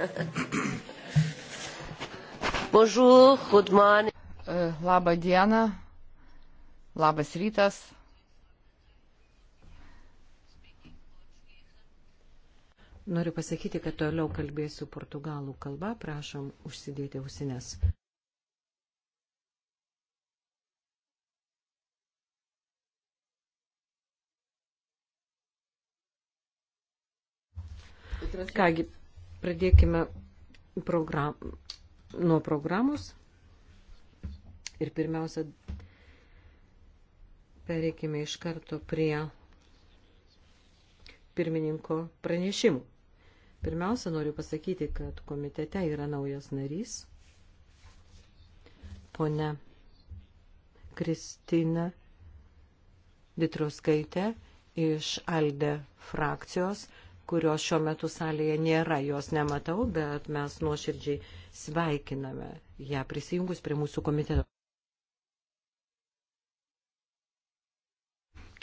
Bonjour, good morning. E, Labą dieną, labas rytas. Noriu pasakyti, kad toliau kalbėsiu portugalų kalbą, prašom užsidėti ausines. Kągi, Pradėkime program, nuo programos ir pirmiausia, pereikime iš karto prie pirmininko pranešimų. Pirmiausia, noriu pasakyti, kad komitete yra naujas narys, ponia Kristina Ditroskaitė iš Alde frakcijos kurios šiuo metu salėje nėra, jos nematau, bet mes nuoširdžiai sveikiname ją prisijungus prie mūsų komiteto.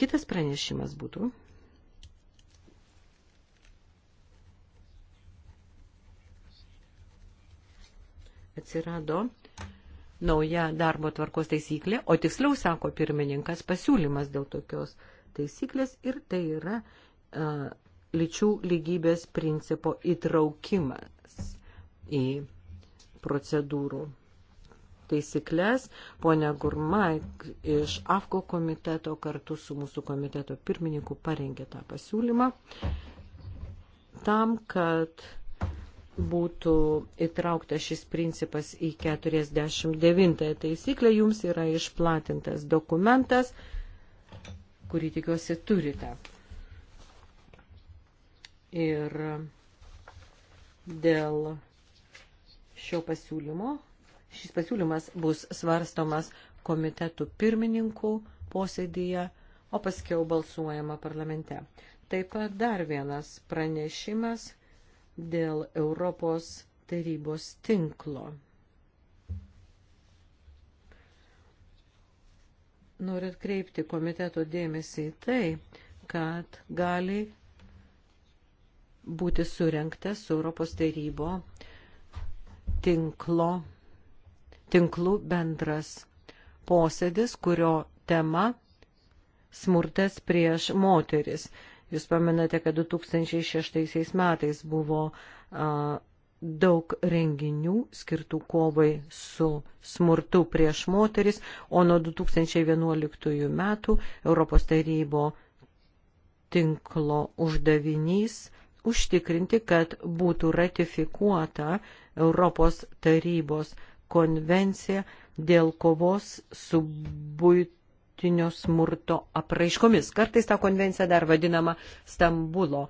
Kitas pranešimas būtų. Atsirado nauja darbo tvarkos taisyklė, o tiksliau sako pirmininkas pasiūlymas dėl tokios taisyklės ir tai yra lyčių lygybės principo įtraukimas į procedūrų taisyklės. Pone Gurma iš AFKO komiteto kartu su mūsų komiteto pirmininku parengė tą pasiūlymą tam, kad būtų įtrauktas šis principas į 49 taisyklę, jums yra išplatintas dokumentas, kurį tikiuosi turite ir dėl šio pasiūlymo. Šis pasiūlymas bus svarstomas komitetų pirmininkų posėdėje, o paskiau balsuojama parlamente. Taip pat dar vienas pranešimas dėl Europos tarybos tinklo. Noriu atkreipti komiteto dėmesį į tai, kad gali būti surinktas su Europos tarybo tinklo, tinklų bendras posėdis, kurio tema smurtas prieš moteris. Jūs pamenate, kad 2006 metais buvo a, daug renginių skirtų kovai su smurtu prieš moteris, o nuo 2011 metų Europos tarybo tinklo uždavinys užtikrinti, kad būtų ratifikuota Europos tarybos konvencija dėl kovos su būtinio smurto apraiškomis. Kartais ta konvencija dar vadinama Stambulo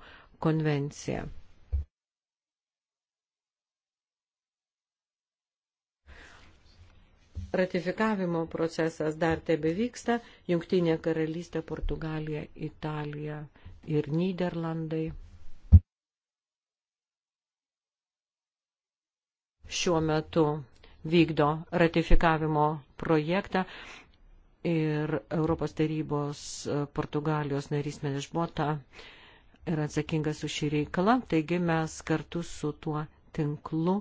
konvencija. Ratifikavimo procesas dar tebe vyksta, Junktinė karalystė, Portugalija, Italija ir Niderlandai. šiuo metu vykdo ratifikavimo projektą ir Europos tarybos e, Portugalijos narys Menešbota yra atsakingas už šį reikalą, taigi mes kartu su tuo tinklu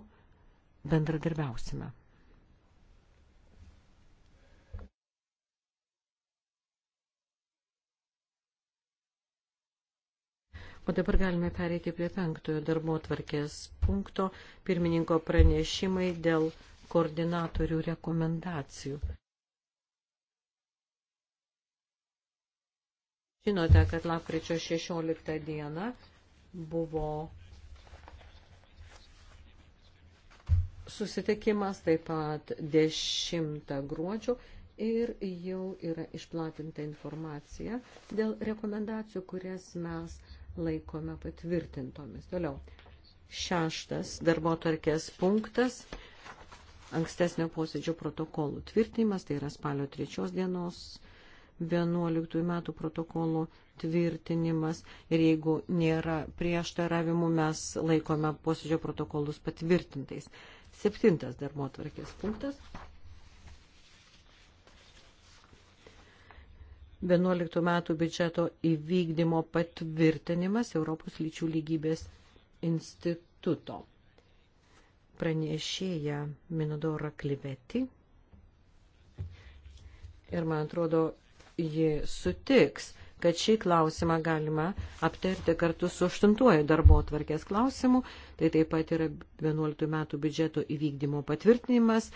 bendradarbiausime. O dabar galime pereiti prie penktojo darbo tvarkės punkto pirmininko pranešimai dėl koordinatorių rekomendacijų. Žinote, kad lapkričio 16 dieną buvo susitikimas taip pat 10 gruodžio ir jau yra išplatinta informacija dėl rekomendacijų, kurias mes laikome patvirtintomis. Toliau. Šeštas darbo tarkės punktas. Ankstesnio posėdžio protokolų tvirtinimas, tai yra spalio trečios dienos 11 metų protokolų tvirtinimas ir jeigu nėra prieštaravimų, mes laikome posėdžio protokolus patvirtintais. Septintas darbo tvarkės punktas. 11 metų biudžeto įvykdymo patvirtinimas Europos lyčių lygybės instituto. Pranešėja Minodora Kliveti. Ir man atrodo, ji sutiks, kad šį klausimą galima aptarti kartu su aštuntuoju darbo tvarkės klausimu. Tai taip pat yra 11 metų biudžeto įvykdymo patvirtinimas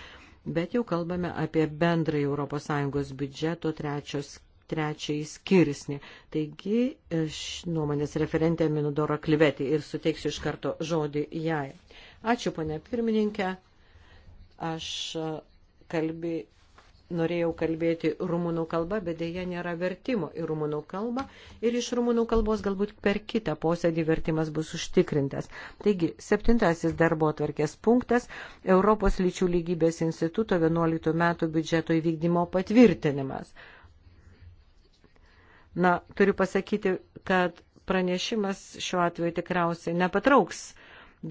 bet jau kalbame apie bendrąjį ES biudžeto trečios trečiai skirsnį. Taigi, iš nuomonės referentė Minudora Klivetį ir suteiksiu iš karto žodį jai. Ačiū, ponė pirmininkė. Aš e, kalbė, norėjau kalbėti rumunų kalbą, bet dėja nėra vertimo į rumunų kalbą ir iš rumunų kalbos galbūt per kitą posėdį vertimas bus užtikrintas. Taigi, septintasis darbo atvarkės punktas - Europos lyčių lygybės instituto 11 metų biudžeto įvykdymo patvirtinimas. Na, turiu pasakyti, kad pranešimas šiuo atveju tikriausiai nepatrauks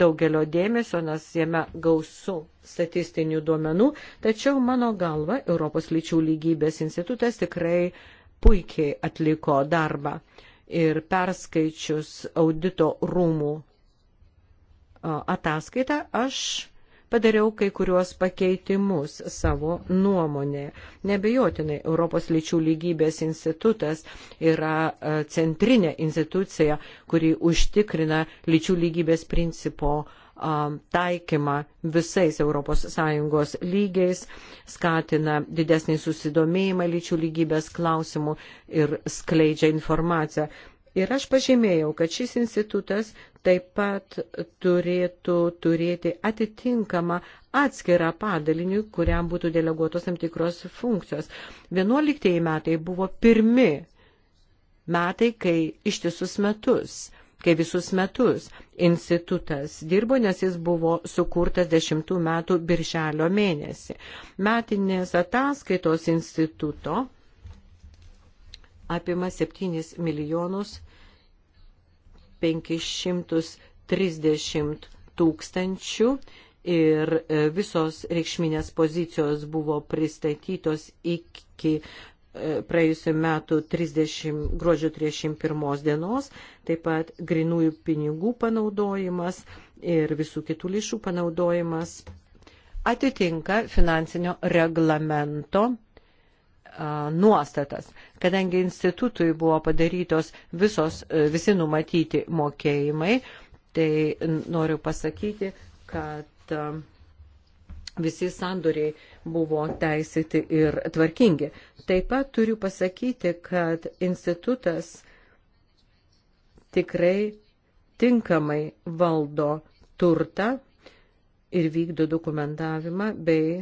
daugelio dėmesio, nes jame gausu statistinių duomenų, tačiau mano galva Europos lyčių lygybės institutas tikrai puikiai atliko darbą. Ir perskaičius audito rūmų ataskaitą aš padariau kai kuriuos pakeitimus savo nuomonėje. Nebejotinai, Europos lyčių lygybės institutas yra e, centrinė institucija, kuri užtikrina lyčių lygybės principo taikymą visais ES lygiais, skatina didesnį susidomėjimą lyčių lygybės klausimų ir skleidžia informaciją. Ir aš pažymėjau, kad šis institutas taip pat turėtų turėti atitinkamą atskirą padalinį, kuriam būtų deleguotos tam tikros funkcijos. 11 metai buvo pirmi metai, kai ištisus metus, kai visus metus institutas dirbo, nes jis buvo sukurtas 10 metų birželio mėnesį. Metinės ataskaitos instituto apima 7 milijonus 530 tūkstančių ir e, visos reikšminės pozicijos buvo pristatytos iki e, praėjusiu metu 30, gruodžio 31 dienos, taip pat grinųjų pinigų panaudojimas ir visų kitų lėšų panaudojimas atitinka finansinio reglamento nuostatas, kadangi institutui buvo padarytos visos, e, visi numatyti mokėjimai, tai noriu pasakyti, kad visi sandoriai buvo teisėti ir tvarkingi. Taip pat turiu pasakyti, kad institutas tikrai tinkamai valdo turtą ir vykdo dokumentavimą bei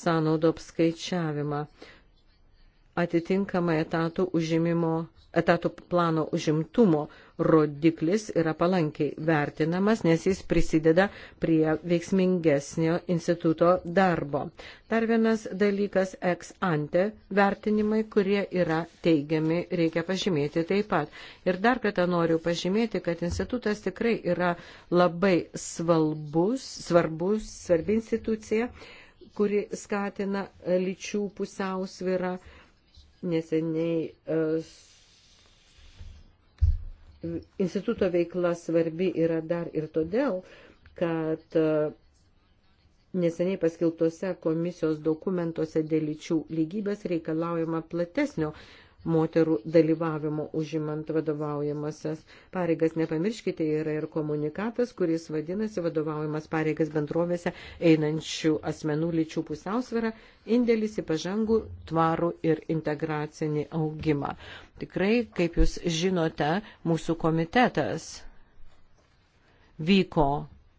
sąnaudų apskaičiavimą atitinkamai etatų, užimimo, etatų plano užimtumo rodiklis yra palankiai vertinamas, nes jis prisideda prie veiksmingesnio instituto darbo. Dar vienas dalykas - ex ante vertinimai, kurie yra teigiami, reikia pažymėti taip pat. Ir dar kartą noriu pažymėti, kad institutas tikrai yra labai svalbus, svarbus, svarbi institucija kuri skatina lyčių pusiausvyrą neseniai e, instituto veikla svarbi yra dar ir todėl, kad e, neseniai paskelbtose komisijos dokumentuose dėl lyčių lygybės reikalaujama platesnio moterų dalyvavimo užimant vadovaujamasias pareigas. Nepamirškite, yra ir komunikatas, kuris vadinasi vadovaujamas pareigas bendrovėse einančių asmenų lyčių pusiausvėra, indėlis į pažangų, tvarų ir integracinį augimą. Tikrai, kaip jūs žinote, mūsų komitetas vyko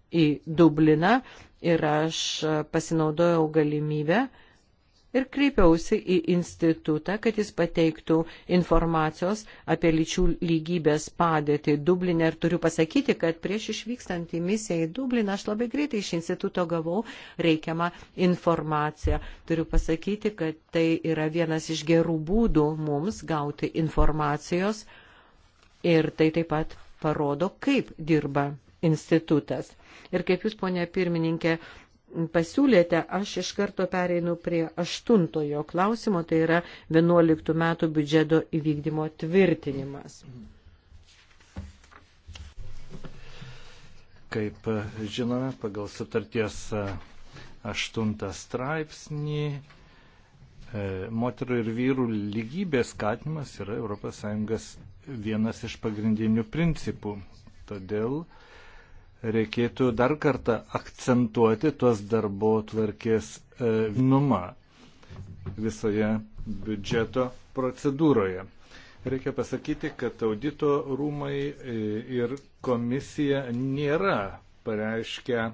į Dubliną ir aš pasinaudojau galimybę ir kreipiausi į institutą, kad jis pateiktų informacijos apie lyčių lygybės padėtį Dublinė. Ir turiu pasakyti, kad prieš išvykstant į misiją į Dubliną aš labai greitai iš instituto gavau reikiamą informaciją. Turiu pasakyti, kad tai yra vienas iš gerų būdų mums gauti informacijos ir tai taip pat parodo, kaip dirba institutas. Ir kaip jūs, ponė pirmininkė, pasiūlėte, aš iš karto pereinu prie aštuntojo klausimo, tai yra 11 metų biudžeto įvykdymo tvirtinimas. Kaip žinome, pagal sutarties aštuntą straipsnį e, moterų ir vyrų lygybės skatinimas yra ES vienas iš pagrindinių principų. Todėl uh, reikėtų dar kartą akcentuoti tuos darbo tvarkės e, vienumą visoje biudžeto procedūroje. Reikia pasakyti, kad audito rūmai e, ir komisija nėra pareiškę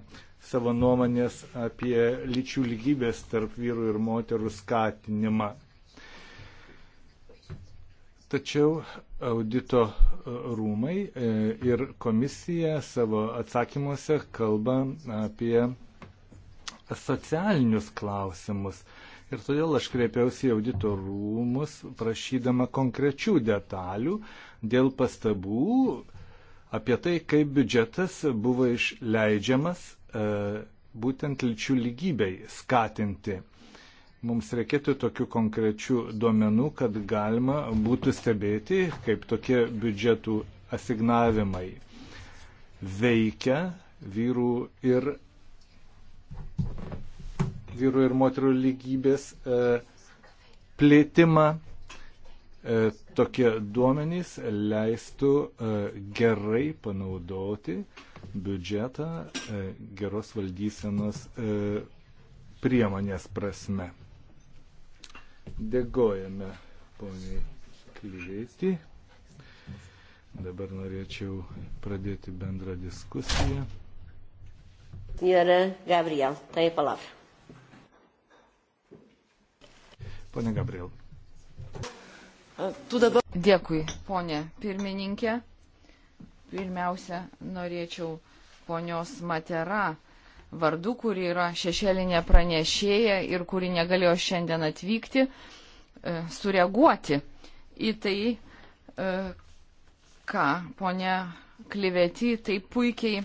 savo nuomonės apie lyčių lygybės tarp vyrų ir moterų skatinimą. Tačiau audito e, rūmai e, ir komisija savo atsakymuose kalba apie socialinius klausimus. Ir todėl aš kreipiausi į audito rūmus, prašydama konkrečių detalių dėl pastabų apie tai, kaip biudžetas buvo išleidžiamas e, būtent lyčių lygybei skatinti. Mums reikėtų tokių konkrečių duomenų, kad galima būtų stebėti, kaip tokie biudžetų asignavimai veikia vyrų ir, vyrų ir moterų lygybės e, plėtimą. E, tokie duomenys leistų e, gerai panaudoti biudžetą e, geros valdysenos e, priemonės prasme. Dėgojame poniai Klyveitį. Dabar norėčiau pradėti bendrą diskusiją. Senhora Gabriel, tem tai a palavra. Pone Gabriel. Dėkui, ponė pirmininkė. Pirmiausia, norėčiau ponios Matera vardu, kuri yra šešėlinė pranešėja ir kuri negalėjo šiandien atvykti, e, sureaguoti į tai, e, ką ponia Klivėti taip puikiai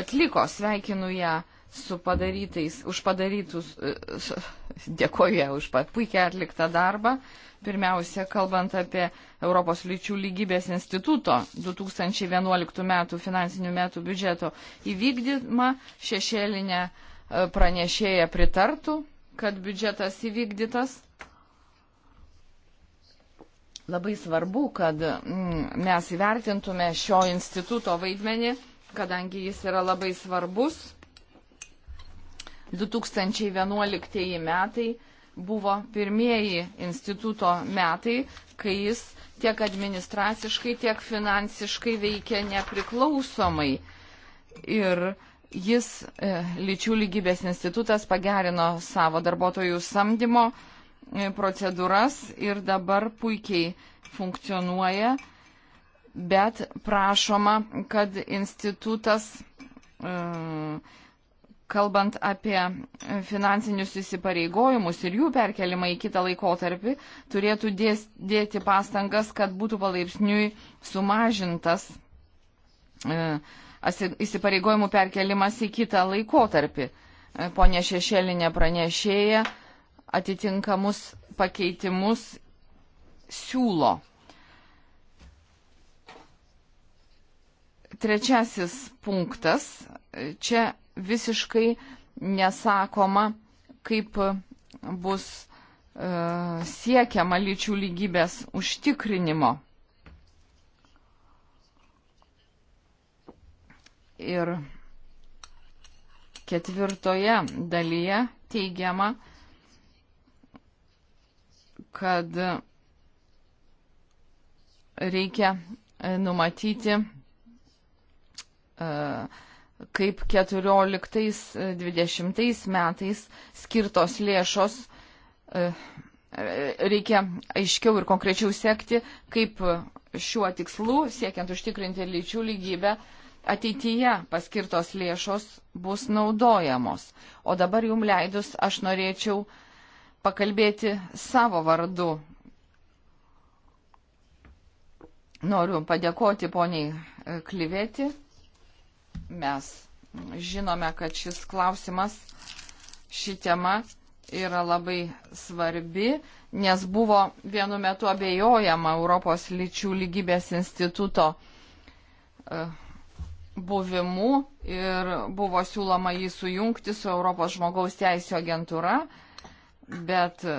atliko. Sveikinu ją su padarytais, už padarytus, e, dėkoju ją už puikiai atliktą darbą. Pirmiausia, kalbant apie Europos lyčių lygybės instituto 2011 metų finansinių metų biudžeto įvykdymą, šešėlinė e, pranešėja pritartų, kad biudžetas įvykdytas. Labai svarbu, kad mm, mes įvertintume šio instituto vaidmenį, kadangi jis yra labai svarbus. 2011 metai buvo pirmieji instituto metai, kai jis tiek administraciškai, tiek finansiškai veikė nepriklausomai. Ir jis, e, lyčių lygybės institutas, pagerino savo darbuotojų samdymo e, procedūras ir dabar puikiai funkcionuoja, bet prašoma, kad institutas uh, kalbant apie finansinius įsipareigojimus ir jų perkelimą į kitą laikotarpį, turėtų dės, dėti pastangas, kad būtų palaipsniui sumažintas e, įsipareigojimų perkelimas į kitą laikotarpį. E, Pone Šešėlinė pranešėja atitinkamus pakeitimus siūlo. Trečiasis punktas. Čia visiškai nesakoma, kaip bus e, siekiama lyčių lygybės užtikrinimo. Ir ketvirtoje dalyje teigiama, kad reikia e, numatyti uh, kaip 14-20 metais skirtos lėšos, e, reikia aiškiau ir konkrečiau sekti, kaip šiuo tikslu, siekiant užtikrinti lyčių lygybę, ateityje paskirtos lėšos bus naudojamos. O dabar jum leidus aš norėčiau pakalbėti savo vardu. Noriu padėkoti poniai Klyvėti Mes žinome, kad šis klausimas, ši tema yra labai svarbi, nes buvo vienu metu abejojama Europos lyčių lygybės instituto e, buvimu ir buvo siūloma jį sujungti su Europos žmogaus teisų agentūra, bet e,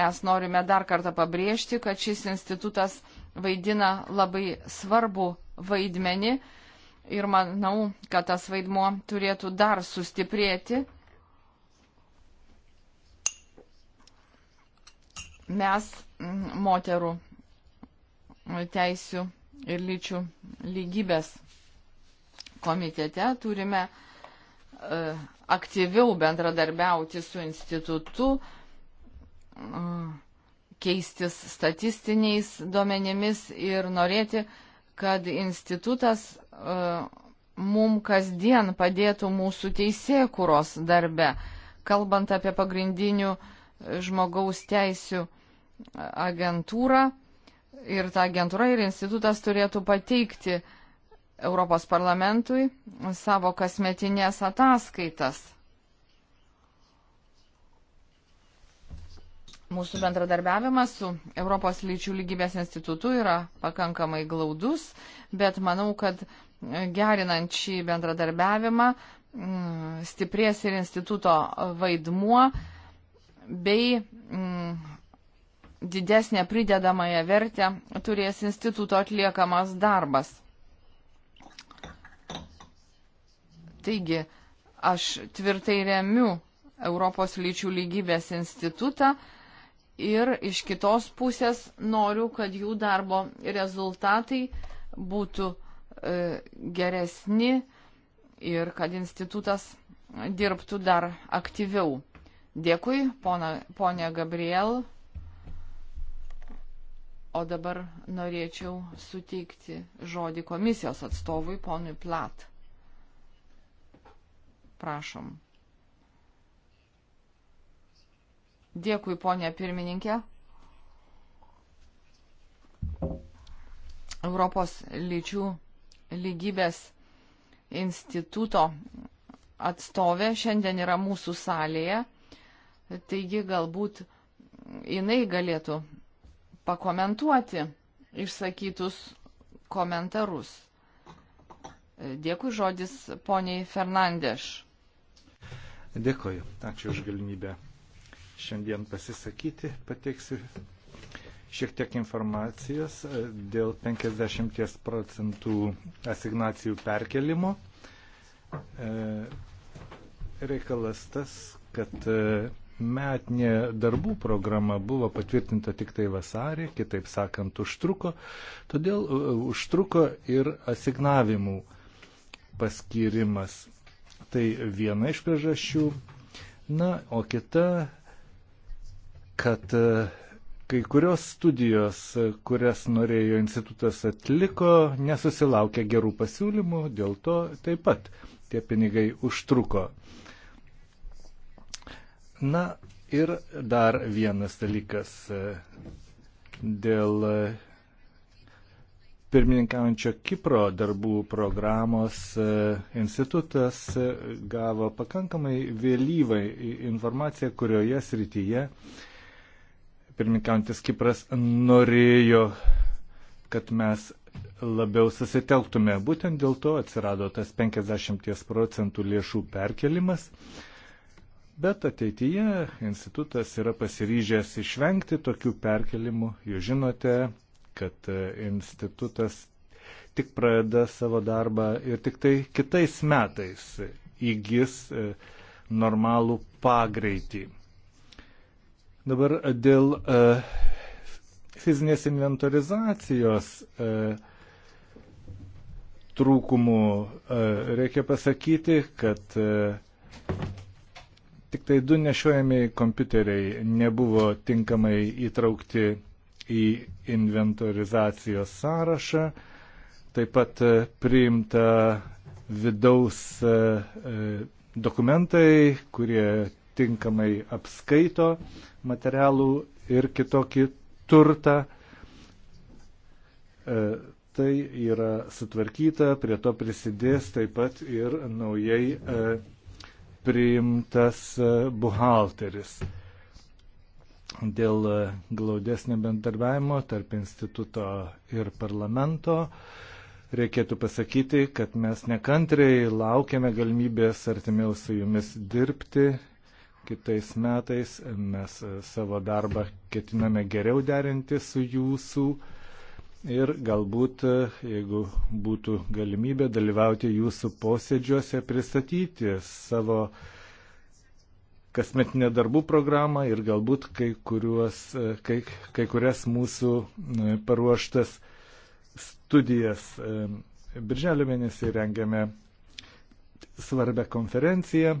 mes norime dar kartą pabrėžti, kad šis institutas vaidina labai svarbu vaidmenį ir manau, kad tas vaidmuo turėtų dar sustiprėti. Mes, mm, moterų mm, teisių ir lyčių lygybės komitete, turime uh, aktyviau bendradarbiauti su institutu, uh, keistis statistiniais duomenimis ir norėti, kad institutas E, mum kasdien padėtų mūsų teisėkuros darbe, kalbant apie pagrindinių žmogaus teisių agentūrą. Ir ta agentūra ir institutas turėtų pateikti Europos parlamentui savo kasmetinės ataskaitas. Mūsų bendradarbiavimas su Europos lyčių lygybės institutu yra pakankamai glaudus, bet manau, kad gerinant šį bendradarbiavimą, mm, stiprės ir instituto vaidmuo bei mm, didesnė pridedamąją vertę turės instituto atliekamas darbas. Taigi, aš tvirtai remiu Europos lyčių lygybės institutą ir iš kitos pusės noriu, kad jų darbo rezultatai būtų uh, E, geresni ir kad institutas dirbtų dar aktyviau. Dėkui, pona, ponė Gabriel. O dabar norėčiau suteikti žodį komisijos atstovui, ponui Plat. Prašom. Dėkui, ponė pirmininkė. Europos lyčių lygybės instituto atstovė šiandien yra mūsų salėje, taigi galbūt jinai galėtų pakomentuoti išsakytus komentarus. Dėkui žodis poniai Fernandeš. Dėkoju, ačiū už galimybę šiandien pasisakyti, pateiksiu šiek tiek informacijos e, dėl 50 procentų asignacijų perkelimo. E, reikalas tas, kad e, metinė darbų programa buvo patvirtinta tik tai vasarį, kitaip sakant, užtruko, todėl užtruko ir asignavimų paskirimas. Tai viena iš priežasčių. Na, o kita, kad Kai kurios studijos, kurias norėjo institutas atliko, nesusilaukė gerų pasiūlymų, dėl to taip pat tie pinigai užtruko. Na ir dar vienas dalykas e, dėl e, pirmininkaujančio Kipro darbų programos e, institutas gavo pakankamai vėlyvai informaciją, kurioje srityje uh, pirmininkantis Kipras norėjo, kad mes labiau susitelktume. Būtent dėl to atsirado tas 50 procentų lėšų perkelimas. Bet ateityje institutas yra pasiryžęs išvengti tokių perkelimų. Jūs žinote, kad e, institutas tik pradeda savo darbą ir tik tai kitais metais įgis e, normalų pagreitį. Dabar e, dėl e, fizinės inventorizacijos e, trūkumų reikia pasakyti, kad tik tai du nešiojami kompiuteriai nebuvo tinkamai įtraukti į inventorizacijos sąrašą. Taip pat priimta vidaus dokumentai, kurie tinkamai apskaito uh, materialų ir kitokį turtą. E, tai yra sutvarkyta, prie to prisidės taip pat ir naujai e, priimtas e, buhalteris. Dėl glaudesnio bendarbiavimo tarp instituto ir parlamento reikėtų pasakyti, kad mes nekantriai laukiame galimybės artimiau su jumis dirbti kitais metais. Mes e, savo darbą ketiname geriau derinti su jūsų ir galbūt, e, jeigu būtų galimybė, dalyvauti jūsų posėdžiuose, pristatyti savo kasmetinę darbų programą ir galbūt kai, kuriuos, e, kai, kai kurias mūsų paruoštas studijas. Birželio mėnesį rengiame svarbę konferenciją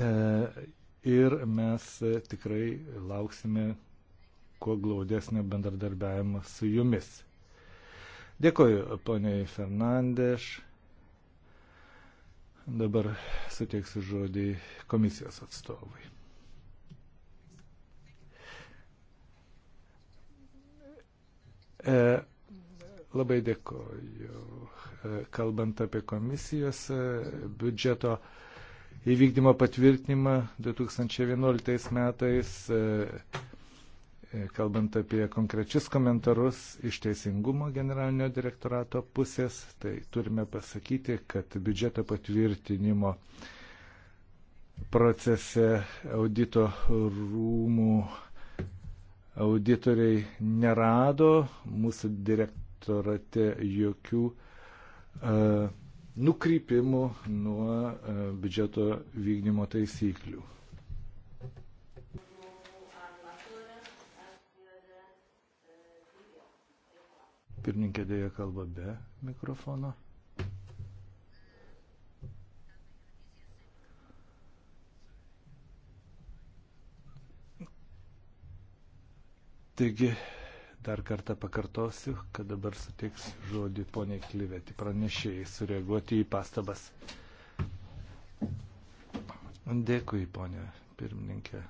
E, ir mes tikrai lauksime kuo glaudesnio bendradarbiavimo su jumis. Dėkoju, poniai Fernandeš. Dabar suteiksiu žodį komisijos atstovui. E, labai dėkoju. E, kalbant apie komisijos e, biudžeto e, įvykdymo patvirtinimą 2011 metais, e, e, kalbant apie konkrečius komentarus iš Teisingumo generalinio direktorato pusės, tai turime pasakyti, kad biudžeto patvirtinimo procese audito rūmų auditoriai nerado mūsų direktorate jokių uh, nukrypimų nuo e, biudžeto vykdymo taisyklių. Pirmininkė dėja kalba be mikrofono. Taigi, Dar kartą pakartosiu, kad dabar sutiks žodį poniai Klyvetį pranešėjai sureaguoti į pastabas. Dėkui, ponė pirmininkė.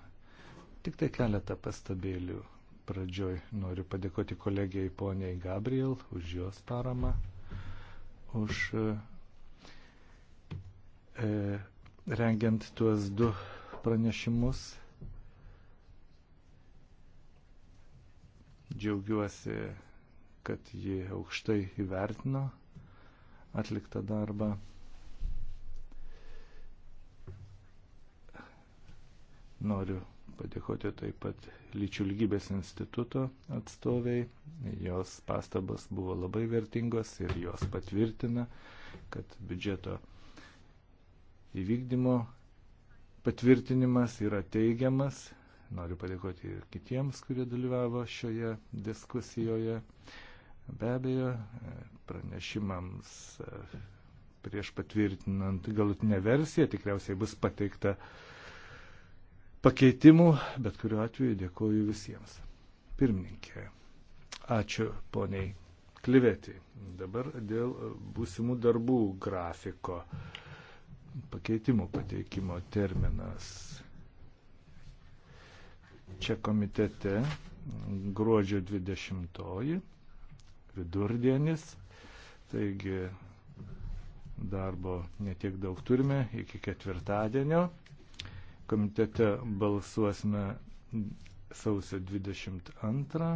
Tik tai keletą pastabėlių. Pradžioj noriu padėkoti kolegijai poniai Gabriel už jos paramą, už e, rengiant tuos du pranešimus Džiaugiuosi, kad ji aukštai įvertino atliktą darbą. Noriu padėkoti taip pat lyčių lygybės instituto atstoviai. Jos pastabas buvo labai vertingos ir jos patvirtina, kad biudžeto įvykdymo patvirtinimas yra teigiamas Noriu padėkoti ir kitiems, kurie dalyvavo šioje diskusijoje. Be abejo, e, pranešimams e, prieš patvirtinant galutinę versiją tikriausiai bus pateikta pakeitimų, bet kuriuo atveju dėkoju visiems. Pirmininkė. Ačiū poniai Klivetį. Dabar dėl būsimų darbų grafiko pakeitimo pateikimo terminas čia komitete gruodžio 20 vidurdienis, taigi darbo netiek daug turime iki ketvirtadienio. Komitete balsuosime sausio 22.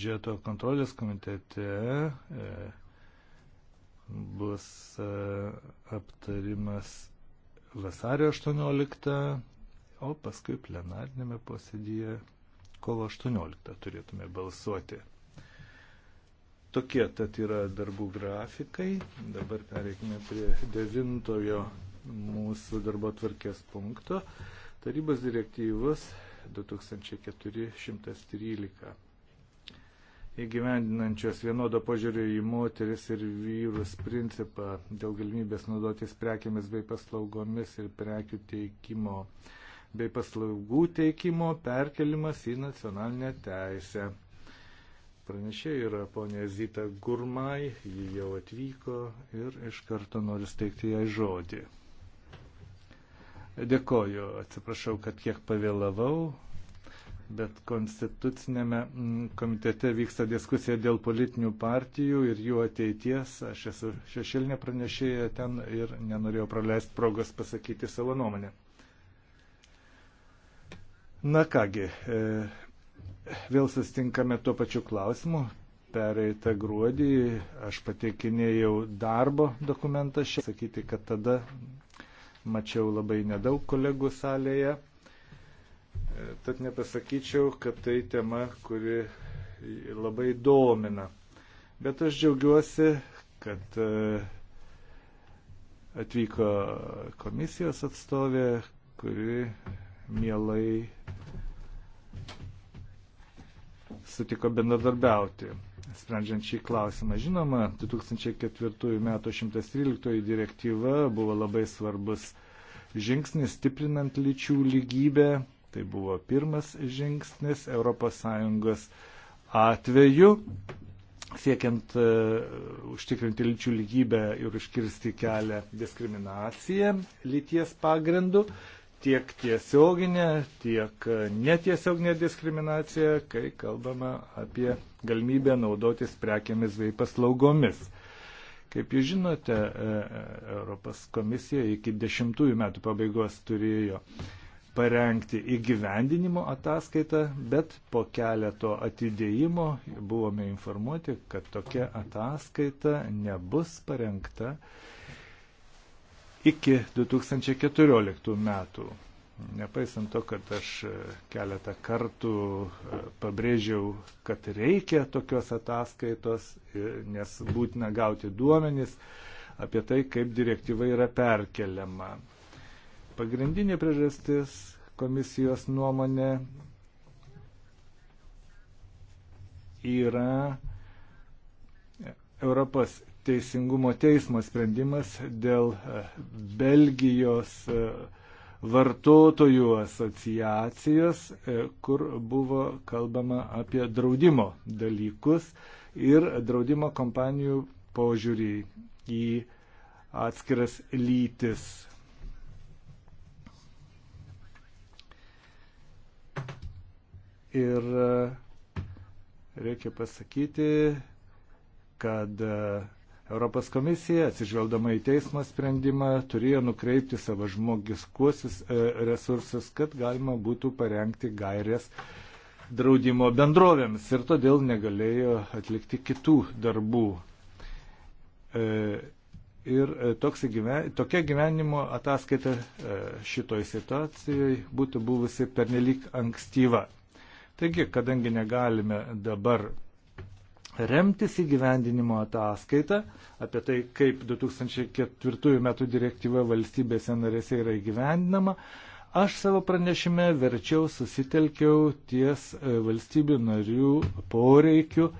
biudžeto kontrolės komitete e, bus e, aptarimas vasario 18, o paskui plenarnėme posėdėje kovo 18 turėtume balsuoti. Tokie tad yra darbų grafikai. Dabar pereikime prie devintojo mūsų darbo tvarkės punkto. Tarybos direktyvos 2413 įgyvendinančios vienodo požiūrio į moteris ir vyrus principą dėl galimybės naudotis prekiamis bei paslaugomis ir prekių teikimo bei paslaugų teikimo perkelimas į nacionalinę teisę. Pranešė yra ponė Zita Gurmai, ji jau atvyko ir iš karto noriu steigti jai žodį. Dėkoju, atsiprašau, kad kiek pavėlavau bet konstitucinėme mm, komitete vyksta diskusija dėl politinių partijų ir jų ateities. Aš esu šešėlinė pranešėja ten ir nenorėjau praleisti progos pasakyti savo nuomonę. Na kągi, e, vėl sustinkame tuo pačiu klausimu. Pereitą gruodį aš pateikinėjau darbo dokumentą. Sakyti, kad tada mačiau labai nedaug kolegų salėje. Tad nepasakyčiau, kad tai tema, kuri labai domina. Bet aš džiaugiuosi, kad e, atvyko komisijos atstovė, kuri mielai sutiko bendradarbiauti, sprendžiant šį klausimą. Žinoma, 2004 m. 113 direktyva buvo labai svarbus žingsnis stiprinant lyčių lygybę Tai buvo pirmas žingsnis ES atveju, siekiant uh, užtikrinti lyčių lygybę ir užkirsti kelią diskriminaciją lyties pagrindu, tiek tiesioginė, tiek netiesioginė diskriminacija, kai kalbama apie galimybę naudotis prekiamis bei paslaugomis. Kaip jūs žinote, e, e, Europos komisija iki dešimtųjų metų pabaigos turėjo uh, parengti įgyvendinimo ataskaitą, bet po keleto atidėjimo buvome informuoti, kad tokia ataskaita nebus parengta iki 2014 metų. Nepaisant to, kad aš keletą kartų e, pabrėžiau, kad reikia tokios ataskaitos, e, nes būtina gauti duomenis apie tai, kaip direktyva yra perkeliama. Pagrindinė priežastis komisijos nuomonė yra Europos teisingumo teismo sprendimas dėl e, Belgijos e, vartotojų asociacijos, e, kur buvo kalbama apie draudimo dalykus ir draudimo kompanijų požiūrį į atskiras lytis. Ir e, reikia pasakyti, kad e, Europos komisija, atsižvelgdama į teismo sprendimą, turėjo nukreipti savo žmogiškuosius e, resursus, kad galima būtų parengti gairės draudimo bendrovėms ir todėl negalėjo atlikti kitų darbų. Ir gyven, tokia gyvenimo ataskaita šitoj situacijoje būtų buvusi pernelyg ankstyva. Taigi, kadangi negalime dabar remtis įgyvendinimo ataskaitą apie tai, kaip 2004 m. direktyva valstybėse narėse yra įgyvendinama, aš savo pranešime verčiau susitelkiau ties e, valstybių narių poreikiu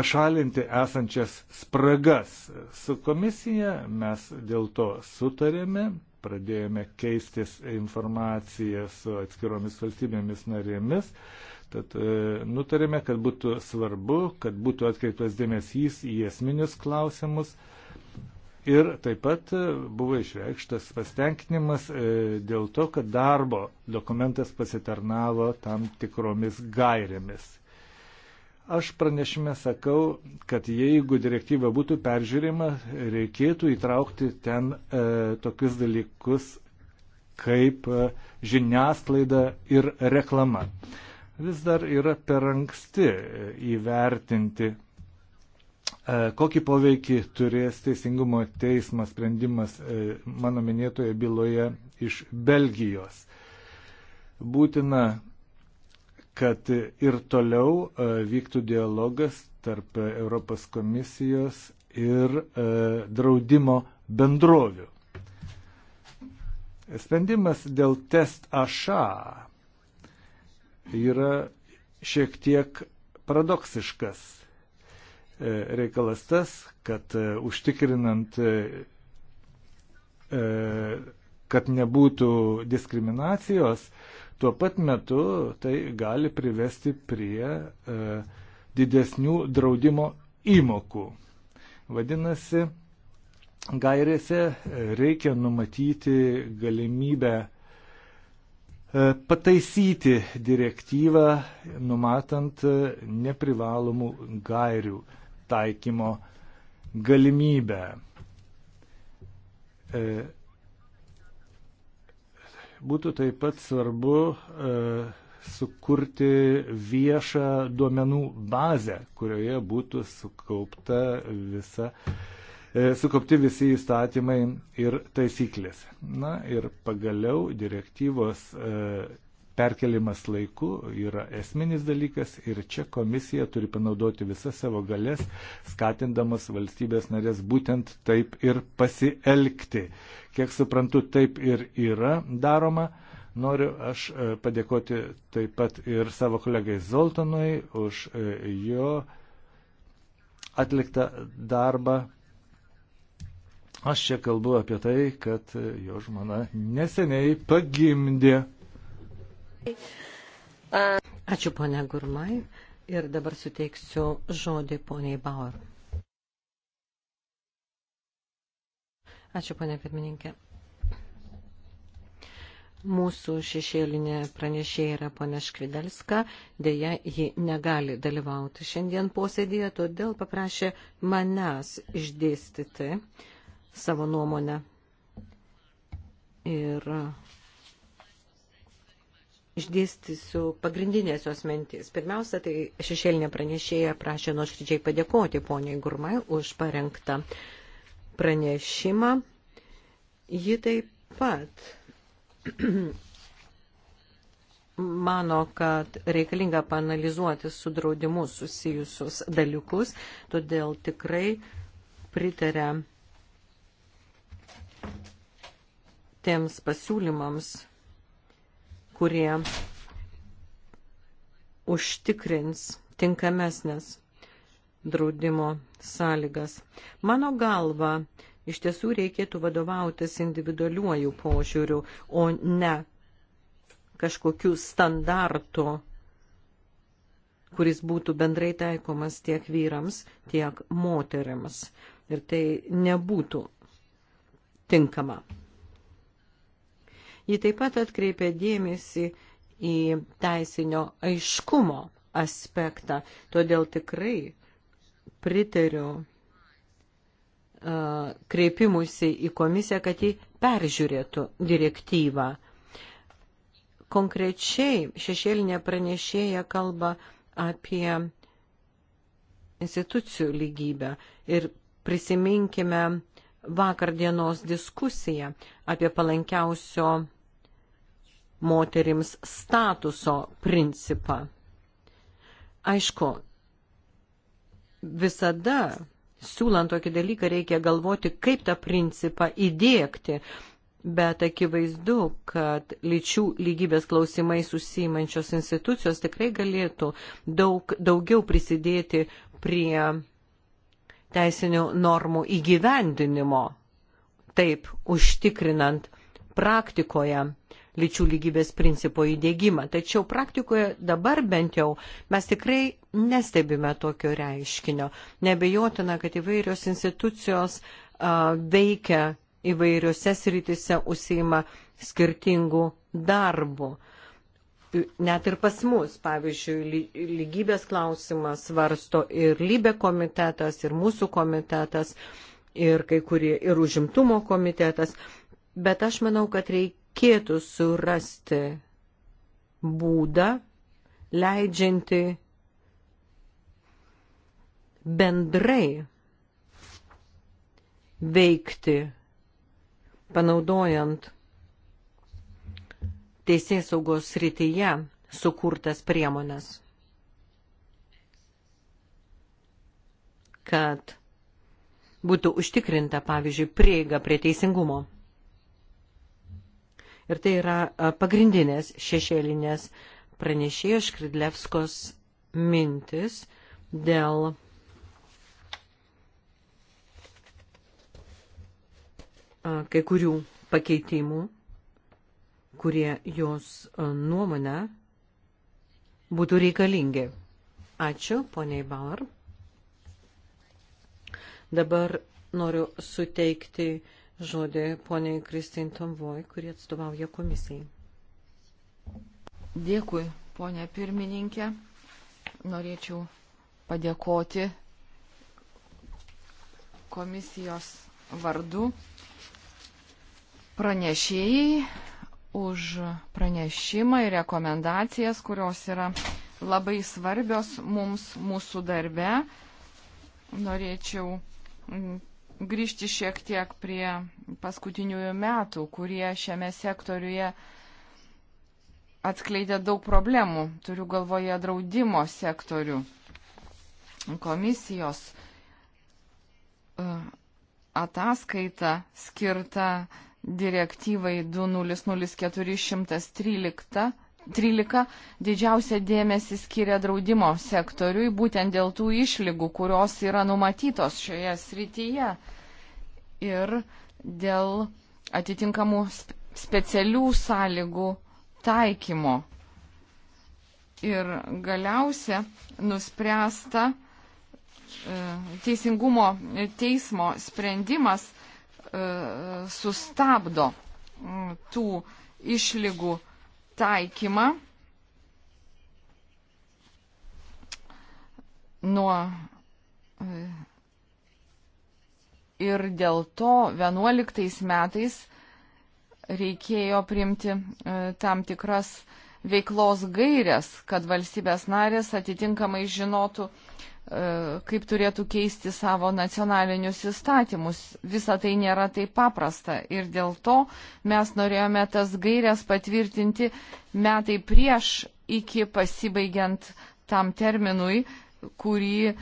pašalinti esančias spragas. Su komisija mes dėl to sutarėme pradėjome keistis informaciją su atskiromis valstybėmis narėmis. Tad e, nutarėme, kad būtų svarbu, kad būtų atkreiptas dėmesys į esminius klausimus. Ir taip pat e, buvo išreikštas pastenkinimas e, dėl to, kad darbo dokumentas pasitarnavo tam tikromis gairėmis. Aš pranešime sakau, kad jeigu direktyva būtų peržiūrima, reikėtų įtraukti ten e, tokius dalykus kaip e, žiniasklaida ir reklama. Vis dar yra per anksti e, įvertinti, e, kokį poveikį turės Teisingumo teismo sprendimas e, mano minėtoje byloje iš Belgijos. Būtina kad ir toliau e, vyktų dialogas tarp Europos komisijos ir e, draudimo bendrovių. Sprendimas dėl test aša yra šiek tiek paradoksiškas e, reikalas tas, kad užtikrinant, kad nebūtų diskriminacijos, Tuo pat metu tai gali privesti prie e, didesnių draudimo įmokų. Vadinasi, gairėse e, reikia numatyti galimybę e, pataisyti direktyvą, numatant e, neprivalomų gairių taikymo galimybę. Būtų taip pat svarbu e, sukurti viešą duomenų bazę, kurioje būtų sukaupta visa e, sukaupti visi įstatymai ir taisyklės. Na ir pagaliau direktyvos e, perkelimas laiku yra esminis dalykas ir čia komisija turi panaudoti visas savo galės, skatindamas valstybės narės būtent taip ir pasielgti. Kiek suprantu, taip ir yra daroma. Noriu aš e, padėkoti taip pat ir savo kolegai Zoltanui už e, jo atliktą darbą. Aš čia kalbu apie tai, kad e, jo žmona neseniai pagimdė. Ačiū ponia Gurmai ir dabar suteiksiu žodį poniai Bauer. Ačiū, ponė pirmininkė. Mūsų šešėlinė pranešėja yra ponė Škvidelska, dėja ji negali dalyvauti šiandien posėdėje, todėl paprašė manęs išdėstyti savo nuomonę. Ir išdėstysiu pagrindinės jos mintis. Pirmiausia, tai šešėlinė pranešėja prašė nuoširdžiai padėkoti poniai Gurmai už parengtą uh, pranešimą. Ji taip pat mano, kad reikalinga panalizuoti su draudimu susijusius dalykus, todėl tikrai pritarė tiems pasiūlymams, kurie užtikrins tinkamesnės draudimo sąlygas. Mano galva, iš tiesų reikėtų vadovautis individualiuoju požiūriu, o ne kažkokiu standartu, kuris būtų bendrai taikomas tiek vyrams, tiek moteriams. Ir tai nebūtų tinkama. Ji taip pat atkreipė dėmesį į teisinio aiškumo aspektą, todėl tikrai pritariu kreipimusi į komisiją, kad jį peržiūrėtų direktyvą. Konkrečiai šešėlinė pranešėja kalba apie institucijų lygybę ir prisiminkime vakar dienos diskusiją apie palankiausio moterims statuso principą. Aišku, visada siūlant tokį dalyką reikia galvoti, kaip tą principą įdėkti. Bet akivaizdu, kad lyčių lygybės klausimai susimančios institucijos tikrai galėtų daug, daugiau prisidėti prie teisinių normų įgyvendinimo, taip užtikrinant praktikoje lyčių lygybės principo įdėgymą. Tačiau praktikoje dabar bent jau mes tikrai nestebime tokio reiškinio. Nebejotina, kad įvairios institucijos a, veikia įvairiose sritise, užsima skirtingų darbų. Net ir pas mus, pavyzdžiui, lygybės klausimas svarsto ir lybė komitetas, ir mūsų komitetas, ir kai kurie, ir užimtumo komitetas. Bet aš manau, kad reik, reikėtų surasti būdą, leidžianti bendrai veikti, panaudojant teisės saugos srityje sukurtas priemonės, kad būtų užtikrinta, pavyzdžiui, prieiga prie teisingumo. Ir tai yra pagrindinės šešėlinės pranešėjo Škridlevskos mintis dėl kai kurių pakeitimų, kurie jos nuomonę būtų reikalingi. Ačiū, poniai Bauer. Dabar noriu suteikti uh, žodį poniai Kristin Tomvoj, kurie atstovauja komisijai. Dėkui, ponė pirmininkė. Norėčiau padėkoti komisijos vardu pranešėjai už pranešimą ir rekomendacijas, kurios yra labai svarbios mums mūsų darbe. Norėčiau mm, grįžti šiek tiek prie paskutiniųjų metų, kurie šiame sektoriuje atskleidė daug problemų. Turiu galvoje draudimo sektorių, komisijos e, ataskaita skirta direktyvai 200413 13 didžiausia dėmesį skiria draudimo sektoriui, būtent dėl tų išlygų, kurios yra numatytos šioje srityje ir dėl atitinkamų specialių sąlygų taikymo. Ir galiausia nuspręsta e, teisingumo teismo sprendimas e, sustabdo tų išlygų taikymą nuo e, ir dėl to 11 metais reikėjo priimti e, tam tikras veiklos gairias, kad valstybės narės atitinkamai žinotų, E, kaip turėtų keisti savo nacionalinius įstatymus. Visa tai nėra taip paprasta ir dėl to mes norėjome tas gairias patvirtinti metai prieš iki pasibaigiant tam terminui, kurį e,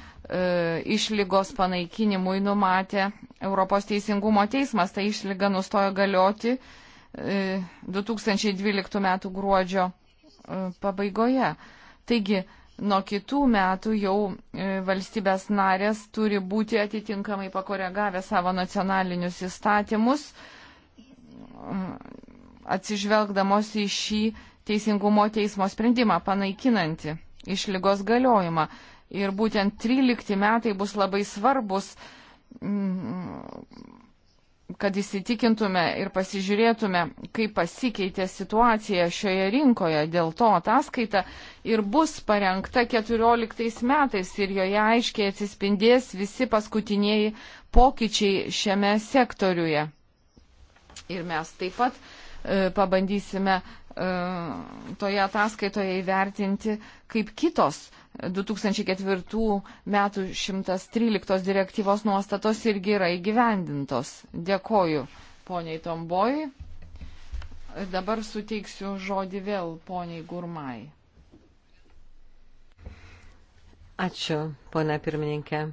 išlygos panaikinimui numatė Europos Teisingumo teismas. Ta išlyga nustojo galioti e, 2012 m. gruodžio e, pabaigoje. Taigi, nuo kitų metų jau e, valstybės narės turi būti atitinkamai pakoregavę savo nacionalinius įstatymus, atsižvelgdamos į šį teisingumo teismo sprendimą panaikinantį išlygos galiojimą. Ir būtent 13 metai bus labai svarbus kad įsitikintume ir pasižiūrėtume, kaip pasikeitė situacija šioje rinkoje. Dėl to ataskaita ir bus parengta 14 metais ir joje aiškiai atsispindės visi paskutiniai pokyčiai šiame sektoriuje. Ir mes taip pat e, pabandysime toje ataskaitoje įvertinti, kaip kitos 2004 metų 113 direktyvos nuostatos irgi yra įgyvendintos. Dėkoju poniai Tombojui. Dabar suteiksiu žodį vėl poniai Gurmai. Ačiū, ponia pirmininkė.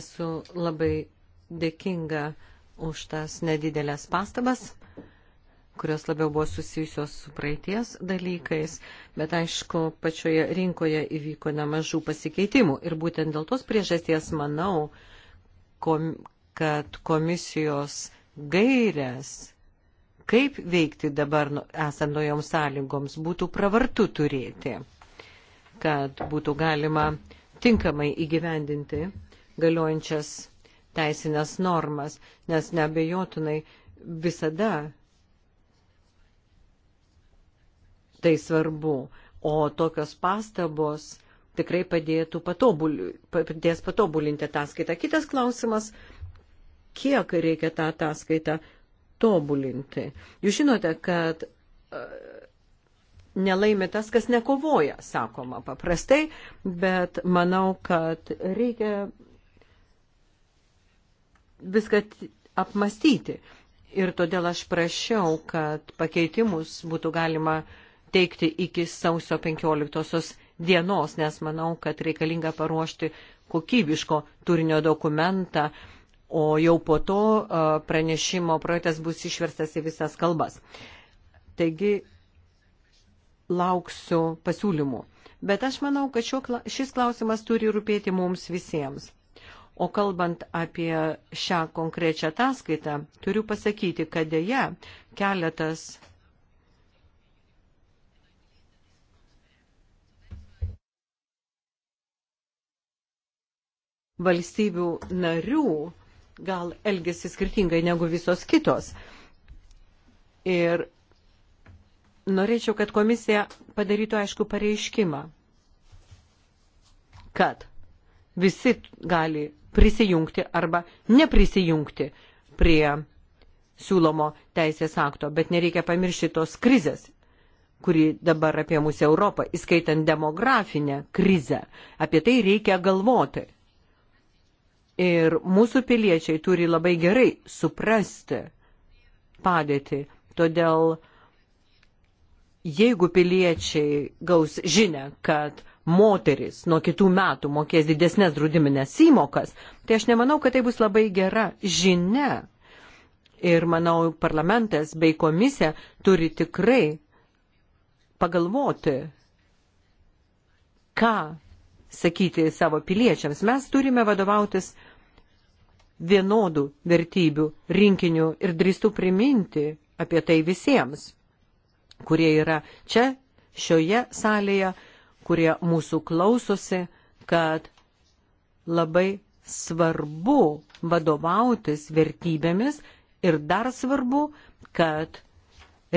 Esu labai dėkinga už tas nedidelės pastabas kurios labiau buvo susijusios su praeities dalykais, bet aišku, pačioje rinkoje įvyko nemažų pasikeitimų. Ir būtent dėl tos priežasties manau, kom, kad komisijos gairias, kaip veikti dabar nu, esant naujoms sąlygoms, būtų pravartu turėti, kad būtų galima tinkamai įgyvendinti galiojančias teisinės normas, nes nebejotinai visada tai svarbu, o tokios pastabos tikrai padėtų patobuli, padės patobulinti ataskaitą. Kitas klausimas, kiek reikia tą ataskaitą tobulinti. Jūs žinote, kad e, nelaimi tas, kas nekovoja, sakoma paprastai, bet manau, kad reikia viską apmastyti. Ir todėl aš prašiau, kad pakeitimus būtų galima uh, teikti iki sausio 15 dienos, nes manau, kad reikalinga paruošti kokybiško turinio dokumentą, o jau po to pranešimo projektas bus išverstas į visas kalbas. Taigi lauksiu pasiūlymų. Bet aš manau, kad šio, šis klausimas turi rūpėti mums visiems. O kalbant apie šią konkrečią ataskaitą, turiu pasakyti, kad dėja keletas valstybių narių gal elgesi skirtingai negu visos kitos. Ir norėčiau, kad komisija padarytų aišku pareiškimą, kad visi gali prisijungti arba neprisijungti prie siūlomo teisės akto, bet nereikia pamiršti tos krizės, kuri dabar apie mūsų Europą, įskaitant demografinę krizę. Apie tai reikia galvoti. Ir mūsų piliečiai turi labai gerai suprasti padėtį. Todėl, jeigu piliečiai gaus žinę, kad moteris nuo kitų metų mokės didesnės draudiminės įmokas, tai aš nemanau, kad tai bus labai gera žinia. Ir manau, parlamentas bei komisija turi tikrai pagalvoti, ką sakyti savo piliečiams. Mes turime vadovautis vienodų vertybių rinkinių ir drįstu priminti apie tai visiems, kurie yra čia, šioje salėje, kurie mūsų klausosi, kad labai svarbu vadovautis vertybėmis ir dar svarbu, kad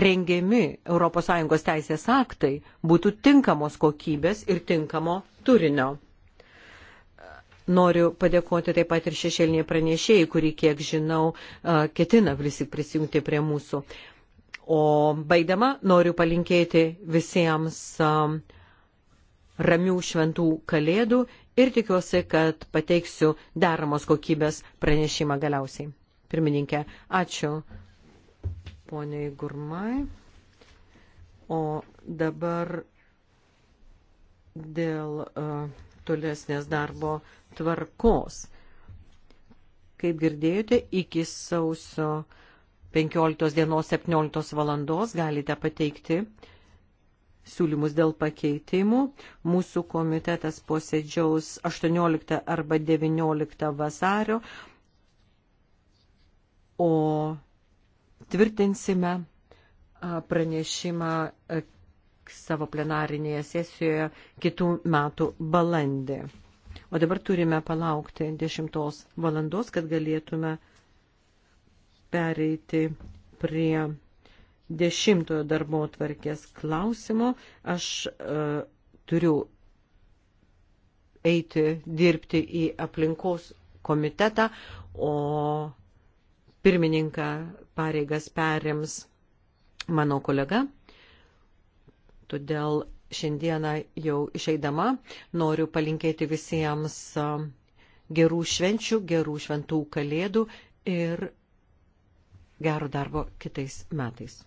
rengiami ES teisės aktai būtų tinkamos kokybės ir tinkamo turinio. Noriu padėkoti taip pat ir šešėlinė pranešėjai, kuri, kiek žinau, ketina visi prisijungti prie mūsų. O baigdama noriu palinkėti visiems ramių šventų kalėdų ir tikiuosi, kad pateiksiu deramos kokybės pranešimą galiausiai. Pirmininkė, ačiū poniai Gurmai. O dabar dėl. Uh, tolesnės darbo tvarkos. Kaip girdėjote, iki sausio 15 dienos 17 valandos galite pateikti siūlymus dėl pakeitimų. Mūsų komitetas posėdžiaus 18 arba 19 vasario, o tvirtinsime pranešimą pateiks savo plenarinėje sesijoje kitų metų balandį. O dabar turime palaukti 10 valandos, kad galėtume pereiti prie dešimtojo darbo tvarkės klausimo. Aš uh, turiu eiti dirbti į aplinkos komitetą, o pirmininką pareigas perims mano kolega Todėl šiandieną jau išeidama noriu palinkėti visiems gerų švenčių, gerų šventų kalėdų ir gero darbo kitais metais.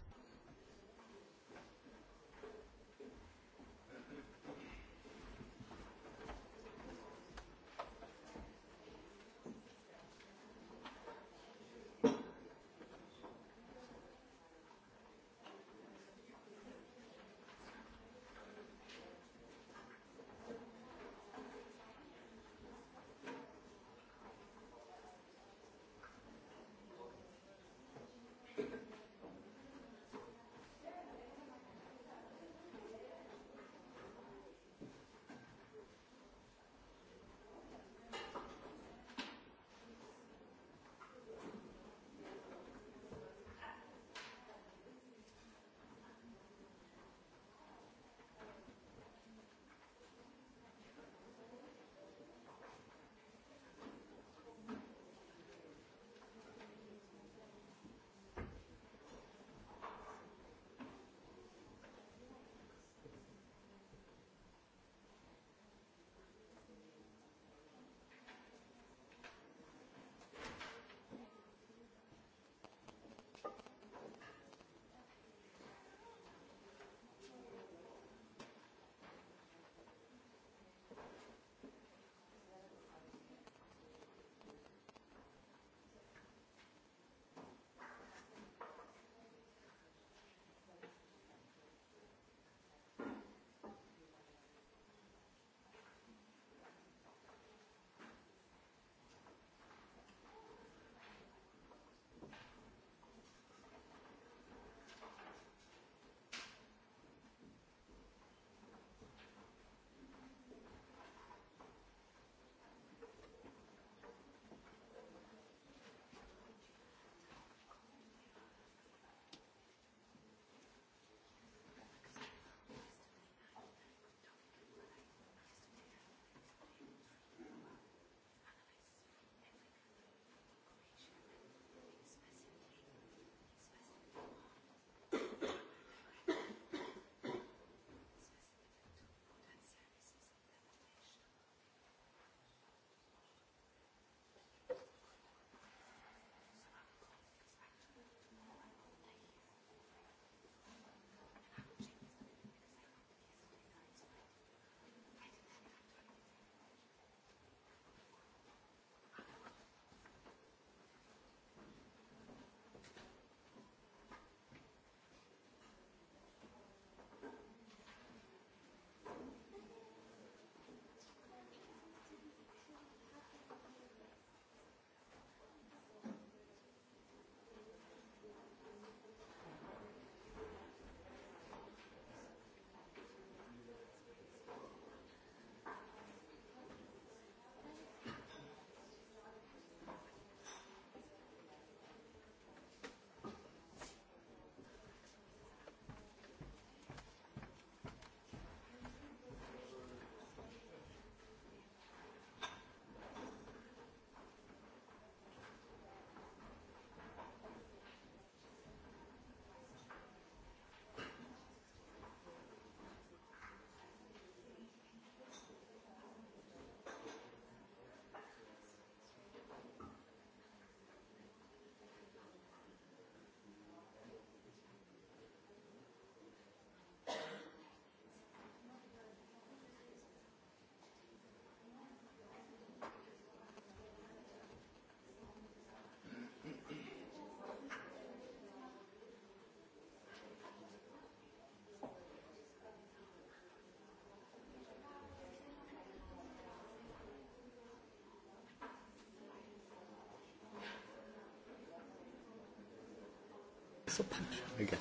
so pampig.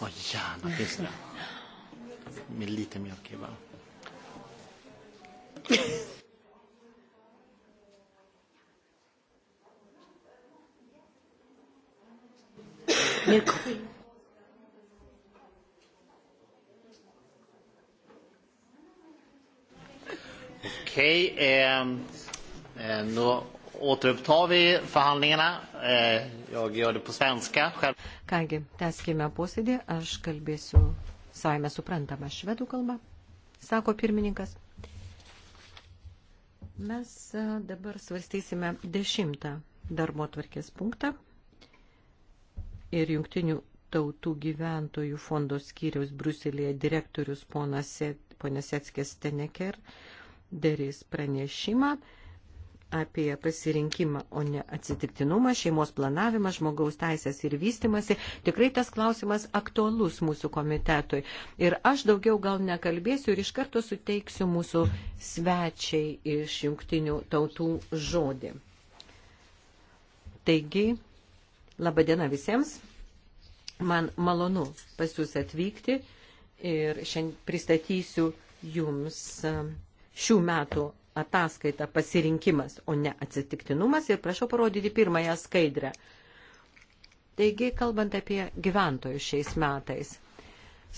Ojjana, questa. Millite mjölk i va. Mjölk. Okej, okay, eh, eh, nu no återupptar vi förhandlingarna. Eh, jag gör det på svenska. Själv. Kągi, tęskime posėdį. Aš kalbėsiu savime suprantama švedų kalba, sako pirmininkas. Mes e, dabar svarstysime dešimtą darbo tvarkės punktą ir jungtinių tautų gyventojų fondo skyriaus Bruselėje direktorius ponas Setskės Teneker darys pranešimą apie pasirinkimą, o ne atsitiktinumą, šeimos planavimą, žmogaus teisės ir vystimasi. Tikrai tas klausimas aktualus mūsų komitetui. Ir aš daugiau gal nekalbėsiu ir iš karto suteiksiu mūsų svečiai iš jungtinių tautų žodį. Taigi, laba diena visiems. Man malonu pas jūs atvykti ir šiandien pristatysiu jums šių metų ataskaita pasirinkimas, o ne atsitiktinumas ir prašau parodyti pirmąją skaidrę. Taigi, kalbant apie gyventojus šiais metais,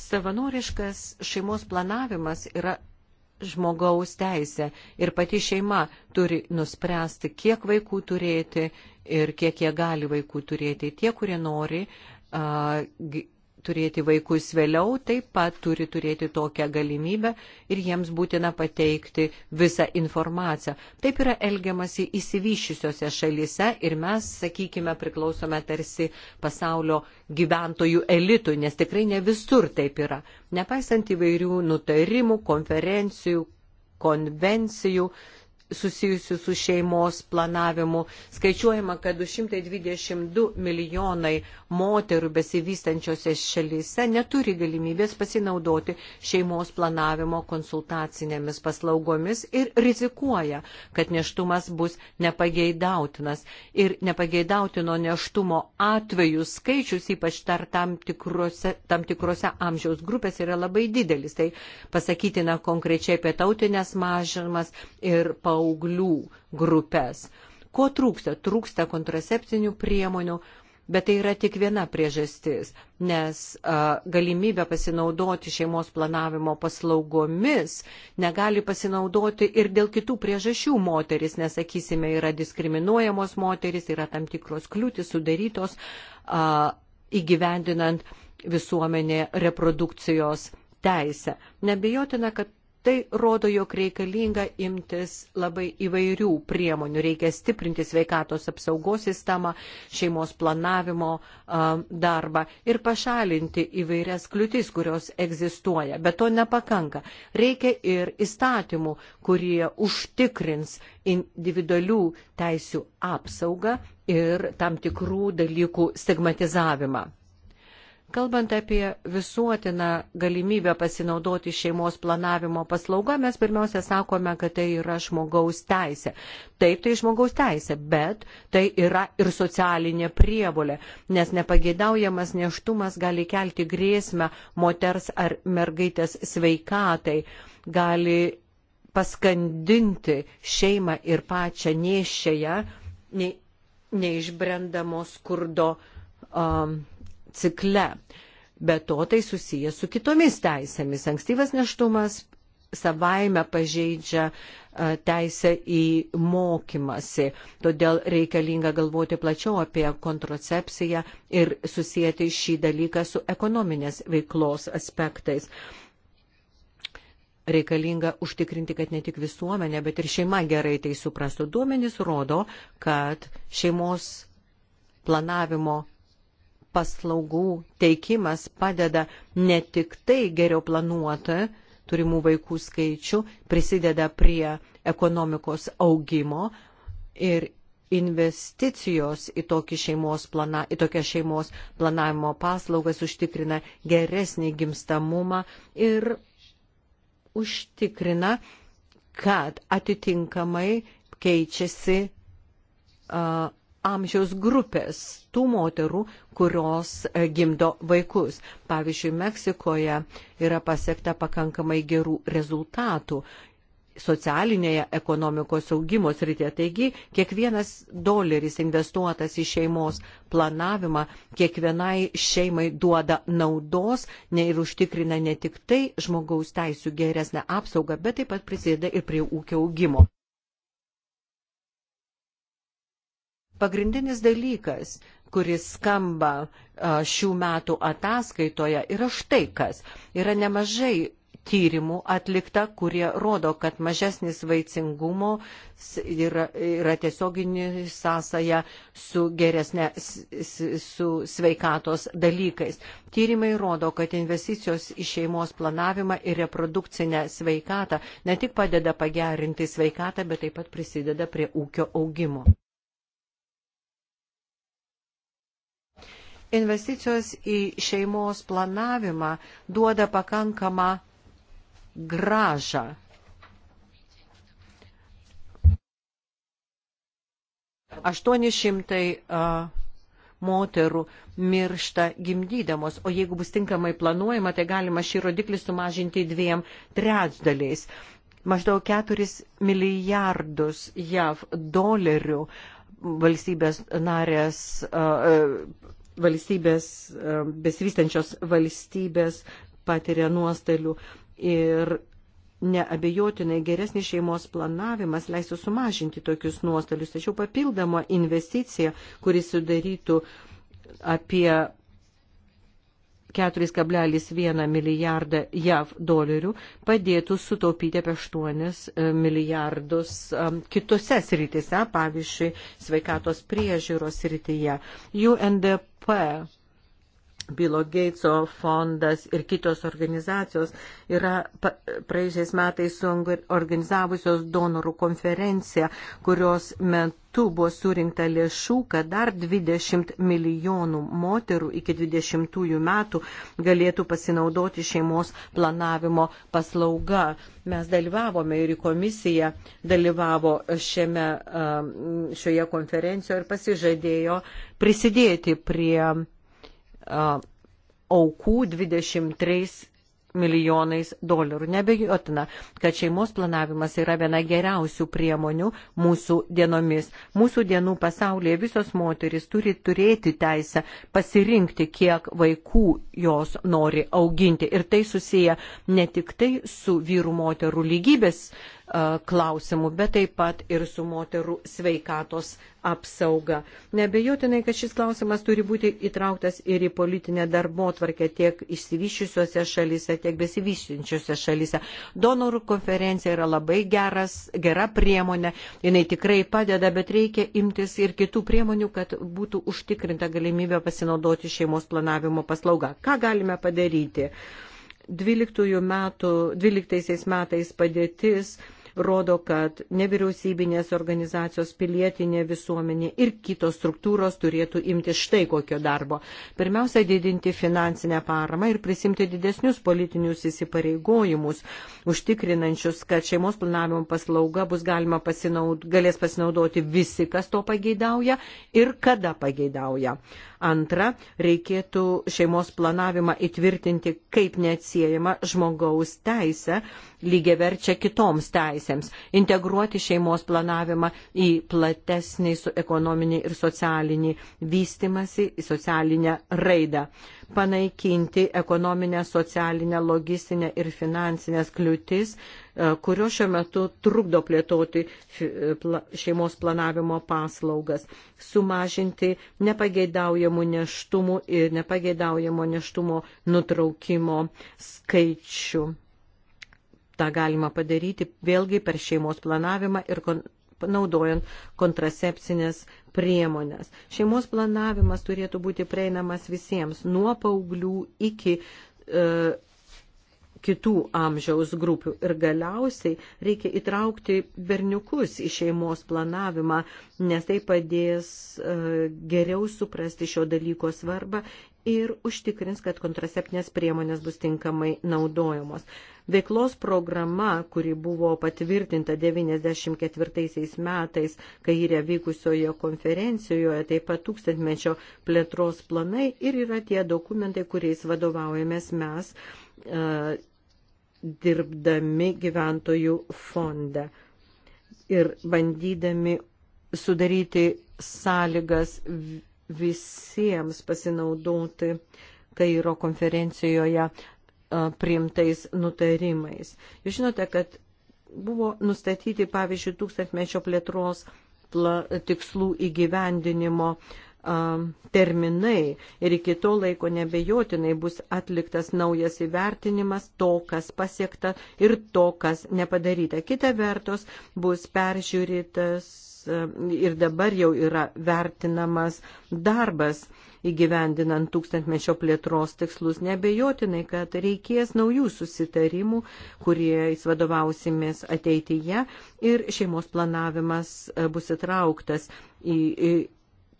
savanoriškas šeimos planavimas yra žmogaus teisė ir pati šeima turi nuspręsti, kiek vaikų turėti ir kiek jie gali vaikų turėti. Tie, kurie nori, turėti vaikus vėliau, taip pat turi turėti tokią galimybę ir jiems būtina pateikti visą informaciją. Taip yra elgiamasi įsivyšiusiose šalyse ir mes, sakykime, priklausome tarsi pasaulio gyventojų elitui, nes tikrai ne visur taip yra. Nepaisant įvairių nutarimų, konferencijų, konvencijų, susijusių su šeimos planavimu. Skaičiuojama, kad 222 milijonai moterų besivystančiose šalyse neturi galimybės pasinaudoti šeimos planavimo konsultacinėmis paslaugomis ir rizikuoja, kad neštumas bus nepageidautinas. Ir nepageidautino neštumo atvejų skaičius, ypač tar tam tikrose, tam tikrose amžiaus grupėse, yra labai didelis. Tai pasakytina konkrečiai apie tautinės mažymas ir paauglių paauglių grupės. Ko trūksta? Trūksta kontraceptinių priemonių, bet tai yra tik viena priežastis, nes a, galimybę pasinaudoti šeimos planavimo paslaugomis negali pasinaudoti ir dėl kitų priežasčių moteris, nes, sakysime, yra diskriminuojamos moteris, yra tam tikros kliūtis sudarytos a, įgyvendinant visuomenė reprodukcijos teisę. Nebijotina, kad Tai rodo, jog reikalinga imtis labai įvairių priemonių. Reikia stiprinti sveikatos apsaugos sistemą, šeimos planavimo darbą ir pašalinti įvairias kliūtis, kurios egzistuoja. Bet to nepakanka. Reikia ir įstatymų, kurie užtikrins individualių teisių apsaugą ir tam tikrų dalykų stigmatizavimą. Kalbant apie visuotiną galimybę pasinaudoti šeimos planavimo paslaugą, mes pirmiausia sakome, kad tai yra žmogaus teisė. Taip, tai žmogaus teisė, bet tai yra ir socialinė prievolė, nes nepageidaujamas neštumas gali kelti grėsmę moters ar mergaitės sveikatai, gali paskandinti šeimą ir pačią nešėją neišbrendamos skurdo. Um, cikle. Be to tai susiję su kitomis teisėmis. Ankstyvas neštumas savaime pažeidžia e, teisę į mokymasi. Todėl reikalinga galvoti plačiau apie kontracepciją ir susijęti šį dalyką su ekonominės veiklos aspektais. Reikalinga užtikrinti, kad ne tik visuomenė, bet ir šeima gerai tai suprastų. Duomenys rodo, kad šeimos planavimo paslaugų teikimas padeda ne tik tai geriau planuoti turimų vaikų skaičių, prisideda prie ekonomikos augimo ir investicijos į, šeimos plana, į tokią šeimos planavimo paslaugas užtikrina geresnį gimstamumą ir užtikrina, kad atitinkamai keičiasi uh, amžiaus grupės tų moterų, kurios e, gimdo vaikus. Pavyzdžiui, Meksikoje yra pasiekta pakankamai gerų rezultatų socialinėje ekonomikos augimo srityje. Taigi, kiekvienas doleris investuotas į šeimos planavimą kiekvienai šeimai duoda naudos ne ir užtikrina ne tik tai žmogaus teisų geresnę apsaugą, bet taip pat prisideda ir prie ūkio augimo. Pagrindinis dalykas, kuris skamba šių metų ataskaitoje, yra štai kas. Yra nemažai tyrimų atlikta, kurie rodo, kad mažesnis vaicingumo yra, yra tiesioginė sąsaja su geresne, su sveikatos dalykais. Tyrimai rodo, kad investicijos į šeimos planavimą ir reprodukcinę sveikatą ne tik padeda pagerinti sveikatą, bet taip pat prisideda prie ūkio augimo. investicijos į šeimos planavimą duoda pakankamą gražą. Aštuoni šimtai moterų miršta gimdydamos, o jeigu bus tinkamai planuojama, tai galima šį rodiklį sumažinti dviem trečdaliais. Maždaug 4 milijardus JAV dolerių valstybės narės uh, valstybės, e, besivystančios valstybės patiria nuostolių ir neabejotinai geresnis šeimos planavimas leistų sumažinti tokius nuostolius, tačiau papildoma investicija, kuris sudarytų apie 4,1 milijardą JAV dolerių padėtų sutaupyti apie 8 e, milijardus e, kitose srityse, pavyzdžiui, sveikatos priežiūros srityje. UNDP Bilo Geitso fondas ir kitos organizacijos yra praėjusiais metais organizavusios donorų konferenciją, kurios metu buvo surinkta lėšų, kad dar 20 milijonų moterų iki 20 metų galėtų pasinaudoti šeimos planavimo paslauga. Mes dalyvavome ir komisija dalyvavo šiame, šioje konferencijoje ir pasižadėjo prisidėti prie aukų 23 milijonais dolerių. Nebejotina, kad šeimos planavimas yra viena geriausių priemonių mūsų dienomis. Mūsų dienų pasaulyje visos moteris turi turėti teisę pasirinkti, kiek vaikų jos nori auginti. Ir tai susiję ne tik tai su vyrų moterų lygybės klausimų, bet taip pat ir su moterų sveikatos apsauga. Nebejotinai, kad šis klausimas turi būti įtrauktas ir į politinę darbo tvarkę tiek išsivyščiusiuose šalyse, tiek besivyščiusiuose šalyse. Donorų konferencija yra labai geras, gera priemonė, jinai tikrai padeda, bet reikia imtis ir kitų priemonių, kad būtų užtikrinta galimybė pasinaudoti šeimos planavimo paslaugą. Ką galime padaryti? 12 metų, 12 metais padėtis rodo, kad nevyriausybinės organizacijos, pilietinė visuomenė ir kitos struktūros turėtų imti štai kokio darbo. Pirmiausia, didinti finansinę paramą ir prisimti didesnius politinius įsipareigojimus, užtikrinančius, kad šeimos planavimo paslauga bus galima pasinaud, galės pasinaudoti visi, kas to pageidauja ir kada pageidauja. Antra, reikėtų šeimos planavimą įtvirtinti kaip neatsiejama žmogaus teisė lygiai verčia kitoms teisėms, integruoti šeimos planavimą į platesnį ekonominį ir socialinį vystimąsi, į socialinę raidą, panaikinti ekonominę, socialinę, logistinę ir finansinės kliūtis, e, kurio šiuo metu trukdo plėtoti e, šeimos planavimo paslaugas, sumažinti nepageidaujamų neštumų ir nepageidaujamo neštumo nutraukimo skaičių tą galima padaryti vėlgi per šeimos planavimą ir kon naudojant kontracepcinės priemonės. Šeimos planavimas turėtų būti prieinamas visiems, nuo paauglių iki e, kitų amžiaus grupių. Ir galiausiai reikia įtraukti berniukus į šeimos planavimą, nes tai padės e, geriau suprasti šio dalyko svarbą ir užtikrins, kad kontraceptinės priemonės bus tinkamai naudojamos. Veiklos programa, kuri buvo patvirtinta 94 metais kairė vykusioje konferencijoje, taip pat tūkstantmečio plėtros planai ir yra tie dokumentai, kuriais vadovaujamės mes e, dirbdami gyventojų fondą ir bandydami sudaryti sąlygas visiems pasinaudoti Kairo konferencijoje priimtais nutarimais. Jūs žinote, kad buvo nustatyti, pavyzdžiui, tūkstantmečio plėtros pla, tikslų įgyvendinimo terminai ir iki to laiko nebejotinai bus atliktas naujas įvertinimas to, kas pasiekta ir to, kas nepadaryta. Kita vertus bus peržiūrėtas ir dabar jau yra vertinamas darbas įgyvendinant tūkstantmečio plėtros tikslus. Nebejotinai, kad reikės naujų susitarimų, kuriais vadovausimės ateityje ir šeimos planavimas e, bus įtrauktas į, į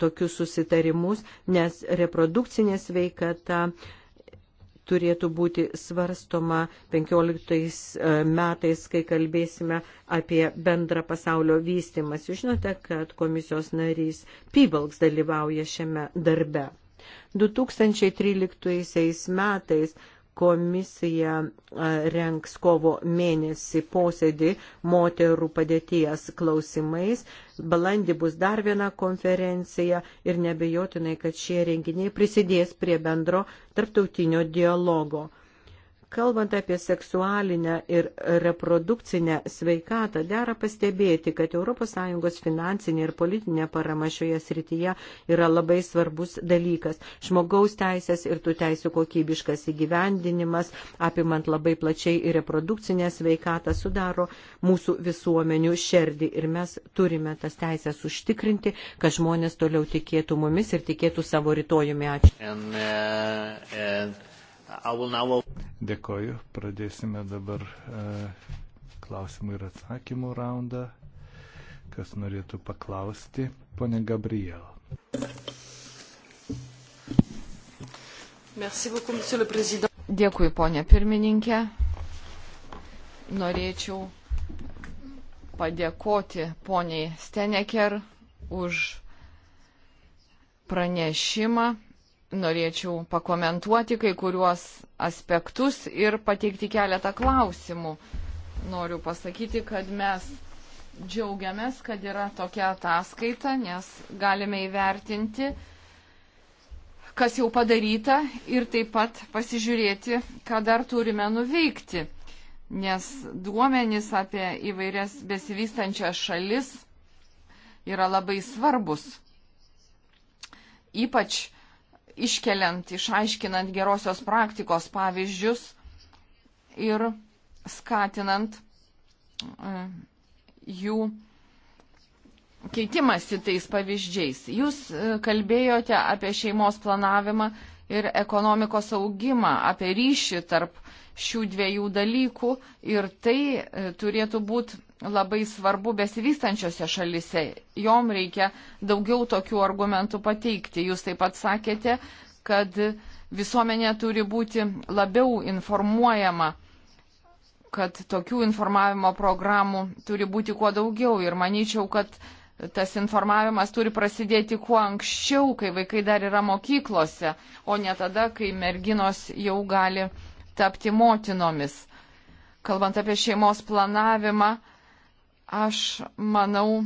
tokius susitarimus, nes reprodukcinė sveikata, uh, turėtų būti svarstoma 15 e, metais, kai kalbėsime apie bendrą pasaulio vystimas. Jūs žinote, kad komisijos narys Pybalks dalyvauja šiame darbe. 2013 metais komisija renks kovo mėnesį posėdį moterų padėties klausimais. Balandį bus dar viena konferencija ir nebejotinai, kad šie renginiai prisidės prie bendro tarptautinio dialogo. Kalbant apie seksualinę ir reprodukcinę sveikatą, dera pastebėti, kad ES finansinė ir politinė parama šioje srityje yra labai svarbus dalykas. Žmogaus teisės ir tų teisų kokybiškas įgyvendinimas, apimant labai plačiai ir reprodukcinę sveikatą, sudaro mūsų visuomenių šerdį. Ir mes turime tas teisės užtikrinti, kad žmonės toliau tikėtų mumis ir tikėtų savo rytojumi. Ačiū. And, uh, and... Now... Dėkoju. Pradėsime dabar e, klausimų ir atsakymų raundą. Kas norėtų paklausti? Pone Gabriel. Dėkui, ponė pirmininkė. Norėčiau padėkoti poniai Steneker už pranešimą norėčiau pakomentuoti kai kuriuos aspektus ir pateikti keletą klausimų. Noriu pasakyti, kad mes džiaugiamės, kad yra tokia ataskaita, nes galime įvertinti, kas jau padaryta ir taip pat pasižiūrėti, ką dar turime nuveikti. Nes duomenys apie įvairias besivystančias šalis yra labai svarbus. Ypač iškeliant, išaiškinant gerosios praktikos pavyzdžius ir skatinant e, jų keitimasi tais pavyzdžiais. Jūs e, kalbėjote apie šeimos planavimą ir ekonomikos augimą, apie ryšį tarp šių dviejų dalykų ir tai e, turėtų būti labai svarbu besivystančiose šalise. Jom reikia daugiau tokių argumentų pateikti. Jūs taip pat sakėte, kad visuomenė turi būti labiau informuojama kad tokių informavimo programų turi būti kuo daugiau ir manyčiau, kad tas informavimas turi prasidėti kuo anksčiau, kai vaikai dar yra mokyklose, o ne tada, kai merginos jau gali tapti motinomis. Kalbant apie šeimos planavimą, Aš manau,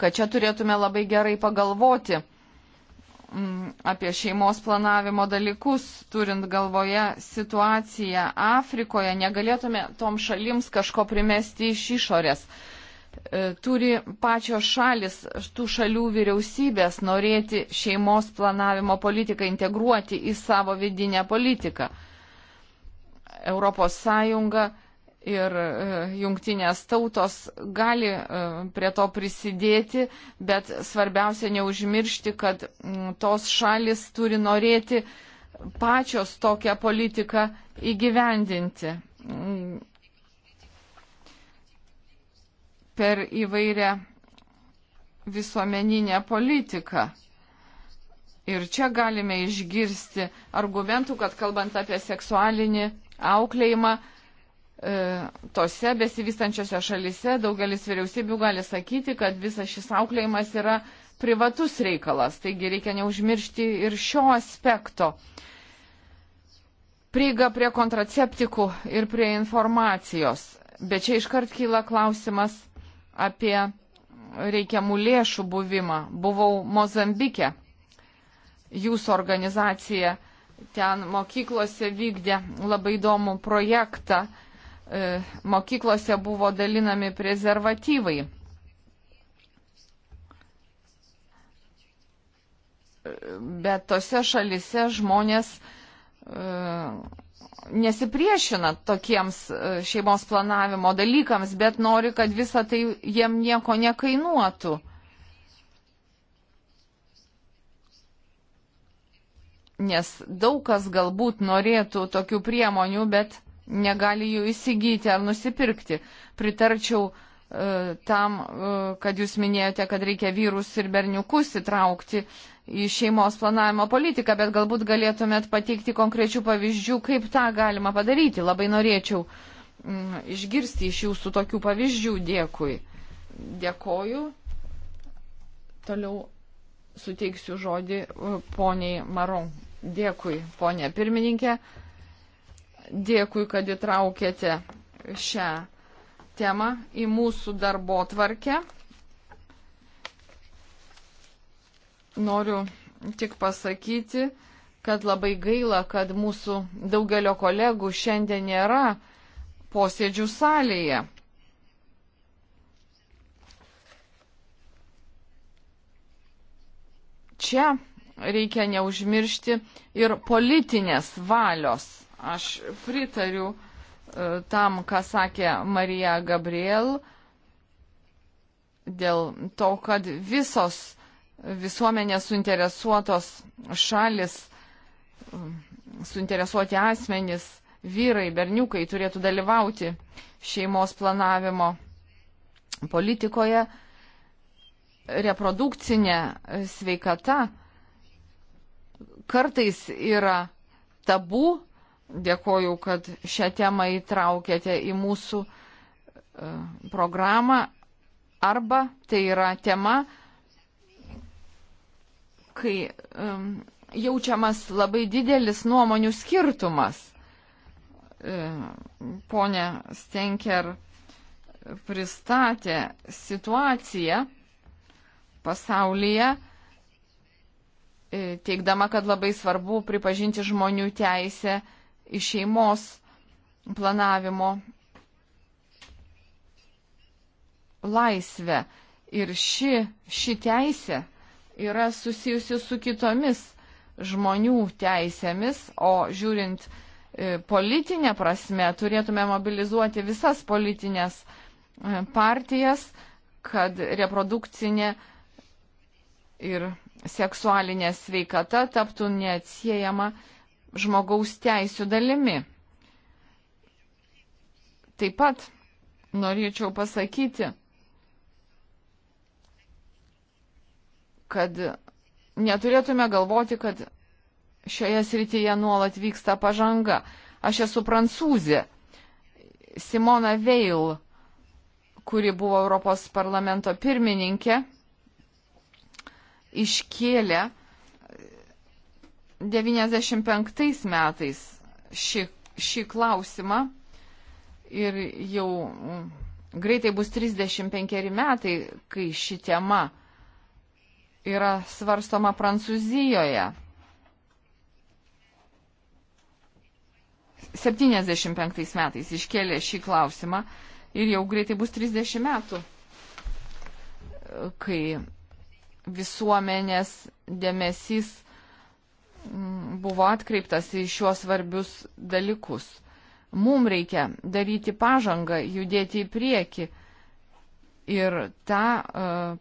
kad čia turėtume labai gerai pagalvoti mm, apie šeimos planavimo dalykus, turint galvoje situaciją Afrikoje, negalėtume tom šalims kažko primesti iš išorės. E, turi pačios šalis, tų šalių vyriausybės norėti šeimos planavimo politiką integruoti į savo vidinę politiką. Europos Sąjunga ir e, jungtinės tautos gali e, prie to prisidėti, bet svarbiausia neužmiršti, kad tos šalis turi norėti pačios tokią politiką įgyvendinti. Per įvairią visuomeninę politiką. Ir čia galime išgirsti argumentų, kad kalbant apie seksualinį auklėjimą, E, tose besivystančiose šalise daugelis vyriausybių gali sakyti, kad visas šis auklėjimas yra privatus reikalas, taigi reikia neužmiršti ir šio aspekto. Prieiga prie kontraceptikų ir prie informacijos. Bet čia iškart kyla klausimas apie reikiamų lėšų buvimą. Buvau Mozambike, jūsų organizacija ten mokyklose vykdė labai įdomų projektą E, mokyklose buvo dalinami prezervatyvai. E, bet tose šalise žmonės e, nesipriešina tokiems šeimos planavimo dalykams, bet nori, kad visa tai jiem nieko nekainuotų. Nes daug kas galbūt norėtų tokių priemonių, bet negali jų įsigyti ar nusipirkti. Pritarčiau e, tam, e, kad jūs minėjote, kad reikia vyrus ir berniukus įtraukti į šeimos planavimo politiką, bet galbūt galėtumėt pateikti konkrečių pavyzdžių, kaip tą galima padaryti. Labai norėčiau m, mm, išgirsti iš jūsų tokių pavyzdžių. Dėkui. Dėkoju. Toliau suteiksiu žodį e, poniai Maron. Dėkui, ponė pirmininkė. Dėkui, kad įtraukėte šią temą į mūsų darbo tvarkę. Noriu tik pasakyti, kad labai gaila, kad mūsų daugelio kolegų šiandien nėra posėdžių salėje. Čia reikia neužmiršti ir politinės valios. Aš pritariu e, tam, ką sakė Marija Gabriel, dėl to, kad visos visuomenės suinteresuotos šalis, e, suinteresuoti asmenys, vyrai, berniukai turėtų dalyvauti šeimos planavimo politikoje. Reprodukcinė sveikata kartais yra tabu Dėkoju, kad šią temą įtraukėte į mūsų e, programą. Arba tai yra tema, kai um, jaučiamas labai didelis nuomonių skirtumas. E, Pone Stenker pristatė situaciją pasaulyje, e, teikdama, kad labai svarbu pripažinti žmonių teisę iš šeimos planavimo laisvę. Ir ši, ši teisė yra susijusi su kitomis žmonių teisėmis, o žiūrint e, politinę prasme, turėtume mobilizuoti visas politinės e, partijas, kad reprodukcinė ir seksualinė sveikata taptų neatsiejama žmogaus teisų dalimi. Taip pat norėčiau pasakyti, kad neturėtume galvoti, kad šioje srityje nuolat vyksta pažanga. Aš esu prancūzė. Simona Veil, kuri buvo Europos parlamento pirmininkė, iškėlė 95 metais šį, šį klausimą ir jau greitai bus 35 metai, kai ši tema yra svarstoma Prancūzijoje. 75 metais iškėlė šį klausimą ir jau greitai bus 30 metų, kai visuomenės dėmesys buvo atkreiptas į šiuos svarbius dalykus. Mums reikia daryti pažangą, judėti į priekį. Ir tą e,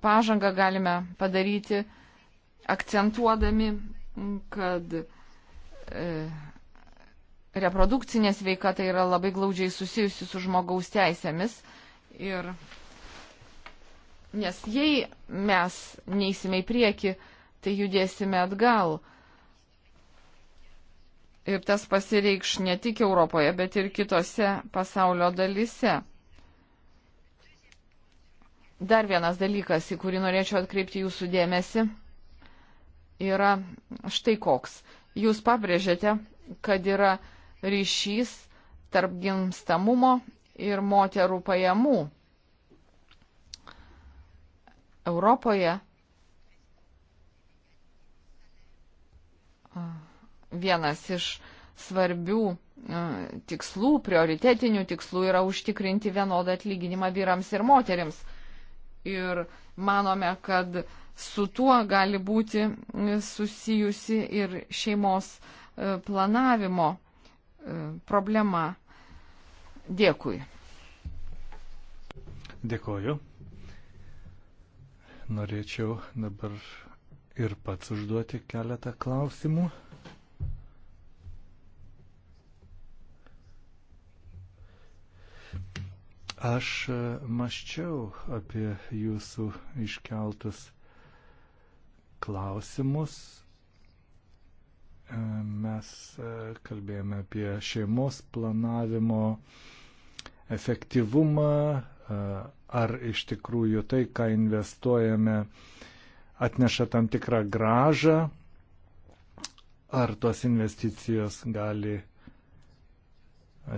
pažangą galime padaryti akcentuodami, kad e, reprodukcinė sveikata yra labai glaudžiai susijusi su žmogaus teisėmis. Ir nes jei mes neįsime į priekį, tai judėsime atgal. Uh, ir tas pasireikš ne tik Europoje, bet ir kitose pasaulio dalise. Dar vienas dalykas, į kurį norėčiau atkreipti jūsų dėmesį, yra štai koks. Jūs pabrėžėte, kad yra ryšys tarp gimstamumo ir moterų pajamų. Europoje. Uh vienas iš svarbių e, tikslų, prioritetinių tikslų yra užtikrinti vienodą atlyginimą vyrams ir moteriams. Ir manome, kad su tuo gali būti susijusi ir šeimos e, planavimo e, problema. Dėkui. Dėkoju. Norėčiau dabar ir pats užduoti keletą klausimų. Aš e, maščiau apie jūsų iškeltus klausimus. E, mes e, kalbėjome apie šeimos planavimo efektyvumą, ar iš tikrųjų tai, ką investuojame, atneša tam tikrą gražą, ar tos investicijos gali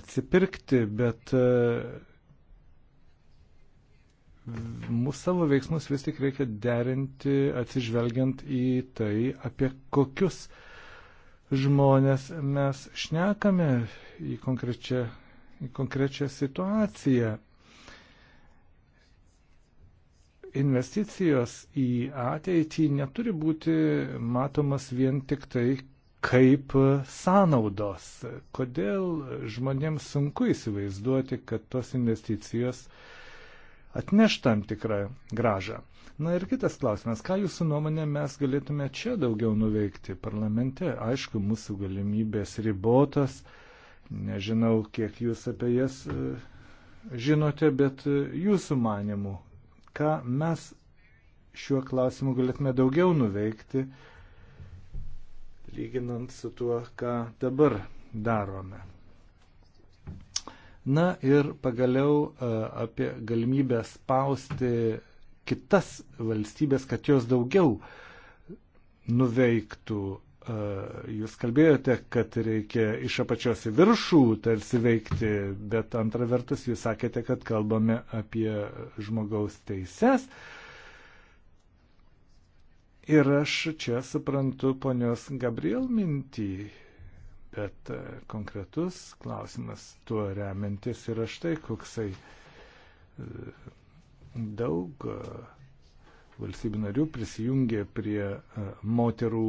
atsipirkti, bet mūsų savo veiksmus vis tik reikia derinti atsižvelgiant į tai, apie kokius žmonės mes šnekame į konkrečią, į konkrečią situaciją. Investicijos į ateitį neturi būti matomas vien tik tai kaip sąnaudos. Kodėl žmonėms sunku įsivaizduoti, kad tos investicijos uh, atneš tam tikrą gražą. Na ir kitas klausimas, ką jūsų nuomonė mes galėtume čia daugiau nuveikti parlamente? Aišku, mūsų galimybės ribotas, nežinau, kiek jūs apie jas e, žinote, bet e, jūsų manimų, ką mes šiuo klausimu galėtume daugiau nuveikti, lyginant su tuo, ką dabar darome. Na ir pagaliau e, apie galimybę spausti kitas valstybės, kad jos daugiau nuveiktų. E, jūs kalbėjote, kad reikia iš apačios į viršų tarsi veikti, bet antra vertus jūs sakėte, kad kalbame apie žmogaus teises. Ir aš čia suprantu ponios Gabriel mintį kad e, konkretus klausimas tuo remiantis yra štai koksai e, daug e, valstybių narių prisijungė prie moterų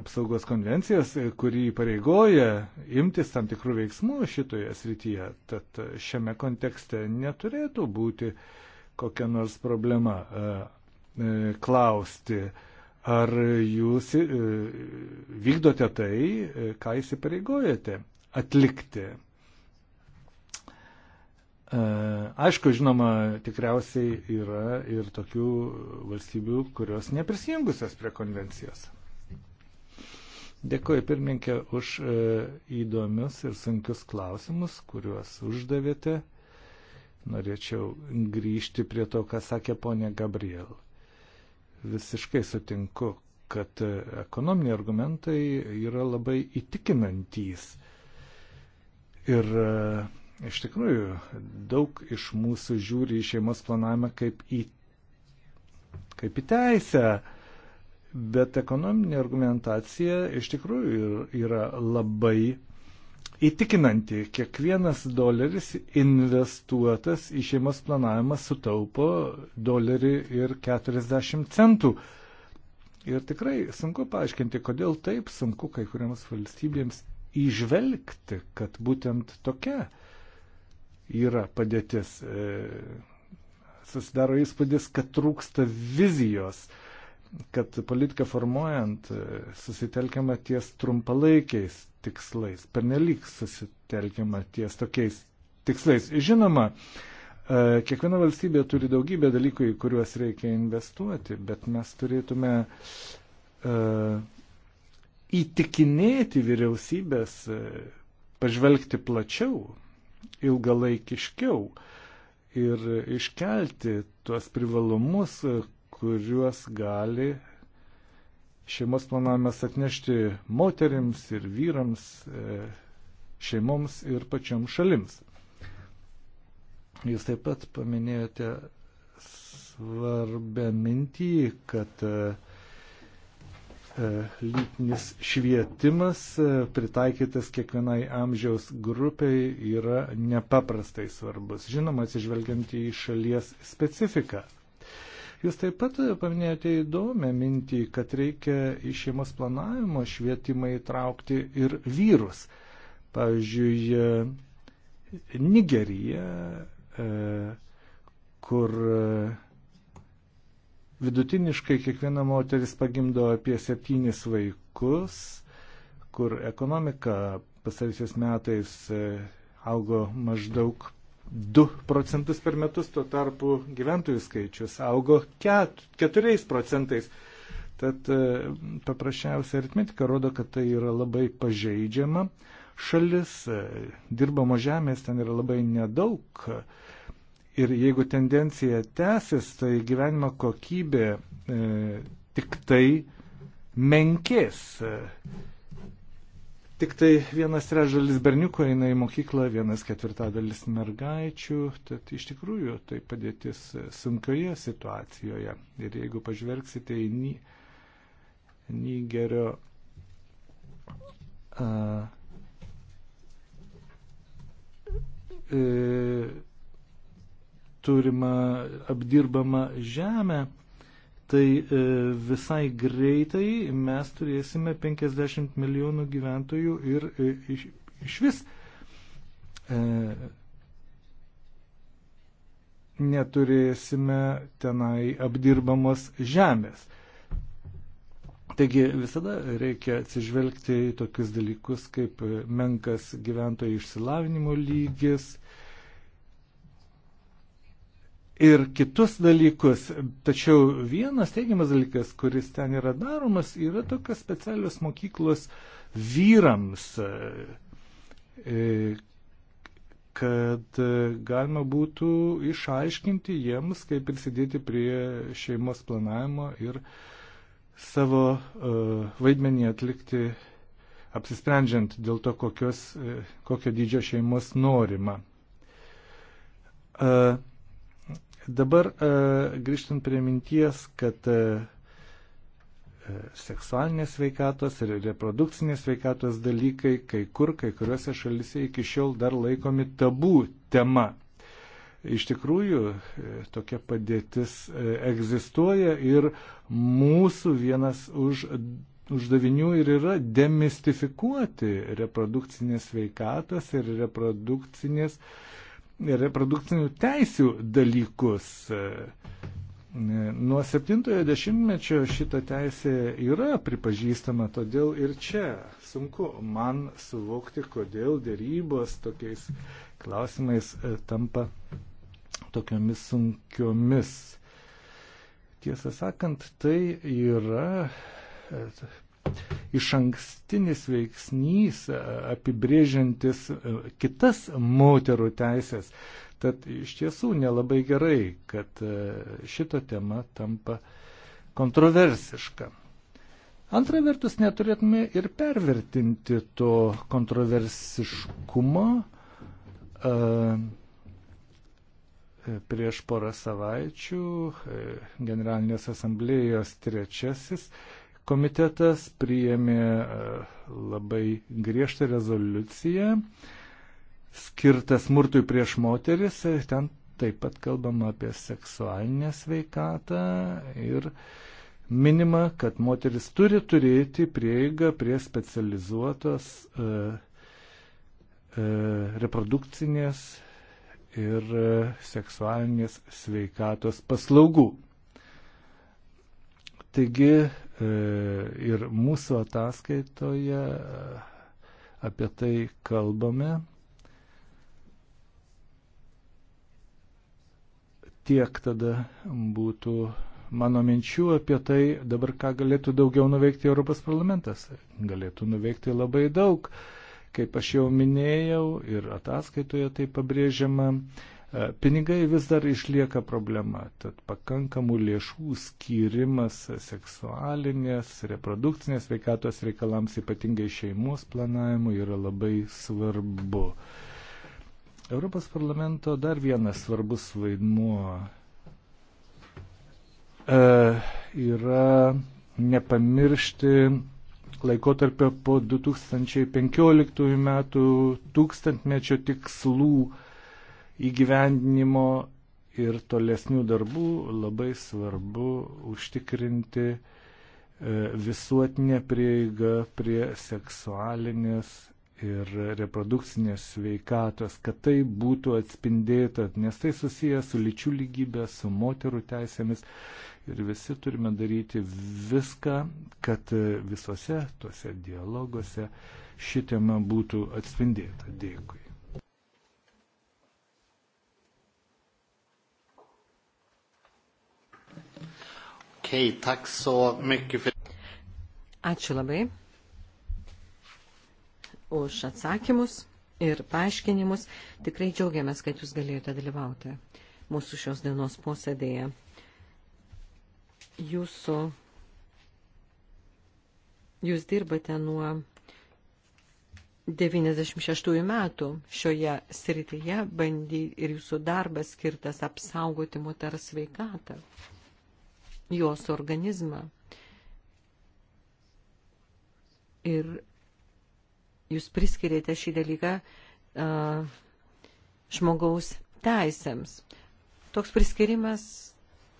apsaugos konvencijos, kuri pareigoja imtis tam tikrų veiksmų šitoje srityje. Tad šiame kontekste neturėtų būti kokia nors problema klausti, Ar jūs e, vykdote tai, e, ką įsipareigojate atlikti? E, aišku, žinoma, tikriausiai yra ir tokių valstybių, kurios neprisijungusios prie konvencijos. Dėkuoju pirmininkė už įdomius ir sunkius klausimus, kuriuos uždavėte. Norėčiau grįžti prie to, ką sakė ponė Gabriel. Visiškai sutinku, kad ekonominiai argumentai yra labai įtikinantys. Ir e, iš tikrųjų daug iš mūsų žiūri į šeimos planavimą kaip į, kaip į teisę, bet ekonominė argumentacija iš tikrųjų yra labai įtikinanti. Kiekvienas doleris investuotas į šeimos planavimą sutaupo dolerį ir 40 centų. Ir tikrai sunku paaiškinti, kodėl taip sunku kai kuriams valstybėms įžvelgti, kad būtent tokia yra padėtis. E, susidaro įspūdis, kad trūksta vizijos kad politiką formuojant e, susitelkiama ties trumpalaikiais tikslais, pernelyg susitelkiama ties tokiais tikslais. Žinoma, e, kiekviena valstybė turi daugybę dalykų, į kuriuos reikia investuoti, bet mes turėtume e, įtikinėti vyriausybės pažvelgti plačiau, ilgalaikiškiau ir iškelti tuos privalumus, kuriuos gali šeimos planavimas atnešti moterims ir vyrams, e, šeimoms ir pačioms šalims. Jūs taip pat paminėjote svarbę mintį, kad e, e, lytinis švietimas pritaikytas kiekvienai amžiaus grupiai yra nepaprastai svarbus, žinoma, atsižvelgiant į šalies specifiką. Jūs taip pat paminėjote įdomią mintį, kad reikia į šeimos planavimo švietimą įtraukti ir vyrus. Pavyzdžiui, Nigerija, e, kur e, vidutiniškai kiekviena moteris pagimdo apie septynis vaikus, kur ekonomika pasarysiais metais e, augo maždaug 2 procentus per metus, tuo tarpu gyventojų skaičius augo 4 procentais. Tad e, paprasčiausia aritmetika rodo, kad tai yra labai pažeidžiama šalis, e, dirbamo žemės ten yra labai nedaug. Ir jeigu tendencija tęsis, tai gyvenimo kokybė e, tik tai menkės. E, Tik tai vienas trečdalis berniukų eina į mokyklą, vienas ketvirtadalis mergaičių, tad iš tikrųjų tai padėtis sunkioje situacijoje. Ir jeigu pažvelgsite į Ny Nigerio a, e, turimą apdirbamą žemę, tai e, visai greitai mes turėsime 50 milijonų gyventojų ir e, iš, iš vis e, neturėsime tenai apdirbamos žemės. Taigi visada reikia atsižvelgti į tokius dalykus kaip menkas gyventojų išsilavinimo lygis, ir kitus dalykus. Tačiau vienas teigiamas dalykas, kuris ten yra daromas, yra tokios specialios mokyklos vyrams, e, e, kad e, galima būtų išaiškinti jiems, kaip prisidėti prie šeimos planavimo ir savo vaidmenį atlikti, apsisprendžiant dėl to, kokios, kokio dydžio šeimos norima. Uh, Dabar e, grįžtant prie minties, kad e, e, seksualinės veikatos ir reprodukcinės veikatos dalykai kai kur, kai kuriuose šalise iki šiol dar laikomi tabų tema. Iš tikrųjų, tokia padėtis egzistuoja ir mūsų vienas už, uždavinių ir yra demistifikuoti reprodukcinės veikatos ir reprodukcinės uh, reprodukcinių teisių dalykus. Nuo 70-ojo dešimtmečio šita teisė yra pripažįstama, todėl ir čia sunku man suvokti, kodėl dėrybos tokiais klausimais e, tampa tokiomis sunkiomis. Tiesą sakant, tai yra e, iš ankstinis veiksnys apibrėžiantis e, kitas moterų teisės. Tad iš tiesų nelabai gerai, kad e, šito tema tampa kontroversiška. Antra vertus, neturėtume ir pervertinti to kontroversiškumo. E, prieš porą savaičių Generalinės asamblėjos trečiasis Komitetas priėmė e, labai griežtą rezoliuciją skirtą smurtui prieš moteris. Ten taip pat kalbama apie seksualinę sveikatą ir minima, kad moteris turi turėti prieigą prie specializuotos e, e, reprodukcinės ir e, seksualinės sveikatos paslaugų. Taigi e, ir mūsų ataskaitoje e, apie tai kalbame. Tiek tada būtų mano minčių apie tai dabar, ką galėtų daugiau nuveikti Europos parlamentas. Galėtų nuveikti labai daug. Kaip aš jau minėjau ir ataskaitoje tai pabrėžiama, E, pinigai vis dar išlieka problema, tad pakankamų lėšų skirimas seksualinės, reprodukcinės veikatos reikalams, ypatingai šeimos planavimui, yra labai svarbu. Europos parlamento dar vienas svarbus vaidmuo e, yra nepamiršti laikotarpio po 2015 metų tūkstantmečio tikslų įgyvendinimo ir tolesnių darbų labai svarbu užtikrinti e, visuotinę prieigą prie seksualinės ir reprodukcinės sveikatos, kad tai būtų atspindėta, nes tai susijęs su lyčių lygybė, su moterų teisėmis ir visi turime daryti viską, kad e, visose tuose dialoguose ši tema būtų atspindėta. Dėkui. Okej, okay, tack så mycket för... Ačiū labai už atsakymus ir paaiškinimus. Tikrai džiaugiamės, kad jūs galėjote dalyvauti mūsų šios dienos posėdėje. Jūsų, jūs dirbate nuo 96 metų šioje srityje bandy, ir jūsų darbas skirtas apsaugoti moters sveikatą jos organizmą. Ir jūs priskirėte šį dalyką uh, žmogaus teisėms. Toks priskirimas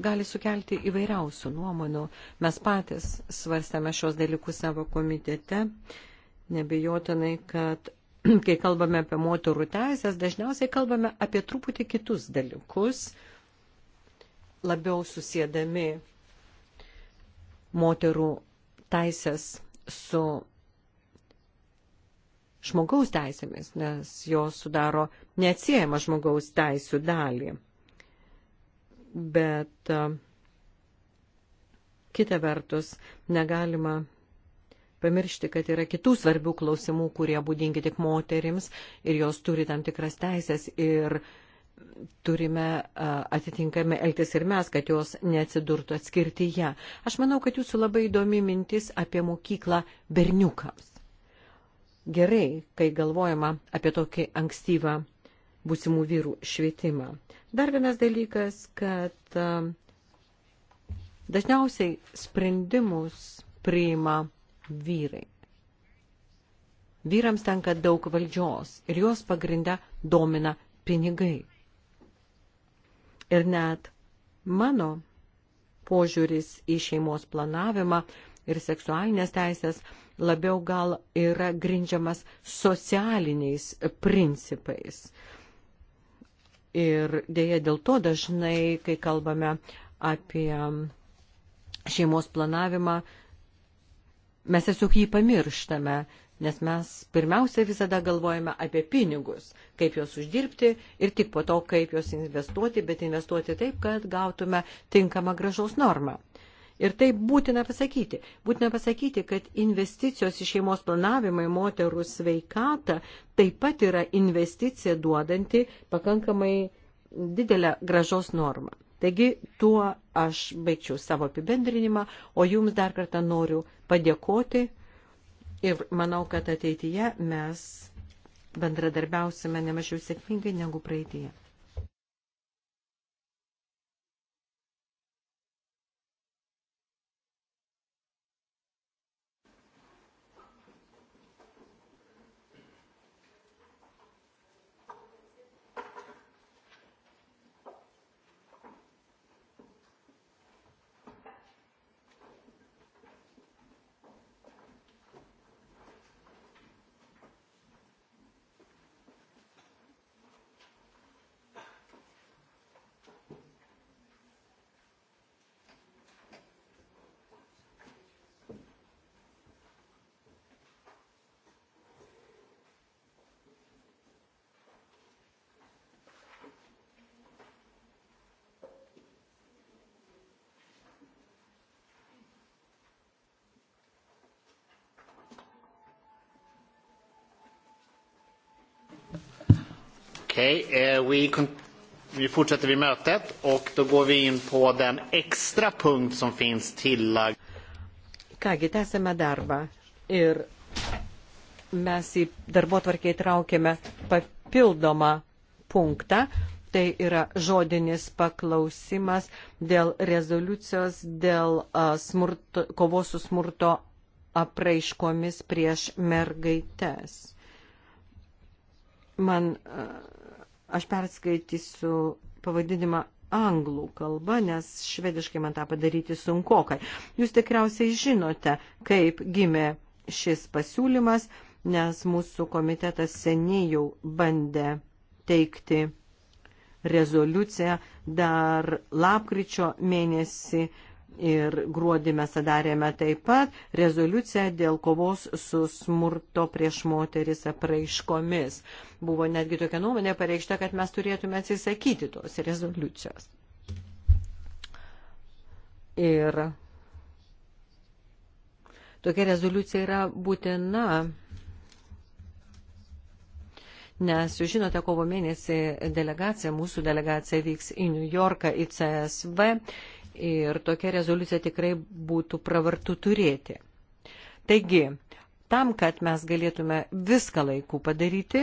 gali sukelti įvairiausių nuomonių. Mes patys svarstame šios dalykus savo komitete. Nebejotinai, kad kai kalbame apie moterų teisės, dažniausiai kalbame apie truputį kitus dalykus, labiau susėdami moterų teisės su žmogaus teisėmis, nes jos sudaro neatsiejama žmogaus teisų dalį. Bet kita vertus, negalima pamiršti, kad yra kitų svarbių klausimų, kurie būdingi tik moterims ir jos turi tam tikras teisės ir uh, turime atitinkami elgtis ir mes, kad jos neatsidurtų atskirtyje. Aš manau, kad jūsų labai įdomi mintis apie mokyklą berniukams. Gerai, kai galvojama apie tokį ankstyvą būsimų vyrų švietimą. Dar vienas dalykas, kad dažniausiai sprendimus priima vyrai. Vyrams tenka daug valdžios ir juos pagrindę domina pinigai. Ir net mano požiūris į šeimos planavimą ir seksualinės teisės labiau gal yra grindžiamas socialiniais principais. Ir dėja dėl to dažnai, kai kalbame apie šeimos planavimą, mes tiesiog jį pamirštame, nes mes pirmiausia visada galvojame apie pinigus, kaip juos uždirbti ir tik po to, kaip juos investuoti, bet investuoti taip, kad gautume tinkamą gražaus normą. Ir tai būtina pasakyti. Būtina pasakyti, kad investicijos į šeimos planavimą į moterų sveikatą taip pat yra investicija duodanti pakankamai didelę gražos normą. Taigi tuo aš baigčiau savo apibendrinimą, o jums dar kartą noriu padėkoti Ir manau, kad ateityje mes bendradarbiausime nemažiau sėkmingai negu praeitie. Okej, okay, eh, we con- vi fortsätter vid mötet och då går vi in på den extra punkt som finns tillagd. Kągi, tęsėme darbą ir mes į darbo tvarkį įtraukėme papildomą punktą. Tai yra žodinis paklausimas dėl rezoliucijos, dėl smurto, kovos su smurto apraiškomis prieš mergaites. Man uh, Aš perskaitysiu pavadinimą anglų kalba, nes švediškai man tą padaryti sunkokai. Jūs tikriausiai žinote, kaip gimė šis pasiūlymas, nes mūsų komitetas seniai jau bandė teikti rezoliuciją dar lapkričio mėnesį Ir gruodį mes darėme taip pat rezoliuciją dėl kovos su smurto prieš moteris apraiškomis. Buvo netgi tokia nuomonė pareikšta, kad mes turėtume atsisakyti tos rezoliucijos. Ir tokia rezoliucija yra būtina nes jūs žinote, kovo mėnesį delegacija, mūsų delegacija vyks į New Yorką, į CSV ir tokia rezoliucija tikrai būtų pravartu turėti. Taigi, tam, kad mes galėtume viską laikų padaryti,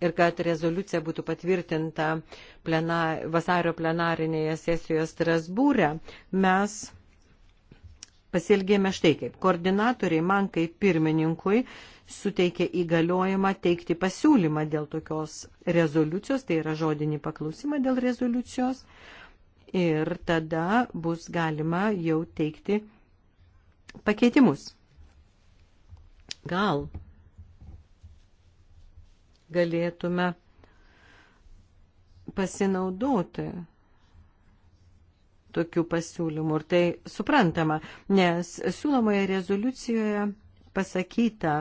ir kad rezoliucija būtų patvirtinta plena, vasario plenarinėje sesijoje Strasbūrė, mes pasielgėme štai kaip. Koordinatoriai man kaip pirmininkui suteikė įgaliojimą teikti pasiūlymą dėl tokios rezoliucijos, tai yra žodinį paklausimą dėl rezoliucijos. Ir tada bus galima jau teikti pakeitimus. Gal galėtume pasinaudoti tokių pasiūlymų. Ir tai suprantama, nes siūlomoje rezoliucijoje pasakyta,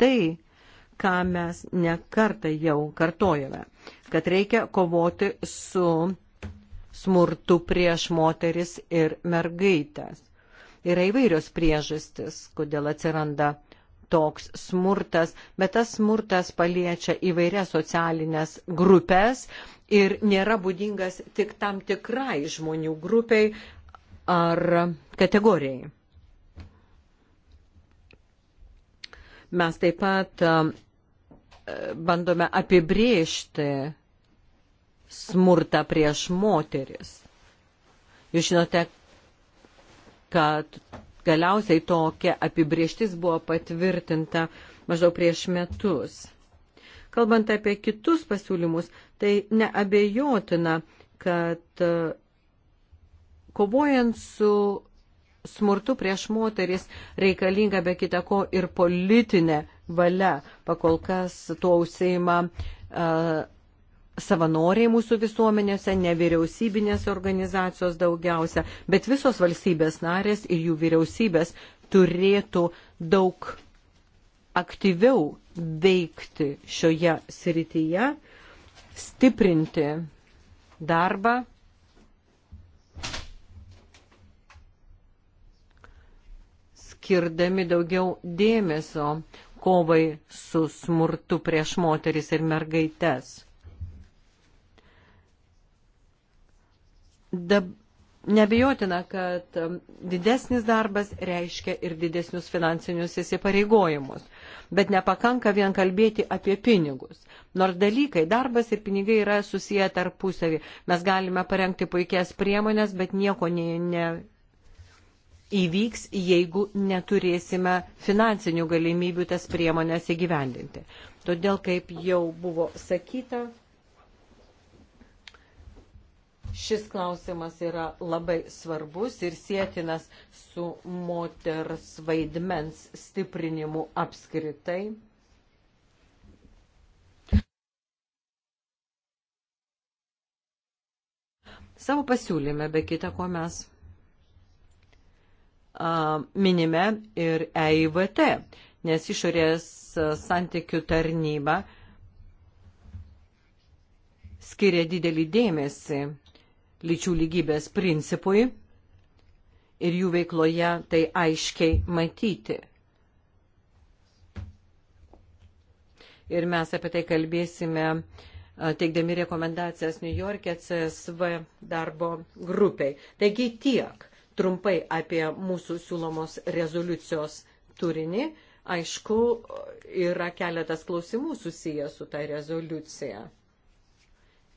tai, ką mes nekartą jau kartojame, kad reikia kovoti su smurtu prieš moteris ir mergaitės. Yra įvairios priežastis, kodėl atsiranda toks smurtas, bet tas smurtas paliečia įvairias socialinės grupės ir nėra būdingas tik tam tikrai žmonių grupiai ar kategorijai. Mes taip pat um, e, bandome apibriežti smurtą prieš moteris. Jūs žinote, kad galiausiai tokia apibrieštis buvo patvirtinta maždaug prieš metus. Kalbant apie kitus pasiūlymus, tai neabejotina, kad e, kovojant su smurtu prieš moteris reikalinga be kita ko ir politinė valia. Pakol kas tuo užseima uh, savanoriai mūsų visuomenėse, nevyriausybinės organizacijos daugiausia, bet visos valstybės narės ir jų vyriausybės turėtų daug aktyviau veikti šioje srityje, stiprinti darbą skirdami daugiau dėmesio kovai su smurtu prieš moteris ir mergaites. Dab, nebejotina, kad um, didesnis darbas reiškia ir didesnius finansinius įsipareigojimus. Bet nepakanka vien kalbėti apie pinigus. Nors dalykai, darbas ir pinigai yra susiję tarpusavį. Mes galime parengti puikias priemonės, bet nieko ne, ne, įvyks, jeigu neturėsime finansinių galimybių tas priemonės įgyvendinti. Todėl, kaip jau buvo sakyta, šis klausimas yra labai svarbus ir sėtinas su moters vaidmens stiprinimu apskritai. Savo pasiūlyme, be kita ko mes minime ir EIVT, nes išorės santykių tarnyba skiria didelį dėmesį lyčių lygybės principui ir jų veikloje tai aiškiai matyti. Ir mes apie tai kalbėsime teikdami rekomendacijas New York'e CSV darbo grupiai. Taigi tiek trumpai apie mūsų siūlomos rezoliucijos turinį. Aišku, yra keletas klausimų susiję su ta rezoliucija.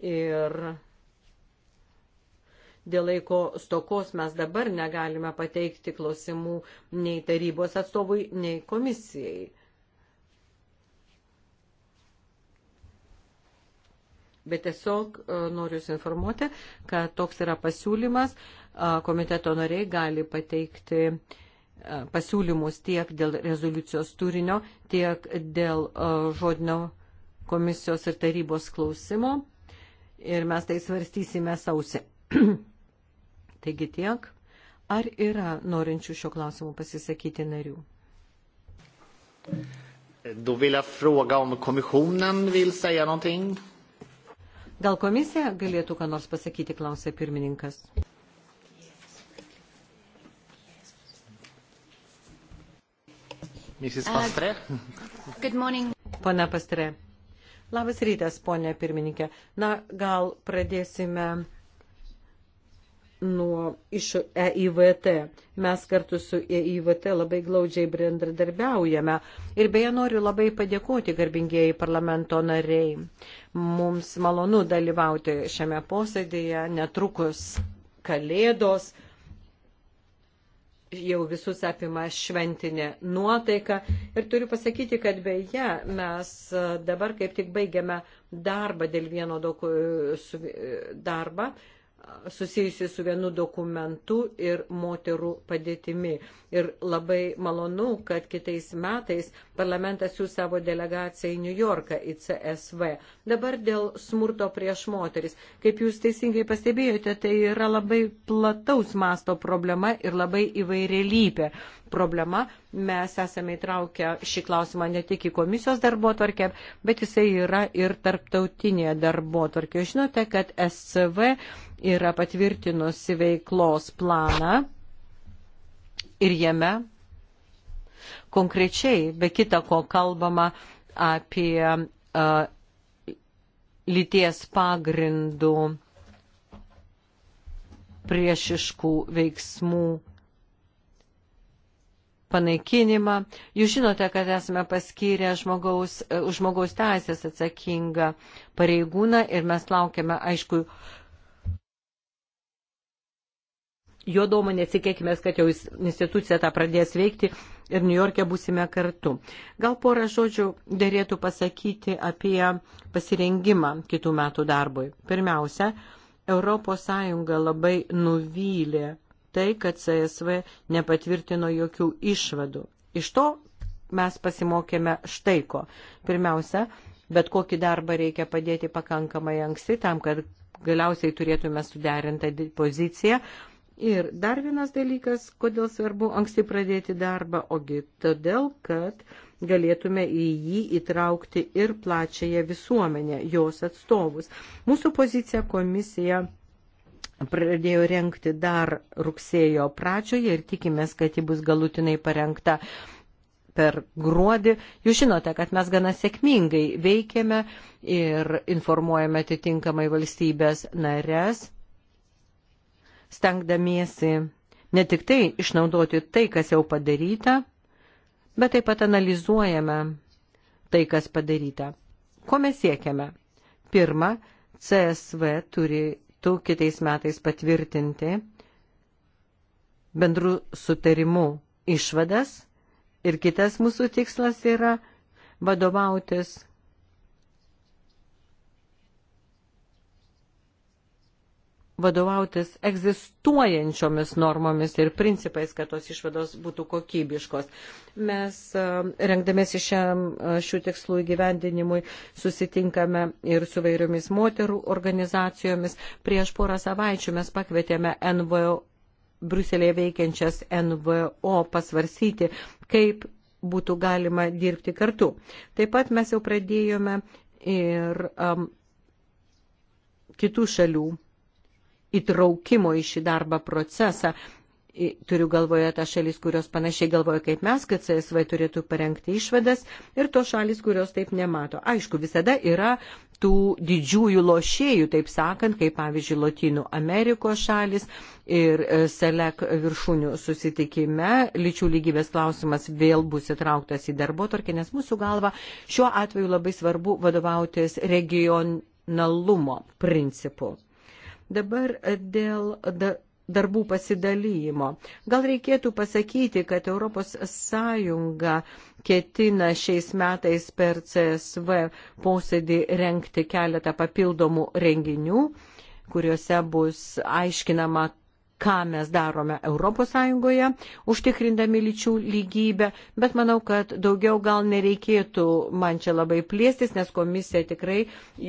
Ir dėl laiko stokos mes dabar negalime pateikti klausimų nei tarybos atstovui, nei komisijai. Bet tiesiog e, noriu jūs informuoti, kad toks yra pasiūlymas. Uh, komiteto nariai gali pateikti pasiūlymus tiek dėl rezoliucijos turinio, tiek dėl žodinio komisijos ir tarybos klausimo. Ir mes tai svarstysime sausi. Taigi tiek. Ar yra norinčių šio klausimų pasisakyti narių? Då vill jag fråga om kommissionen vill säga någonting. Gal komisija galėtų ką nors pasakyti, klausė pirmininkas. Mrs. Uh, Pastre. Good morning. Pone Pastre. Labas rytas, ponė pirmininkė. Na, gal pradėsime nuo iš EIVT. Mes kartu su EIVT labai glaudžiai bendradarbiaujame. Ir beje, noriu labai padėkoti garbingieji parlamento nariai. Mums malonu dalyvauti šiame posėdėje netrukus kalėdos jau visus apima šventinė nuotaika. Ir turiu pasakyti, kad beje, mes e, dabar kaip tik baigiame darbą dėl vieno doku, su, e, darbą e, susijusi su vienu dokumentu ir moterų padėtimi. Ir labai malonu, kad kitais metais parlamentas jūs savo delegaciją į New Yorką, į CSV. Dabar dėl smurto prieš moteris. Kaip jūs teisingai pastebėjote, tai yra labai plataus masto problema ir labai įvairialypė problema. Mes esame įtraukę šį klausimą ne tik į komisijos darbo tvarkę, bet jisai yra ir tarptautinėje darbo tvarkė. Žinote, kad SCV yra patvirtinusi veiklos planą ir jame konkrečiai, be kita ko, kalbama apie uh, lyties pagrindų priešiškų veiksmų panaikinimą. Jūs žinote, kad esame paskyrę žmogaus, už žmogaus teisės atsakingą pareigūną ir mes laukiame, aišku, jo nuomonė, tikėkime, kad jau institucija tą pradės veikti ir New York'e būsime kartu. Gal porą žodžių dėrėtų pasakyti apie pasirengimą kitų metų darbui. Pirmiausia, ES labai nuvylė tai, kad CSV nepatvirtino jokių išvadų. Iš to mes pasimokėme štai ko. Pirmiausia, bet kokį darbą reikia padėti pakankamai anksti tam, kad galiausiai turėtume suderintą poziciją Ir dar vienas dalykas, kodėl svarbu anksti pradėti darbą, ogi todėl, kad galėtume į jį įtraukti ir plačiąją visuomenę, jos atstovus. Mūsų pozicija komisija pradėjo renkti dar rugsėjo pradžioje ir tikimės, kad ji bus galutinai parengta per gruodį. Jūs žinote, kad mes gana sėkmingai veikiame ir informuojame atitinkamai valstybės nares stengdamiesi ne tik tai išnaudoti tai, kas jau padaryta, bet taip pat analizuojame tai, kas padaryta. Ko mes siekiame? Pirma, CSV turi tu kitais metais patvirtinti bendrų sutarimų išvadas ir kitas mūsų tikslas yra vadovautis vadovautis egzistuojančiomis normomis ir principais, kad tos išvados būtų kokybiškos. Mes e, rengdamėsi šiam e, šių tikslų įgyvendinimui susitinkame ir su vairiomis moterų organizacijomis. Prieš porą savaičių mes pakvietėme NVO, Bruselėje veikiančias NVO pasvarsyti, kaip būtų galima dirbti kartu. Taip pat mes jau pradėjome ir um, kitų šalių įtraukimo į šį darbą procesą. Turiu galvoje tą šalis, kurios panašiai galvoja kaip mes, kad CSV turėtų parengti išvadas ir to šalis, kurios taip nemato. Aišku, visada yra tų didžiųjų lošėjų, taip sakant, kaip pavyzdžiui Latinų Amerikos šalis ir e, Selek viršūnių susitikime. Lyčių lygybės klausimas vėl bus įtrauktas į darbo tarkį, nes mūsų galva šiuo atveju labai svarbu vadovautis regionalumo principu. Dabar dėl darbų pasidalymo. Gal reikėtų pasakyti, kad ES ketina šiais metais per CSV posėdį renkti keletą papildomų renginių kuriuose bus aiškinama, ką mes darome ES, užtikrindami lyčių lygybę, bet manau, kad daugiau gal nereikėtų man čia labai plėstis, nes komisija tikrai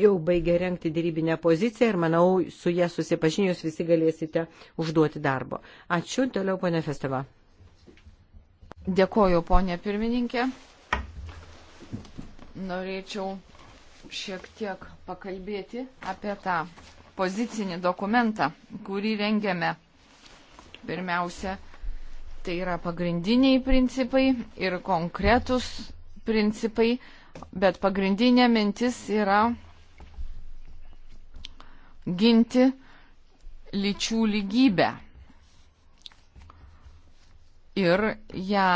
jau baigė renkti dėrybinę poziciją ir manau, su jie susipažinėjus visi galėsite užduoti darbo. Ačiū, toliau ponė Festeva. Dėkoju, ponė pirmininkė. Norėčiau šiek tiek pakalbėti apie tą pozicinį dokumentą, kurį rengėme Pirmiausia, tai yra pagrindiniai principai ir konkretus principai, bet pagrindinė mintis yra ginti lyčių lygybę ir ją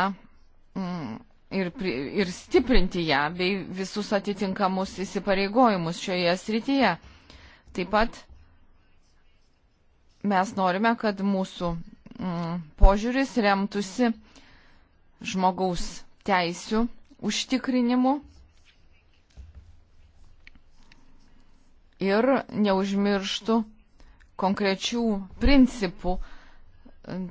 mm, ir, ir stiprinti ją bei visus atitinkamus įsipareigojimus šioje srityje. Taip pat mes norime, kad mūsų Mm, požiūris remtųsi žmogaus teisų užtikrinimu ir neužmirštų konkrečių principų mm,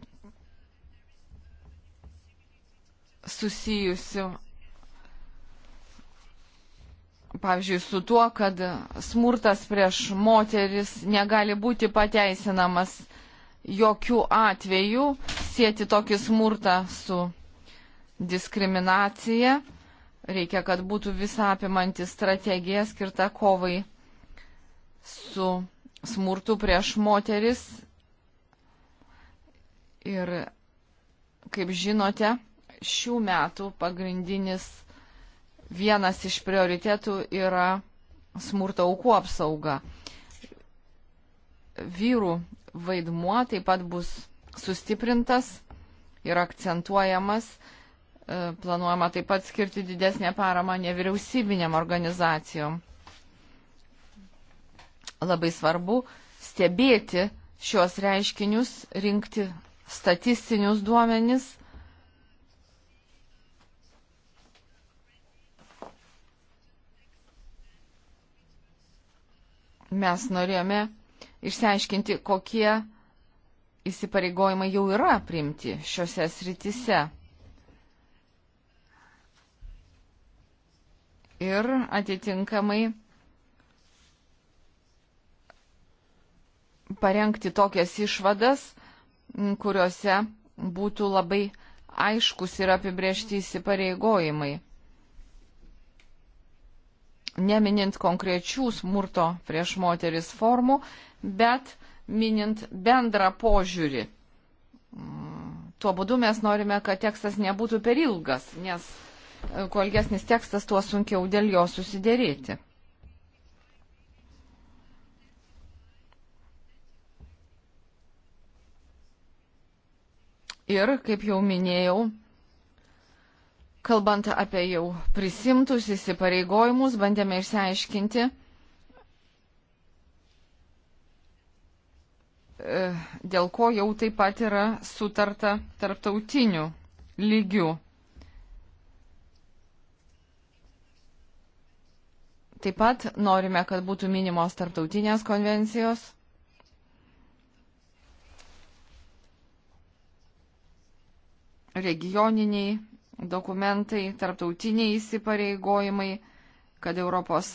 susijusių, pavyzdžiui, su tuo, kad smurtas prieš moteris negali būti pateisinamas jokių atvejų sėti tokį smurtą su diskriminacija. Reikia, kad būtų visa apimanti strategija skirta kovai su smurtu prieš moteris. Ir, kaip žinote, šių metų pagrindinis vienas iš prioritetų yra smurto aukų apsauga. Vyrų vaidmuo taip pat bus sustiprintas ir akcentuojamas. E, planuojama taip pat skirti didesnę paramą nevyriausybinėm organizacijom. Labai svarbu stebėti šios reiškinius, rinkti statistinius duomenis. Mes norėjome išsiaiškinti, kokie įsipareigojimai jau yra priimti šiuose srityse. Ir atitinkamai parengti tokias išvadas, kuriuose būtų labai aiškus ir apibriežti įsipareigojimai. Neminint konkrečių smurto prieš moteris formų, bet minint bendrą požiūrį. Tuo būdu mes norime, kad tekstas nebūtų per ilgas, nes e, kuo ilgesnis tekstas, tuo sunkiau dėl jo susidėrėti. Ir, kaip jau minėjau, kalbant apie jau prisimtus įsipareigojimus, bandėme išsiaiškinti, E, dėl ko jau taip pat yra sutarta tarptautiniu lygiu. Taip pat norime, kad būtų minimos tarptautinės konvencijos. regioniniai dokumentai, tarptautiniai įsipareigojimai, kad ES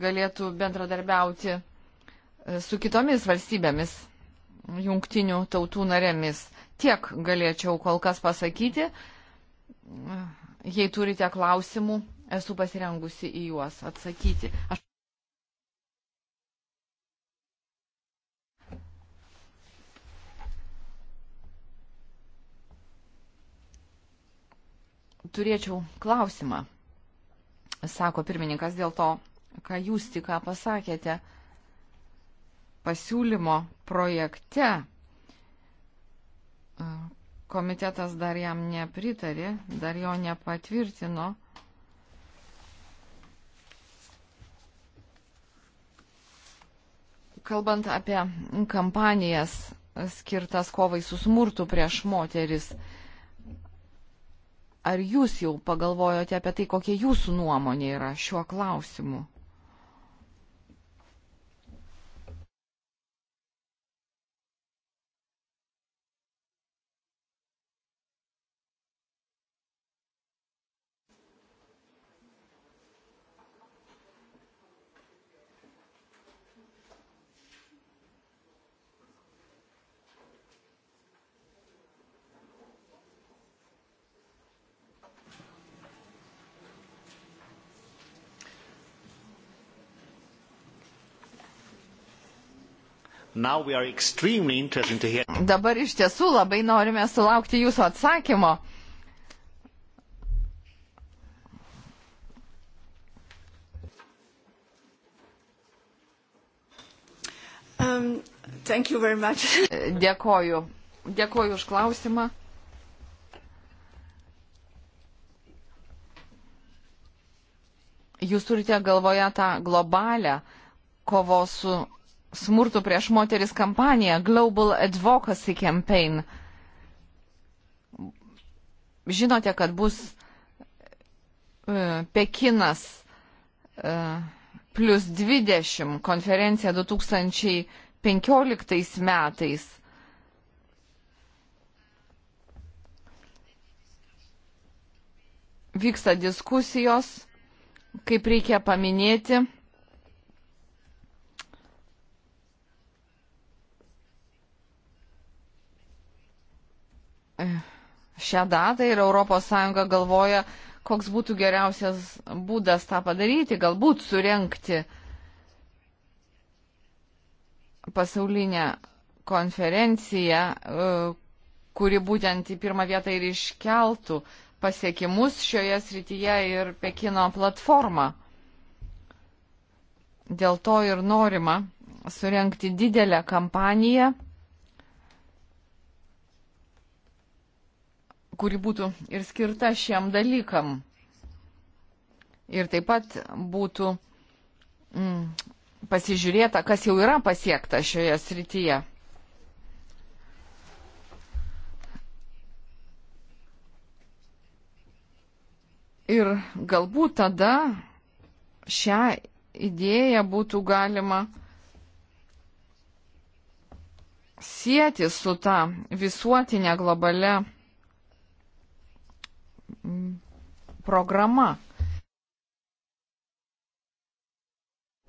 galėtų bendradarbiauti e, su kitomis valstybėmis, jungtinių tautų narėmis. Tiek galėčiau kol kas pasakyti. Jei turite klausimų, esu pasirengusi į juos atsakyti. Aš... Turėčiau klausimą, sako pirmininkas, dėl to ką jūs tik ką pasakėte. Pasiūlymo projekte e, komitetas dar jam nepritarė, dar jo nepatvirtino. Kalbant apie kampanijas skirtas kovai su smurtu prieš moteris, ar jūs jau pagalvojote apie tai, kokia jūsų nuomonė yra šiuo klausimu? Dabar iš tiesų labai norime sulaukti jūsų atsakymo. Um, Dėkoju. Dėkoju už klausimą. Jūs turite galvoje tą globalę kovos su smurto prieš moteris kampaniją Global Advocacy Campaign. Žinote, kad bus e, Pekinas e, plus 20 konferencija 2015 metais. Vyksta diskusijos, kaip reikia paminėti šią datą ir ES galvoja, koks būtų geriausias būdas tą padaryti, galbūt surenkti pasaulinę konferenciją, e, kuri būtent į pirmą vietą ir iškeltų pasiekimus šioje srityje ir Pekino platformą. Dėl to ir norima surenkti didelę kampaniją kuri būtų ir skirta šiam dalykam. Ir taip pat būtų mm, pasižiūrėta, kas jau yra pasiekta šioje srityje. Ir galbūt tada šią idėją būtų galima sieti su tą visuotinę globalią Mm, programa.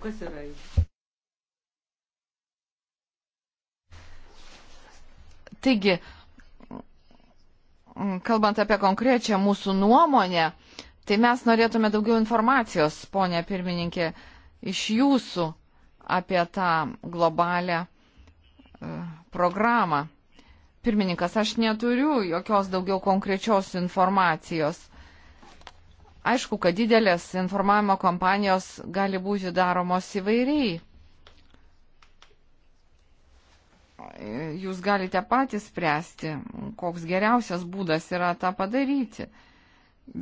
Kas yra jis? Taigi, mm, kalbant apie konkrečią mūsų nuomonę, tai mes norėtume daugiau informacijos, ponė pirmininkė, iš jūsų apie tą globalę e, programą. Pirmininkas, aš neturiu jokios daugiau konkrečios informacijos. Aišku, kad didelės informavimo kompanijos gali būti daromos įvairiai. Jūs galite patys spręsti, koks geriausias būdas yra tą padaryti.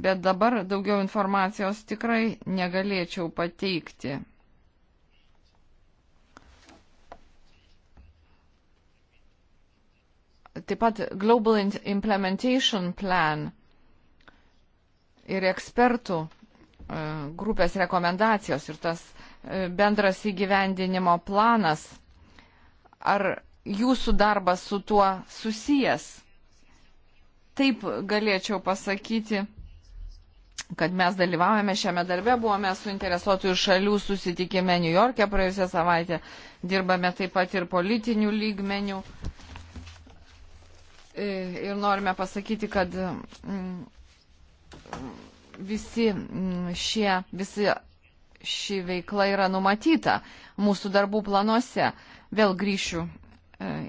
Bet dabar daugiau informacijos tikrai negalėčiau pateikti. taip pat Global Implementation Plan ir ekspertų e, grupės rekomendacijos ir tas e, bendras įgyvendinimo planas, ar jūsų darbas su tuo susijęs? Taip galėčiau pasakyti, kad mes dalyvavome šiame darbe, buvome suinteresuotųjų šalių susitikime New York'e praėjusią savaitę, dirbame taip pat ir politinių lygmenių E, ir norime pasakyti, kad mm, visi mm, šie, visi ši veikla yra numatyta mūsų darbų planuose. Vėl grįšiu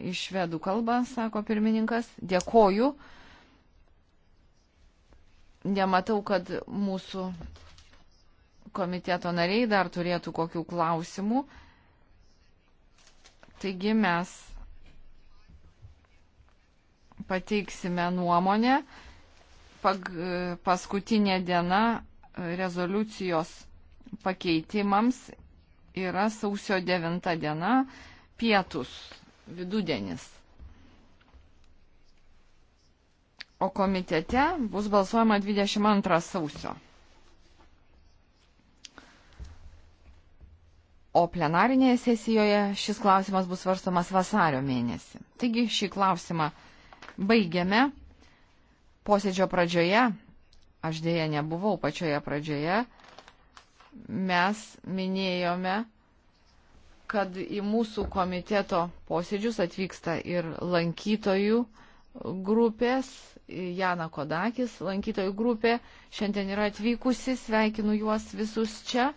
iš e, švedų kalbą, sako pirmininkas. Dėkoju. Nematau, kad mūsų komiteto nariai dar turėtų kokių klausimų. Taigi mes pateiksime nuomonę. Pag, paskutinė diena rezoliucijos pakeitimams yra sausio 9 diena, pietus, vidudienis. O komitete bus balsuojama 22 sausio. O plenarinėje sesijoje šis klausimas bus svarstomas vasario mėnesį. Taigi šį klausimą baigiame. Posėdžio pradžioje, aš dėja nebuvau pačioje pradžioje, mes minėjome, kad į mūsų komiteto posėdžius atvyksta ir lankytojų grupės, Jana Kodakis, lankytojų grupė, šiandien yra atvykusi, sveikinu juos visus čia.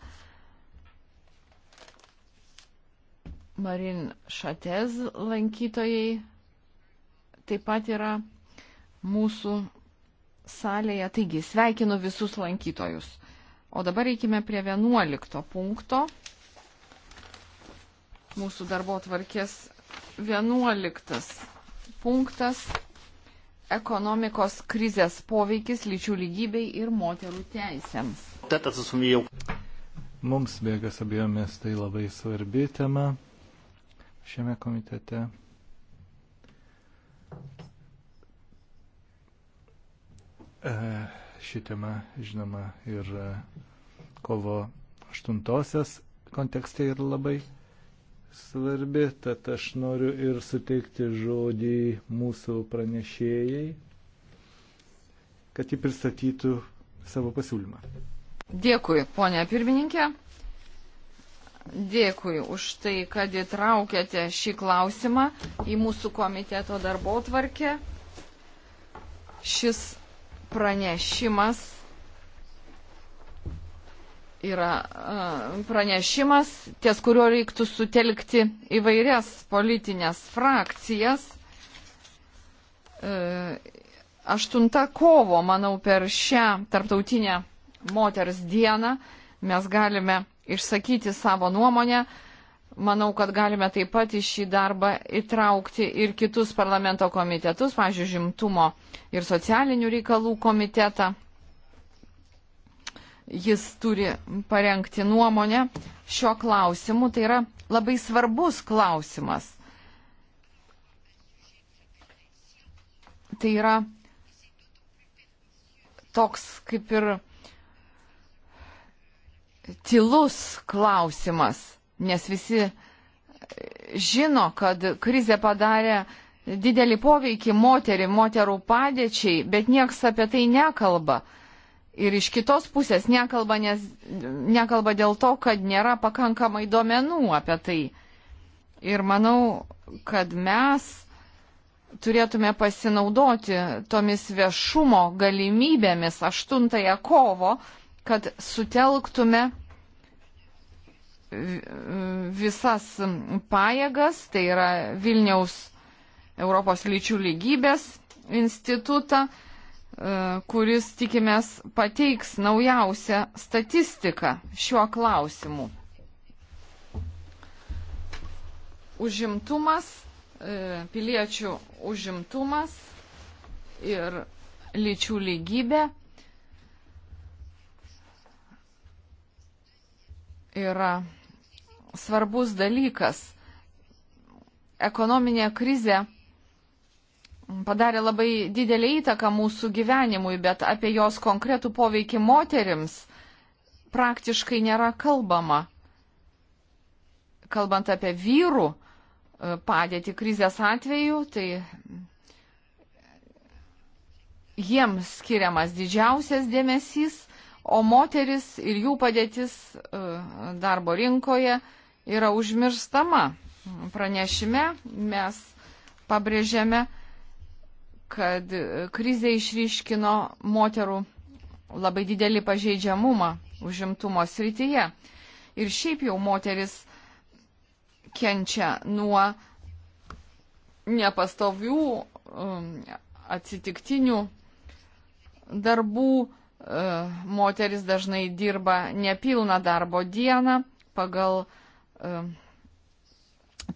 Marin Šatez lankytojai taip pat yra mūsų salėje. Taigi, sveikinu visus lankytojus. O dabar reikime prie 11 punkto. Mūsų darbo tvarkės 11 punktas ekonomikos krizės poveikis lyčių lygybei ir moterų teisėms. Mums bėgas abejomis tai labai svarbi tema šiame komitete. E, ši tema, žinoma, ir e, kovo 8-osios kontekste ir labai svarbi, tad aš noriu ir suteikti žodį mūsų pranešėjai, kad ji pristatytų savo pasiūlymą. Dėkui, ponia pirmininkė. Dėkui už tai, kad įtraukėte šį klausimą į mūsų komiteto darbo tvarkę. Šis pranešimas yra pranešimas, ties kuriuo reiktų sutelkti įvairias politinės frakcijas. E, aštunta kovo, manau, per šią tarptautinę moters dieną mes galime išsakyti savo nuomonę, manau, kad galime taip pat į šį darbą įtraukti ir kitus parlamento komitetus, pavyzdžiui, žimtumo ir socialinių reikalų komitetą. Jis turi parengti nuomonę šio klausimu. Tai yra labai svarbus klausimas. Tai yra toks kaip ir tylus klausimas nes visi žino, kad krizė padarė didelį poveikį moterį, moterų padėčiai, bet nieks apie tai nekalba. Ir iš kitos pusės nekalba, nes, nekalba dėl to, kad nėra pakankamai duomenų apie tai. Ir manau, kad mes turėtume pasinaudoti tomis viešumo galimybėmis 8 kovo, kad sutelktume visas pajėgas, tai yra Vilniaus Europos lyčių lygybės institutą, e, kuris tikimės pateiks naujausią statistiką šiuo klausimu. Užimtumas, e, piliečių užimtumas ir lyčių lygybė yra svarbus dalykas. Ekonominė krizė padarė labai didelį įtaką mūsų gyvenimui, bet apie jos konkretų poveikį moterims praktiškai nėra kalbama. Kalbant apie vyrų e, padėti krizės atveju, tai jiems skiriamas didžiausias dėmesys, o moteris ir jų padėtis e, darbo rinkoje yra užmirštama. Pranešime mes pabrėžėme, kad e, krizė išryškino moterų labai didelį pažeidžiamumą užimtumo srityje. Ir šiaip jau moteris kenčia nuo nepastovių um, atsitiktinių darbų, E, moteris dažnai dirba nepilną darbo dieną pagal e,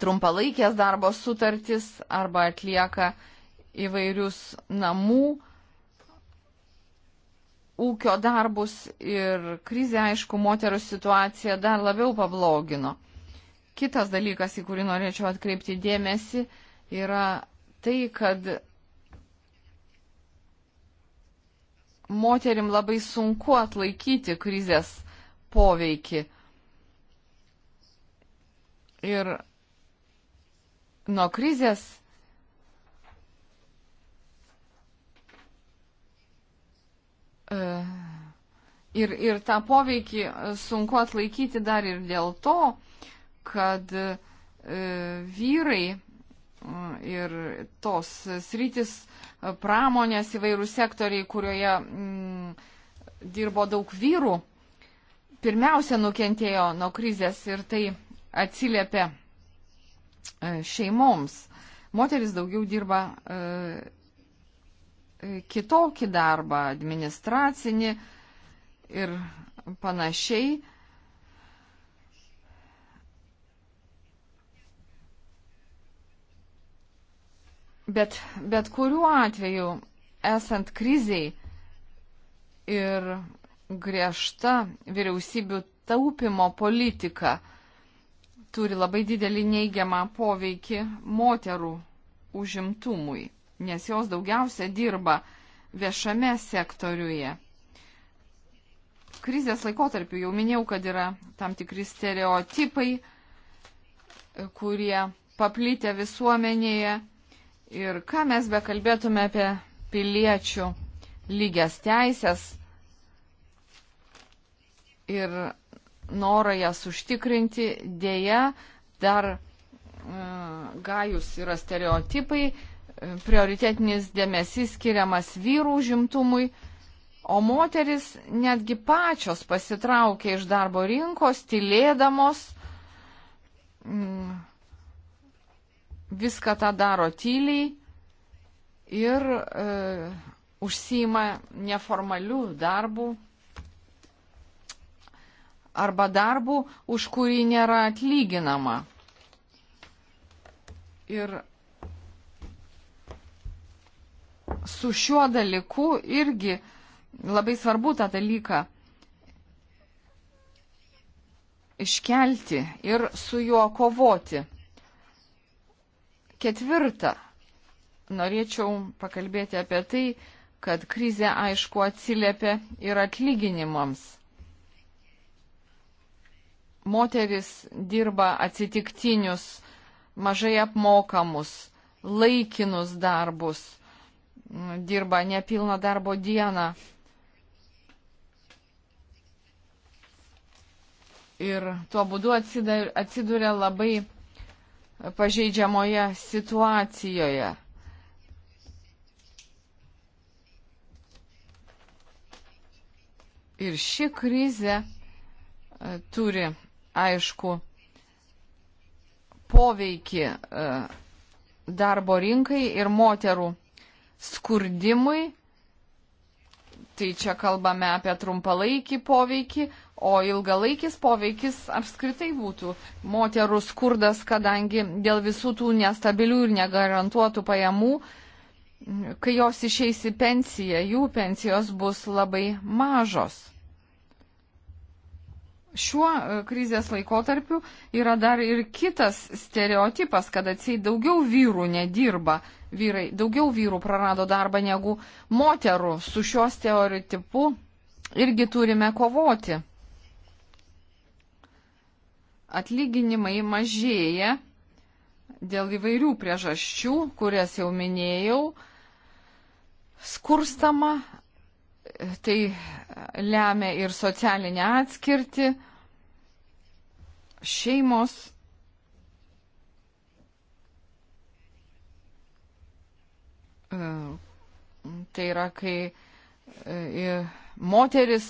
trumpalaikės darbo sutartis arba atlieka įvairius namų ūkio darbus ir krizė, aišku, moterų situaciją dar labiau pablogino. Kitas dalykas, į kurį norėčiau atkreipti dėmesį, yra tai, kad moterim labai sunku atlaikyti krizės poveikį. Ir nuo krizės e, ir, ir tą poveikį sunku atlaikyti dar ir dėl to, kad e, vyrai ir tos sritis, pramonės įvairių sektoriai, kurioje m, mm, dirbo daug vyrų, pirmiausia nukentėjo nuo krizės ir tai atsiliepė e, šeimoms. Moteris daugiau dirba e, e, kitokį darbą, administracinį ir panašiai. Bet, bet kuriuo atveju, esant kriziai ir griežta vyriausybių taupimo politika turi labai didelį neigiamą poveikį moterų užimtumui, nes jos daugiausia dirba viešame sektoriuje. Krizės laikotarpiu jau minėjau, kad yra tam tikri stereotipai, kurie paplitę visuomenėje Ir ką mes bekalbėtume apie piliečių lygias teisės ir norą jas užtikrinti, dėja, dar e, gajus yra stereotipai, e, prioritetinis dėmesys skiriamas vyrų žimtumui, o moteris netgi pačios pasitraukia iš darbo rinkos, tylėdamos. Mm, viską tą daro tyliai ir e, užsima neformalių darbų arba darbų, už kurį nėra atlyginama. Ir su šiuo dalyku irgi labai svarbu tą dalyką iškelti ir su juo kovoti. Ketvirta, norėčiau pakalbėti apie tai, kad krizė aišku atsiliepia ir atlyginimams. Moteris dirba atsitiktinius, mažai apmokamus, laikinus darbus, dirba nepilną darbo dieną. Ir tuo būdu atsiduria labai pažeidžiamoje situacijoje. Ir ši krizė e, turi aišku poveikį e, darbo rinkai ir moterų skurdimui tai čia kalbame apie trumpalaikį poveikį, o ilgalaikis poveikis apskritai būtų moterų skurdas, kadangi dėl visų tų nestabilių ir negarantuotų pajamų, kai jos išeis į pensiją, jų pensijos bus labai mažos šiuo e, krizės laikotarpiu yra dar ir kitas stereotipas, kad atsiai daugiau vyrų nedirba, vyrai daugiau vyrų prarado darbą negu moterų. Su šiuo stereotipu irgi turime kovoti. Atlyginimai mažėja dėl įvairių priežasčių, kurias jau minėjau. Skurstama Tai lemia ir socialinę atskirtį. Šeimos Tai yra, kai e, moteris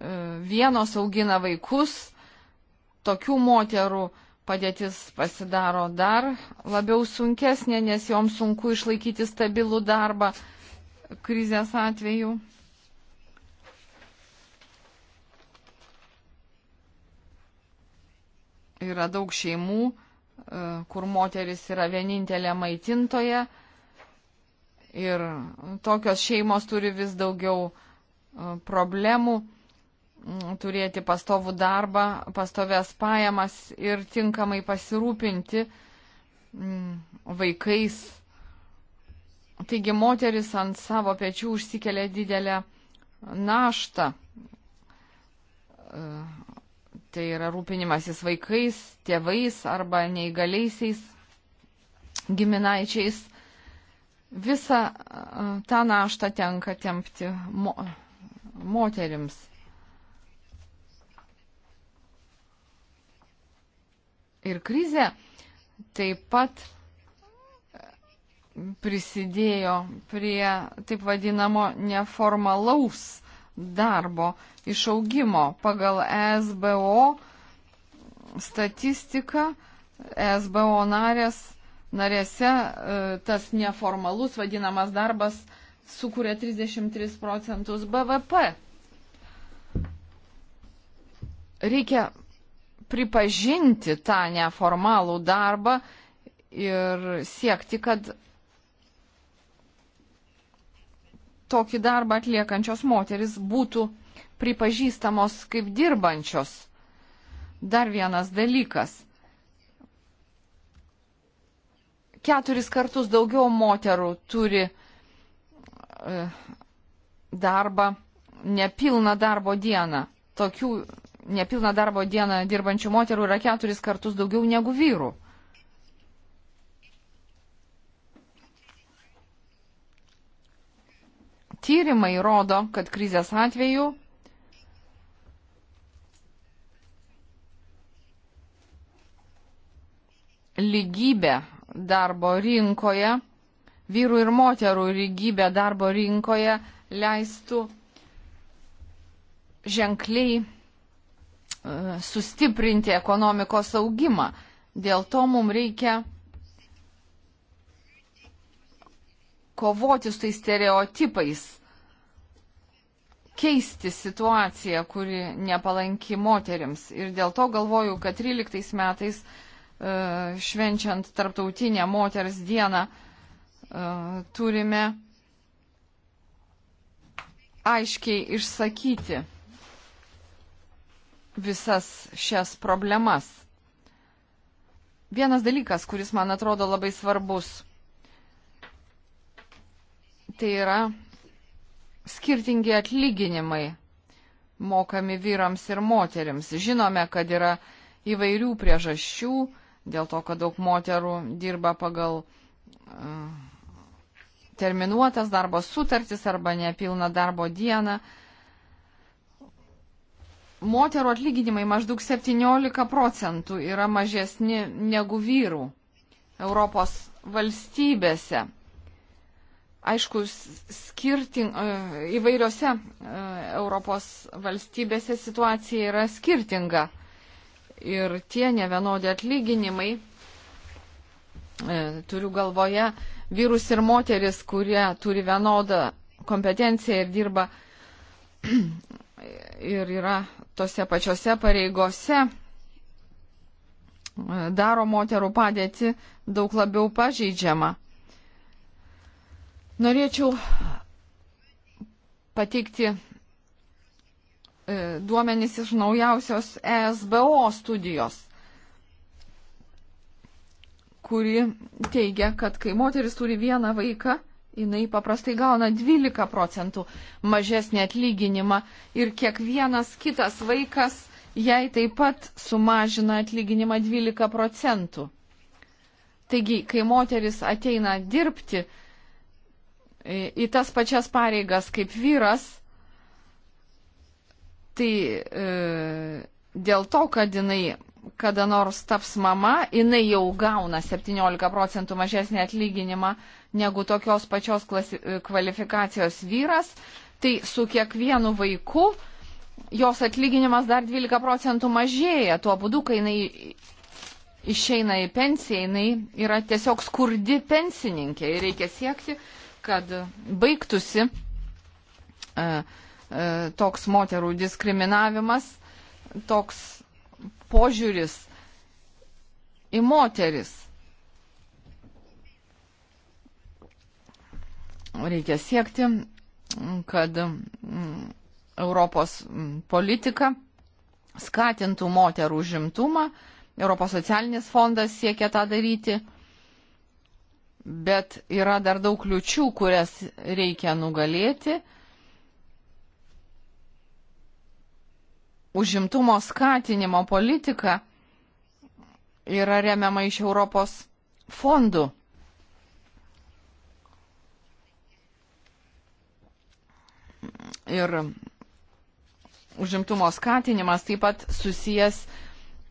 e, vienos augina vaikus, tokių moterų padėtis pasidaro dar labiau sunkesnė, nes joms sunku išlaikyti stabilų darbą krizės atveju. Yra daug šeimų, e, kur moteris yra vienintelė maitintoja ir tokios šeimos turi vis daugiau e, problemų turėti pastovų darbą, pastovės pajamas ir tinkamai pasirūpinti vaikais. Taigi moteris ant savo pečių užsikelia didelę naštą e, Tai yra rūpinimasis vaikais, tėvais arba neįgaliaisiais giminaičiais. Visą tą naštą tenka tempti mo moterims. Ir krizė taip pat prisidėjo prie taip vadinamo neformalaus darbo išaugimo. Pagal ESBO statistiką ESBO narės, narėse e, tas neformalus vadinamas darbas sukuria 33 procentus BVP. Reikia pripažinti tą neformalų darbą ir siekti, kad tokį darbą atliekančios moteris būtų pripažįstamos kaip dirbančios. Dar vienas dalykas. Keturis kartus daugiau moterų turi e, darbą, nepilną darbo dieną. Tokių nepilną darbo dieną dirbančių moterų yra keturis kartus daugiau negu vyrų. tyrimai rodo, kad krizės atveju lygybė darbo rinkoje, vyrų ir moterų lygybė darbo rinkoje leistų ženkliai e, sustiprinti ekonomikos augimą. Dėl to mums reikia kovoti su tais stereotipais, keisti situaciją, kuri nepalanki moteriams. Ir dėl to galvoju, kad 13 metais e, švenčiant tarptautinę moters dieną e, turime aiškiai išsakyti visas šias problemas. Vienas dalykas, kuris man atrodo labai svarbus tai yra skirtingi atlyginimai mokami vyrams ir moteriams. Žinome, kad yra įvairių priežasčių, dėl to, kad daug moterų dirba pagal uh, terminuotas darbo sutartis arba nepilna darbo diena. Moterų atlyginimai maždaug 17 procentų yra mažesni negu vyrų Europos valstybėse aišku, skirting, e, įvairiose e, Europos valstybėse situacija yra skirtinga. Ir tie nevienodi atlyginimai, e, turiu galvoje, vyrus ir moteris, kurie turi vienodą kompetenciją ir dirba ir yra tose pačiose pareigose, daro moterų padėti daug labiau pažeidžiamą. Norėčiau pateikti e, duomenys iš naujausios ESBO studijos, kuri teigia, kad kai moteris turi vieną vaiką, jinai paprastai gauna 12 procentų mažesnį atlyginimą ir kiekvienas kitas vaikas jai taip pat sumažina atlyginimą 12 procentų. Taigi, kai moteris ateina dirbti, į tas pačias pareigas kaip vyras, tai e, dėl to, kad jinai kada nors taps mama, jinai jau gauna 17 procentų mažesnį atlyginimą negu tokios pačios klasi, e, kvalifikacijos vyras, tai su kiekvienu vaiku jos atlyginimas dar 12 procentų mažėja, tuo būdu, kai jinai išeina į pensiją, jinai yra tiesiog skurdi pensininkė ir reikia siekti, kad baigtųsi e, e, toks moterų diskriminavimas, toks požiūris į moteris. Reikia siekti, kad Europos politika skatintų moterų žimtumą. Europos socialinis fondas siekia tą daryti bet yra dar daug kliučių, kurias reikia nugalėti. Užimtumo skatinimo politika yra remiama iš Europos fondų. Ir užimtumo skatinimas taip pat susijęs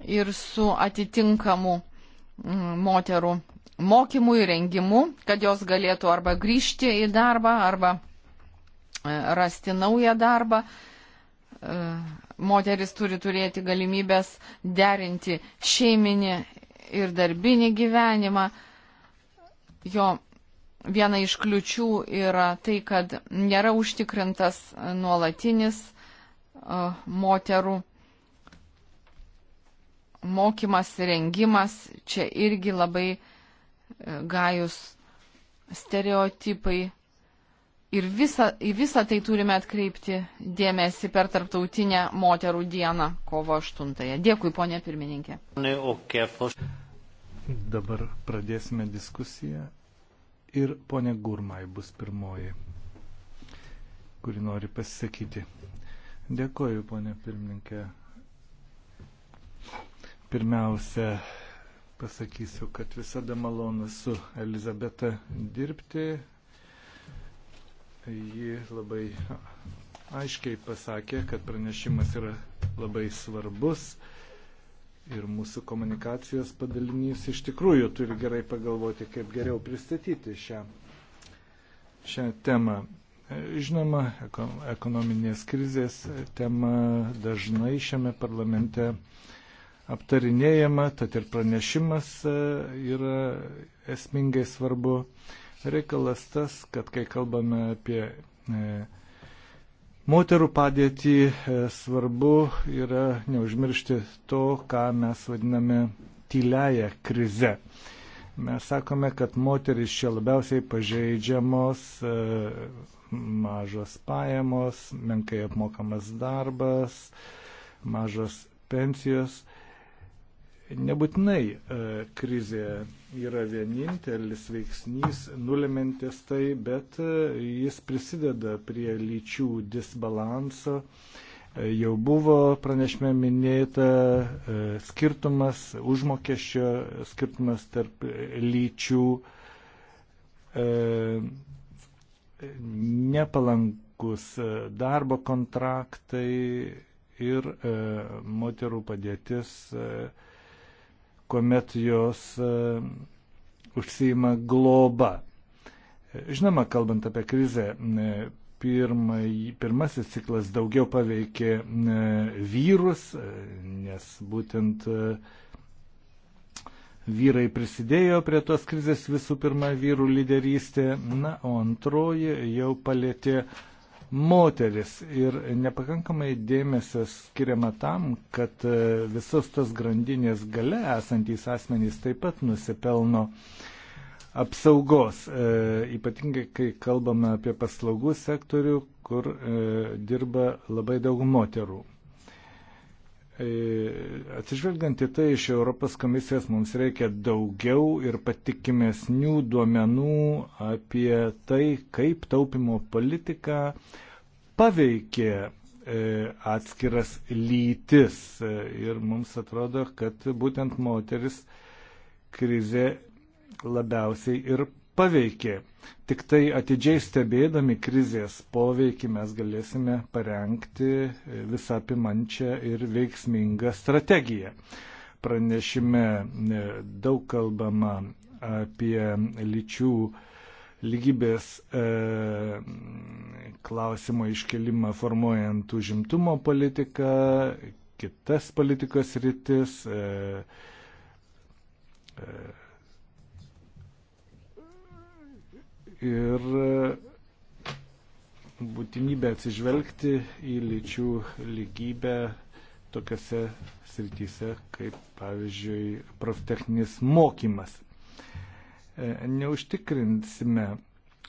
ir su atitinkamu Mm, moterų mokymų įrengimų, kad jos galėtų arba grįžti į darbą, arba e, rasti naują darbą. E, moteris turi turėti galimybės derinti šeiminį ir darbinį gyvenimą. Jo viena iš kliučių yra tai, kad nėra užtikrintas nuolatinis e, moterų mokymas, rengimas, čia irgi labai e, gajus stereotipai. Ir visa, į visą tai turime atkreipti dėmesį per tarptautinę moterų dieną kovo 8. Dėkui, ponė pirmininkė. Dabar pradėsime diskusiją ir ponė Gurmai bus pirmoji, kuri nori pasisakyti. Dėkoju, ponė pirmininkė. Pirmiausia, pasakysiu, kad visada malonu su Elizabeta dirbti. Ji labai aiškiai pasakė, kad pranešimas yra labai svarbus ir mūsų komunikacijos padalinys iš tikrųjų turi gerai pagalvoti, kaip geriau pristatyti šią, šią temą. Žinoma, ekonominės krizės tema dažnai šiame parlamente uh, aptarinėjama, tad ir pranešimas e, yra esmingai svarbu. Reikalas tas, kad kai kalbame apie e, moterų padėtį, e, svarbu yra neužmiršti to, ką mes vadiname tyliaja krize. Mes sakome, kad moteris čia labiausiai pažeidžiamos, mažos pajamos, menkai apmokamas darbas, mažos pensijos. Nebūtinai e, krizė yra vienintelis veiksnys nulemintis tai, bet e, jis prisideda prie lyčių disbalanso. E, jau buvo pranešme minėta skirtumas, užmokesčio skirtumas tarp lyčių nepalankus darbo kontraktai ir moterų padėtis kuomet jos e, užsima globa. Žinoma, kalbant apie krizę, e, pirmai, pirmasis ciklas daugiau paveikė e, vyrus, nes būtent vyrai prisidėjo prie tos krizės visų pirma vyrų lyderystė, na, o antroji jau palėtė moteris ir nepakankamai dėmesio skiriama tam, kad e, visus tas grandinės gale esantys asmenys taip pat nusipelno apsaugos, e, ypatingai kai kalbame apie paslaugų sektorių, kur e, dirba labai daug moterų. E, atsižvelgiant į tai, iš Europos komisijos mums reikia daugiau ir patikimesnių duomenų apie tai, kaip taupimo politika paveikė e, atskiras lytis. E, ir mums atrodo, kad būtent moteris krize labiausiai ir paveikė. Tik tai atidžiai stebėdami krizės poveikį mes galėsime parengti visą apimančią ir veiksmingą strategiją. Pranešime e, daug kalbama apie lyčių lygybės e, klausimo iškelimą formuojant užimtumo politiką, kitas politikos rytis, e, e, ir e, būtinybę atsižvelgti į lyčių lygybę tokiuose srityse, kaip pavyzdžiui, proftechninis mokymas. E, neužtikrinsime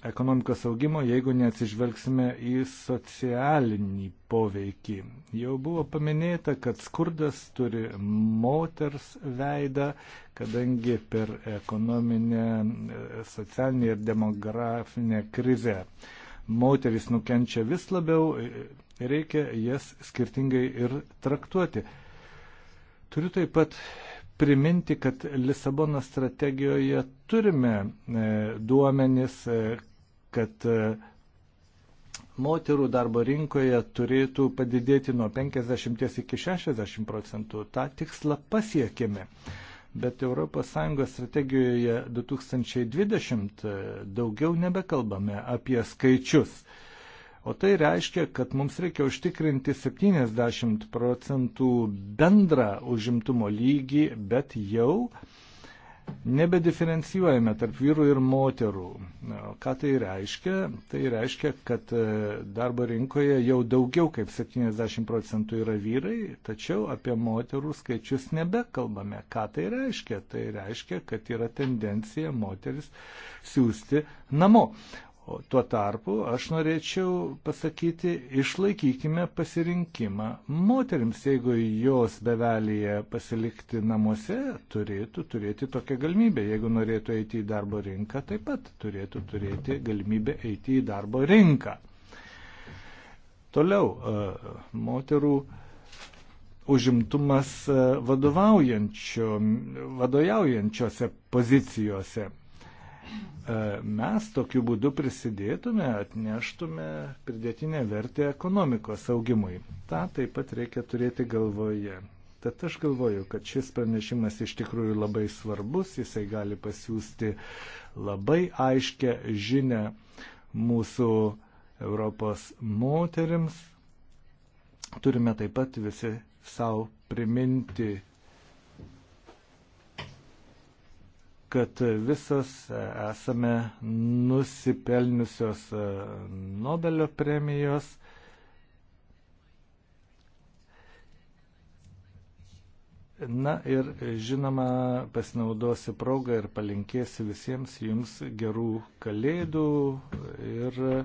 ekonomikos augimo, jeigu neatsižvelgsime į socialinį poveikį. Jau buvo paminėta, kad skurdas turi moters veidą, kadangi per ekonominę, socialinę ir demografinę krizę moteris nukenčia vis labiau, reikia jas skirtingai ir traktuoti. Turiu taip pat priminti, kad Lisabono strategijoje turime e, duomenis, e, kad e, moterų darbo rinkoje turėtų padidėti nuo 50 iki 60 procentų. Ta tiksla pasiekėme. Bet ES strategijoje 2020 e, daugiau nebekalbame apie skaičius. O tai reiškia, kad mums reikia užtikrinti 70 procentų bendrą užimtumo lygį, bet jau uh, nebediferencijuojame tarp vyrų ir moterų. Ką tai reiškia? Tai reiškia, kad e, darbo rinkoje jau daugiau kaip 70 procentų yra vyrai, tačiau apie moterų skaičius nebekalbame. Ką tai reiškia? Tai reiškia, kad yra tendencija moteris siūsti namo. O tuo tarpu aš norėčiau pasakyti, išlaikykime pasirinkimą. Moterims, jeigu jos bevelyje pasilikti namuose, turėtų turėti tokią galimybę. Jeigu norėtų eiti į darbo rinką, taip pat turėtų turėti galimybę eiti į darbo rinką. Toliau, e, moterų užimtumas e, vadovaujančiose pozicijose E, mes tokiu būdu prisidėtume, atneštume pridėtinę vertę ekonomikos augimui. Ta taip pat reikia turėti galvoje. Tad aš galvoju, kad šis pranešimas iš tikrųjų labai svarbus, jisai gali pasiūsti labai aiškę žinę mūsų Europos moterims. Turime taip pat visi savo priminti kad visas esame nusipelniusios e, Nobelio premijos. Na ir žinoma, pasinaudosiu progą ir palinkėsiu visiems jums gerų kalėdų ir uh,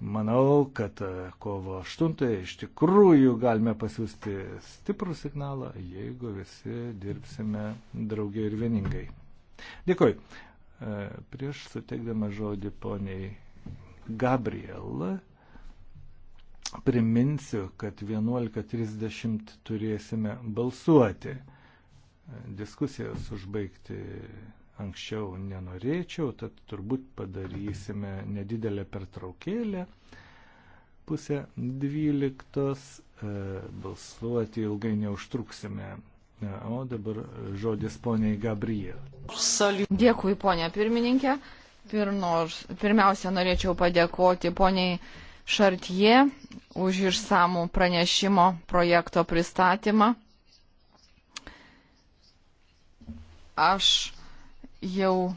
Manau, kad e, kovo 8 iš tikrųjų galime pasiūsti stiprų signalą, jeigu visi dirbsime draugiai ir vieningai. Dėkui. E, prieš suteikdama žodį poniai Gabriel, priminsiu, kad 11.30 turėsime balsuoti e, diskusijas užbaigti anksčiau nenorėčiau, tad turbūt padarysime nedidelę pertraukėlę pusę dvyliktos, e, balsuoti ilgai neužtruksime. E, o dabar žodis poniai Gabriel. Dėkui, ponia pirmininkė. Pirnors, pirmiausia, norėčiau padėkoti poniai Šartie už išsamų pranešimo projekto pristatymą. Aš jau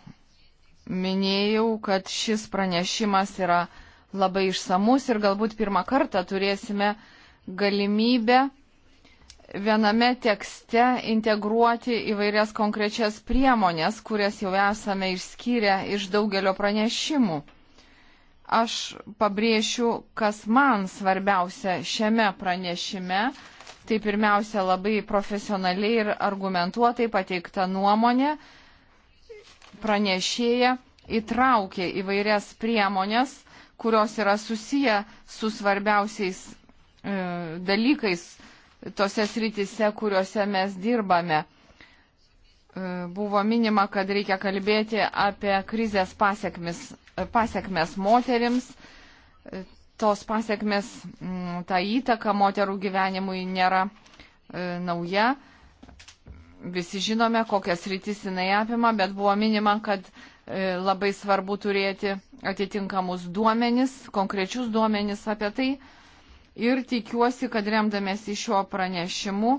minėjau, kad šis pranešimas yra labai išsamus ir galbūt pirmą kartą turėsime galimybę viename tekste integruoti įvairias konkrečias priemonės, kurias jau esame išskyrę iš daugelio pranešimų. Aš pabrėšiu, kas man svarbiausia šiame pranešime. Tai pirmiausia, labai profesionaliai ir argumentuotai pateikta nuomonė, pranešėja įtraukė įvairias priemonės, kurios yra susiję su svarbiausiais e, dalykais tose sritise, kuriuose mes dirbame. E, buvo minima, kad reikia kalbėti apie krizės pasiekmes, e, pasiekmes moterims. E, tos pasiekmes, m, ta įtaka moterų gyvenimui nėra e, nauja. E, visi žinome, kokias rytis jinai apima, bet buvo minima, kad e, labai svarbu turėti atitinkamus duomenis, konkrečius duomenis apie tai. Ir tikiuosi, kad remdamėsi šiuo pranešimu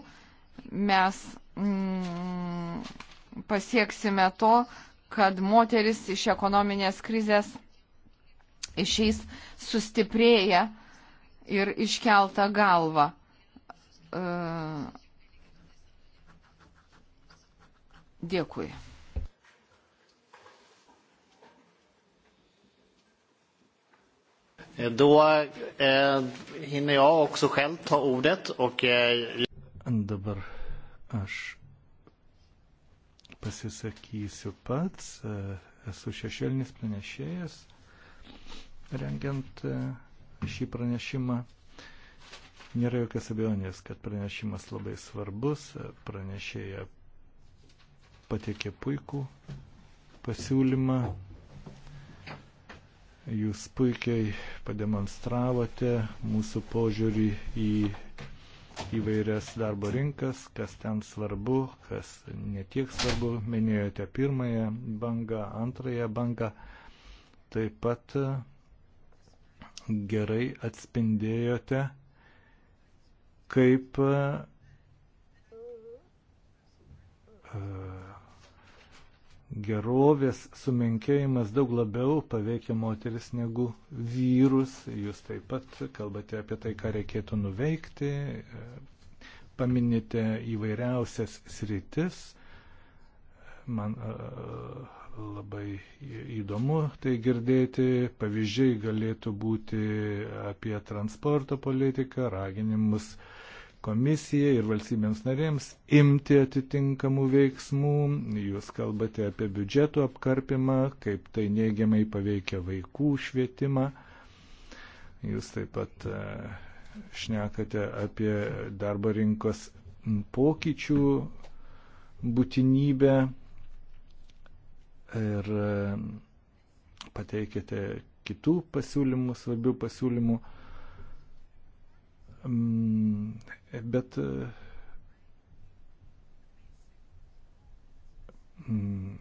mes mm, pasieksime to, kad moteris iš ekonominės krizės išeis sustiprėję ir iškeltą galvą. E, Dėkui. Eh, då eh, hinner jag också själv ta ordet och... Eh... Dabar aš pasisakysiu pats, eh, esu šešėlinis pranešėjas, rengiant eh, šį pranešimą. Nėra jokios abejonės, kad pranešimas labai svarbus, pranešėja patiekė puikų pasiūlymą. Jūs puikiai pademonstravote mūsų požiūrį į įvairias darbo rinkas, kas ten svarbu, kas netiek svarbu. Minėjote pirmąją bangą, antrąją bangą. Taip pat gerai atspindėjote, kaip uh, gerovės sumenkėjimas daug labiau paveikia moteris negu vyrus. Jūs taip pat kalbate apie tai, ką reikėtų nuveikti, paminite įvairiausias sritis. Man labai įdomu tai girdėti. Pavyzdžiai galėtų būti apie transporto politiką, raginimus uh, komisijai ir valstybėms narėms imti atitinkamų veiksmų. Jūs kalbate apie biudžeto apkarpimą, kaip tai neigiamai paveikia vaikų švietimą. Jūs taip pat e, šnekate apie darbo rinkos pokyčių būtinybę ir e, pateikite kitų pasiūlymų, svarbių pasiūlymų. Mm, bet mm,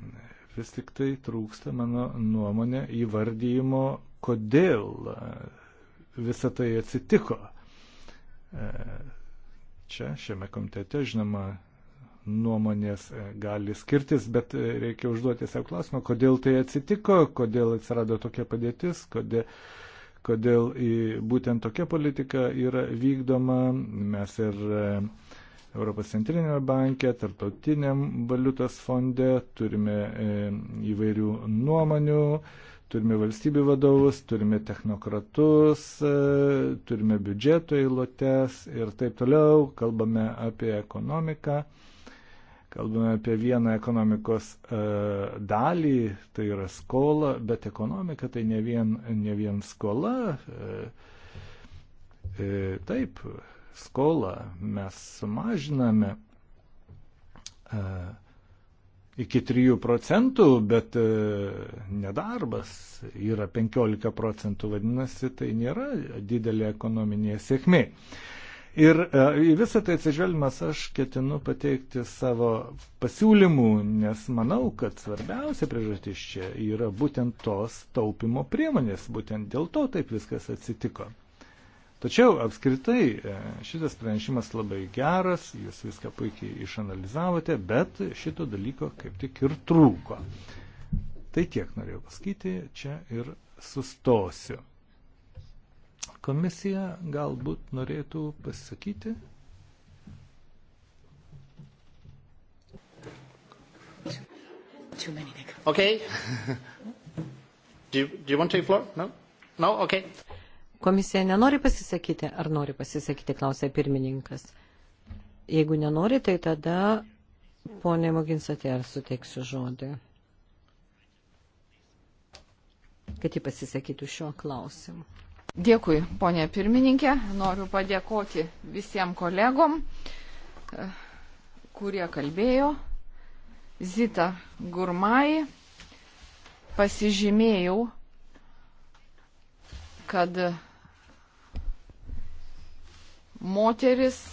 vis tik tai trūksta mano nuomonė įvardyjimo, kodėl e, visa tai atsitiko. E, čia, šiame komitete, žinoma, nuomonės e, gali skirtis, bet reikia užduoti savo klausimą, kodėl tai atsitiko, kodėl atsirado tokia padėtis, kodėl kodėl būtent tokia politika yra vykdoma. Mes ir e, Europos centrinėme banke, tarptautiniam valiutos fonde turime e, įvairių nuomonių. Turime valstybių vadovus, turime technokratus, e, turime biudžeto eilutes ir taip toliau, kalbame apie ekonomiką. Kalbame apie vieną ekonomikos e, dalį, tai yra skola, bet ekonomika tai ne vien, ne vien skola. E, e, taip, skolą mes sumažiname e, iki 3 procentų, bet e, nedarbas yra 15 procentų, vadinasi, tai nėra didelė ekonominė sėkmė. Ir e, į visą tai atsižvelgimas aš ketinu pateikti savo pasiūlymų, nes manau, kad svarbiausia priežastis čia yra būtent tos taupimo priemonės, būtent dėl to taip viskas atsitiko. Tačiau apskritai e, šitas pranešimas labai geras, jūs viską puikiai išanalizavote, bet šito dalyko kaip tik ir trūko. Tai tiek norėjau pasakyti, čia ir sustosiu. Komisija galbūt norėtų pasisakyti. Too many. Okay. do, you, do you want to take floor? No? No? Okay. Komisija nenori pasisakyti, ar nori pasisakyti, klausė pirmininkas. Jeigu nenori, tai tada ponė Moginsatė ar suteiksiu žodį, kad ji pasisakytų šiuo klausimu. Dėkui, ponė pirmininkė. Noriu padėkoti visiems kolegom, e, kurie kalbėjo. Zita Gurmai, pasižymėjau, kad moteris e,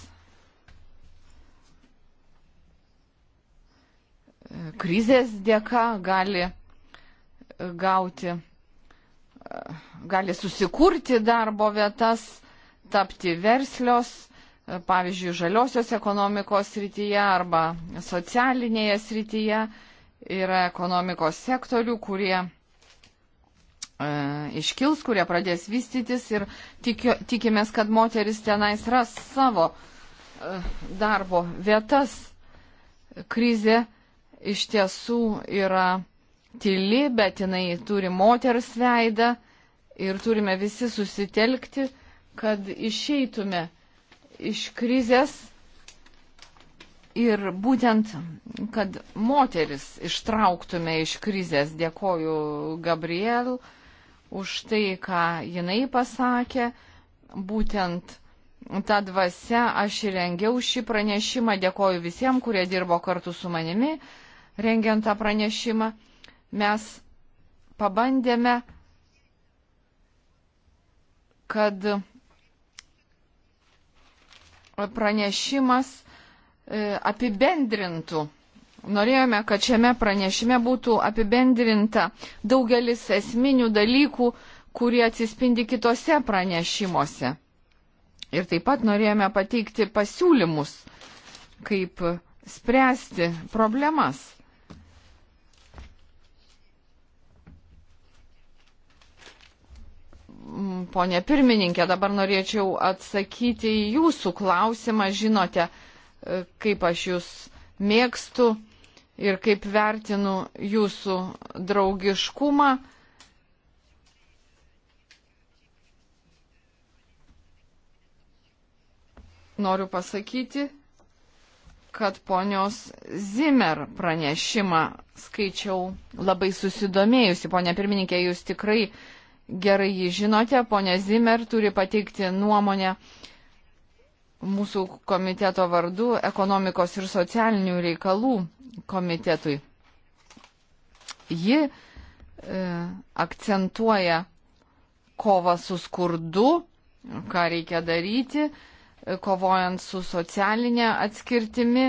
krizės dėka gali gauti gali susikurti darbo vietas, tapti verslios, pavyzdžiui, žaliosios ekonomikos srityje arba socialinėje srityje. Yra ekonomikos sektorių, kurie e, iškils, kurie pradės vystytis ir tikio, tikimės, kad moteris tenais ras savo e, darbo vietas. Krizė iš tiesų yra tyli, bet jinai turi moters veidą ir turime visi susitelkti, kad išeitume iš krizės ir būtent, kad moteris ištrauktume iš krizės. Dėkoju Gabriel už tai, ką jinai pasakė. Būtent tą dvasę aš įrengiau šį pranešimą. Dėkoju visiems, kurie dirbo kartu su manimi, rengiant tą pranešimą mes pabandėme, kad pranešimas e, apibendrintų. Norėjome, kad šiame pranešime būtų apibendrinta daugelis esminių dalykų, kurie atsispindi kitose pranešimuose. Ir taip pat norėjome pateikti pasiūlymus, kaip spręsti problemas. Mm, ponė pirmininkė, dabar norėčiau atsakyti į jūsų klausimą. Žinote, e, kaip aš jūs mėgstu ir kaip vertinu jūsų draugiškumą. Noriu pasakyti, kad ponios Zimmer pranešimą skaičiau labai susidomėjusi. Pone pirmininkė, jūs tikrai uh, gerai jį žinote, ponė Zimmer turi pateikti nuomonę mūsų komiteto vardu ekonomikos ir socialinių reikalų komitetui. Ji e, akcentuoja kovą su skurdu, ką reikia daryti, e, kovojant su socialinė atskirtimi.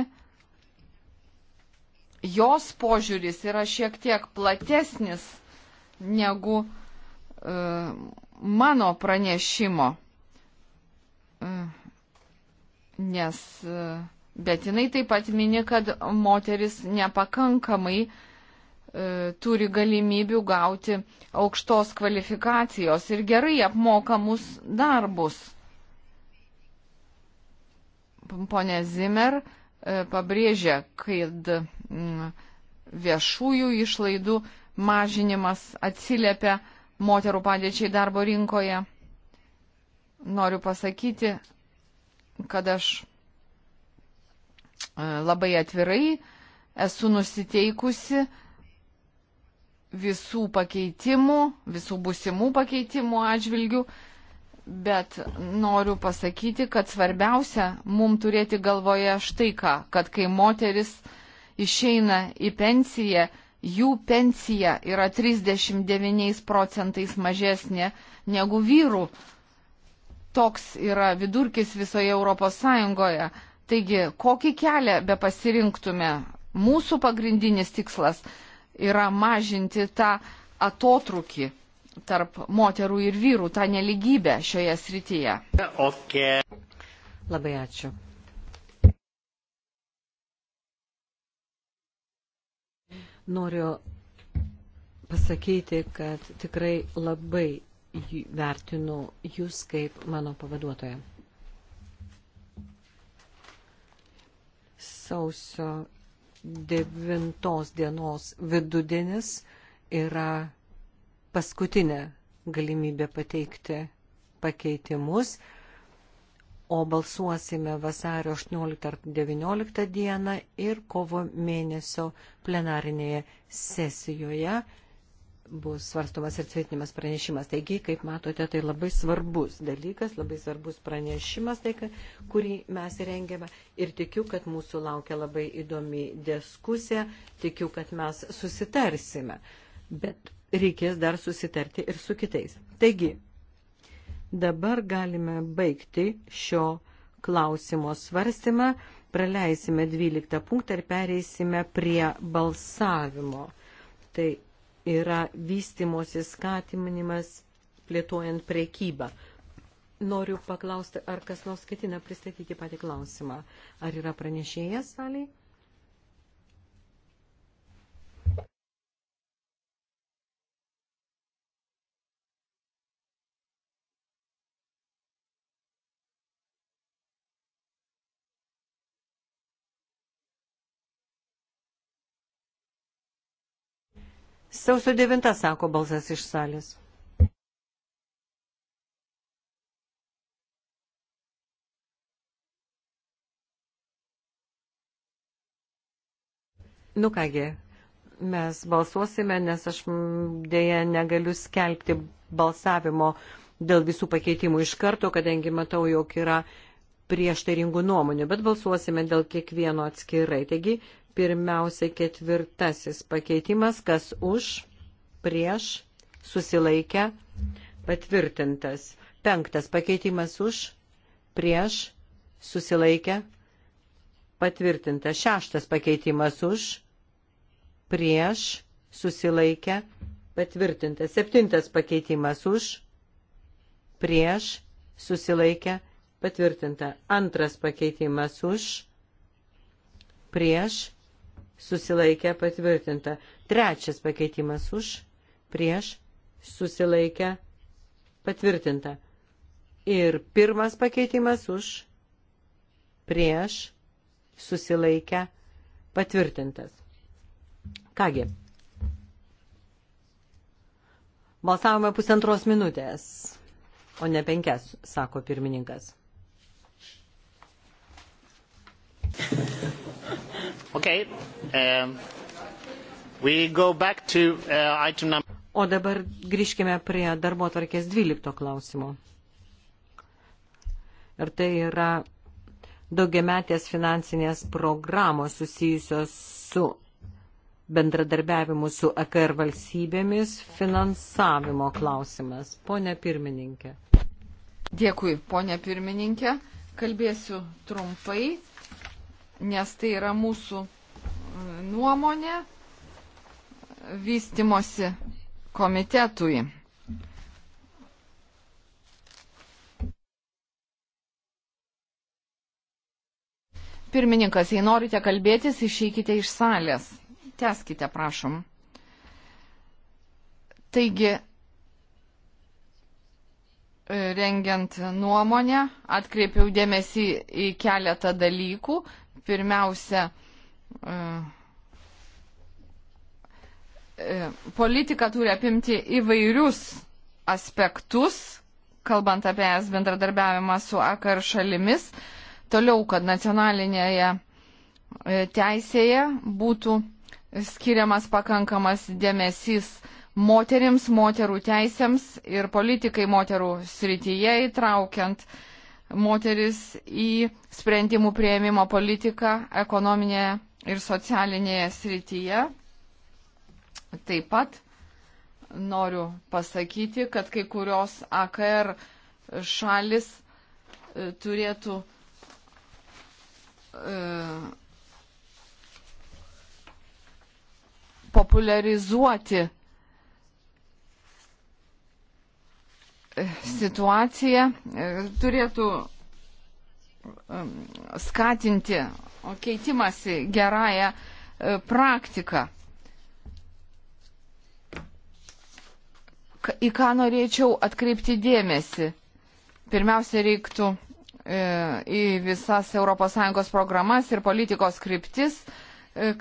Jos požiūris yra šiek tiek platesnis negu e, E, mano pranešimo, e, nes, e, bet jinai taip pat mini, kad moteris nepakankamai turi galimybių gauti aukštos kvalifikacijos ir gerai apmokamus darbus. Pone Zimmer pabrėžia, kad mm, viešųjų išlaidų mažinimas atsiliepia uh, moterų padėčiai darbo rinkoje. Noriu pasakyti, kad aš e, labai atvirai esu nusiteikusi visų pakeitimų, visų būsimų pakeitimų atžvilgių, bet noriu pasakyti, kad svarbiausia mum turėti galvoje štai ką, kad kai moteris išeina į pensiją, jų pensija yra 39 procentais mažesnė negu vyrų. Toks yra vidurkis visoje Europos Sąjungoje. Taigi, kokį kelią be pasirinktume, mūsų pagrindinis tikslas yra mažinti tą atotrukį tarp moterų ir vyrų, tą neligybę šioje srityje. Okay. Labai ačiū. Noriu pasakyti, kad tikrai labai vertinu jūs kaip mano pavaduotoją. Sausio 9 dienos vidudienis yra paskutinė galimybė pateikti pakeitimus o balsuosime vasario 18 ar 19 dieną ir kovo mėnesio plenarinėje sesijoje bus svarstomas ir tvirtinimas pranešimas. Taigi, kaip matote, tai labai svarbus dalykas, labai svarbus pranešimas, tai, kurį mes rengiame. Ir tikiu, kad mūsų laukia labai įdomi diskusija, tikiu, kad mes susitarsime. Bet reikės dar susitarti ir su kitais. Taigi, Dabar galime baigti šio klausimo svarstymą, praleisime 12 punktą ir pereisime prie balsavimo. Tai yra vystimosi skatinimas plėtojant prekybą. Noriu paklausti, ar kas nors ketina pristatyti patį klausimą. Ar yra pranešėjas saliai? Sausio 9 sako balsas iš salės. Nu kągi, mes balsuosime, nes aš dėja negaliu skelbti balsavimo dėl visų pakeitimų iš karto, kadangi matau, jog yra prieštaringų nuomonių, bet balsuosime dėl kiekvieno atskirai. Taigi, Pirmiausia, ketvirtasis pakeitimas, kas už, prieš, susilaikę, patvirtintas. Penktas pakeitimas už, prieš, susilaikę, patvirtintas. Šeštas pakeitimas už, prieš, susilaikę, patvirtintas. Septintas pakeitimas už, prieš, susilaikę, patvirtinta. Antras pakeitimas už, prieš, susilaikę patvirtinta. Trečias pakeitimas už, prieš, susilaikę patvirtinta. Ir pirmas pakeitimas už, prieš, susilaikę patvirtintas. Kągi, balsavome pusantros minutės, o ne penkias, sako pirmininkas. Thank you. Okay. Um, to, uh, number... O dabar grįžkime prie darbo tvarkės 12 klausimo. Ir tai yra daugiametės finansinės programos susijusios su bendradarbiavimu su AKR e valstybėmis finansavimo klausimas. Pone pirmininkė. Dėkui, ponė pirmininkė. Kalbėsiu trumpai nes tai yra mūsų e, nuomonė vystimosi komitetui. Pirmininkas, jei norite kalbėtis, išeikite iš salės. Teskite, prašom. Taigi, rengiant nuomonę, atkreipiau dėmesį į keletą dalykų pirmiausia e, e, politika turi apimti įvairius aspektus, kalbant apie es bendradarbiavimą su AKR šalimis. Toliau, kad nacionalinėje e, teisėje būtų skiriamas pakankamas dėmesys moterims, moterų teisėms ir politikai moterų srityje įtraukiant uh, moteris į sprendimų prieimimo politiką ekonominėje ir socialinėje srityje. Taip pat noriu pasakyti, kad kai kurios AKR šalis e, turėtų e, populiarizuoti situacija e, turėtų skatinti keitimąsi gerąją e, praktiką. Į ką norėčiau atkreipti dėmesį? Pirmiausia, reiktų e, į visas ES programas ir politikos kryptis,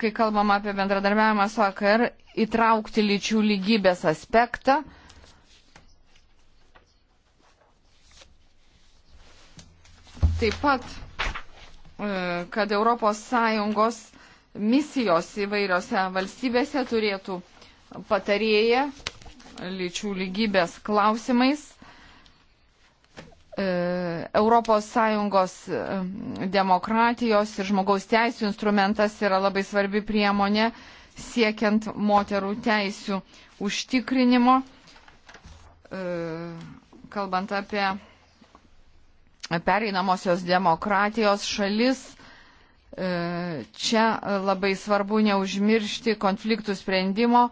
kai kalbam apie bendradarbiavimą su AKR, įtraukti lyčių lygybės aspektą. taip pat, e, kad ES misijos įvairiose valstybėse turėtų patarėję lyčių lygybės klausimais. ES e, demokratijos ir žmogaus teisų instrumentas yra labai svarbi priemonė siekiant moterų teisų užtikrinimo, e, kalbant apie pereinamosios demokratijos šalis. E, čia labai svarbu neužmiršti konfliktų sprendimo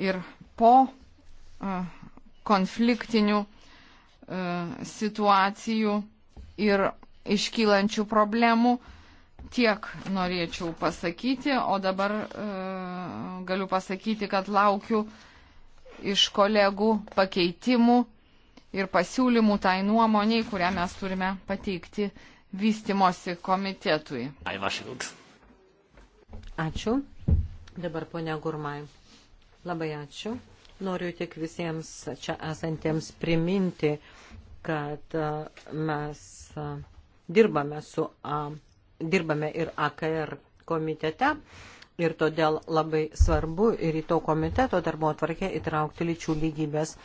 ir po e, konfliktinių e, situacijų ir iškylančių problemų. Tiek norėčiau pasakyti, o dabar e, galiu pasakyti, kad laukiu iš kolegų pakeitimų ir pasiūlymų tai nuomoniai, kurią mes turime pateikti vystimosi komitetui. Ačiū. Dabar ponia Gurmai. Labai ačiū. Noriu tik visiems čia esantiems priminti, kad mes dirbame, su, dirbame ir AKR komitete ir todėl labai svarbu ir į to komiteto darbo atvarkę įtraukti lyčių lygybės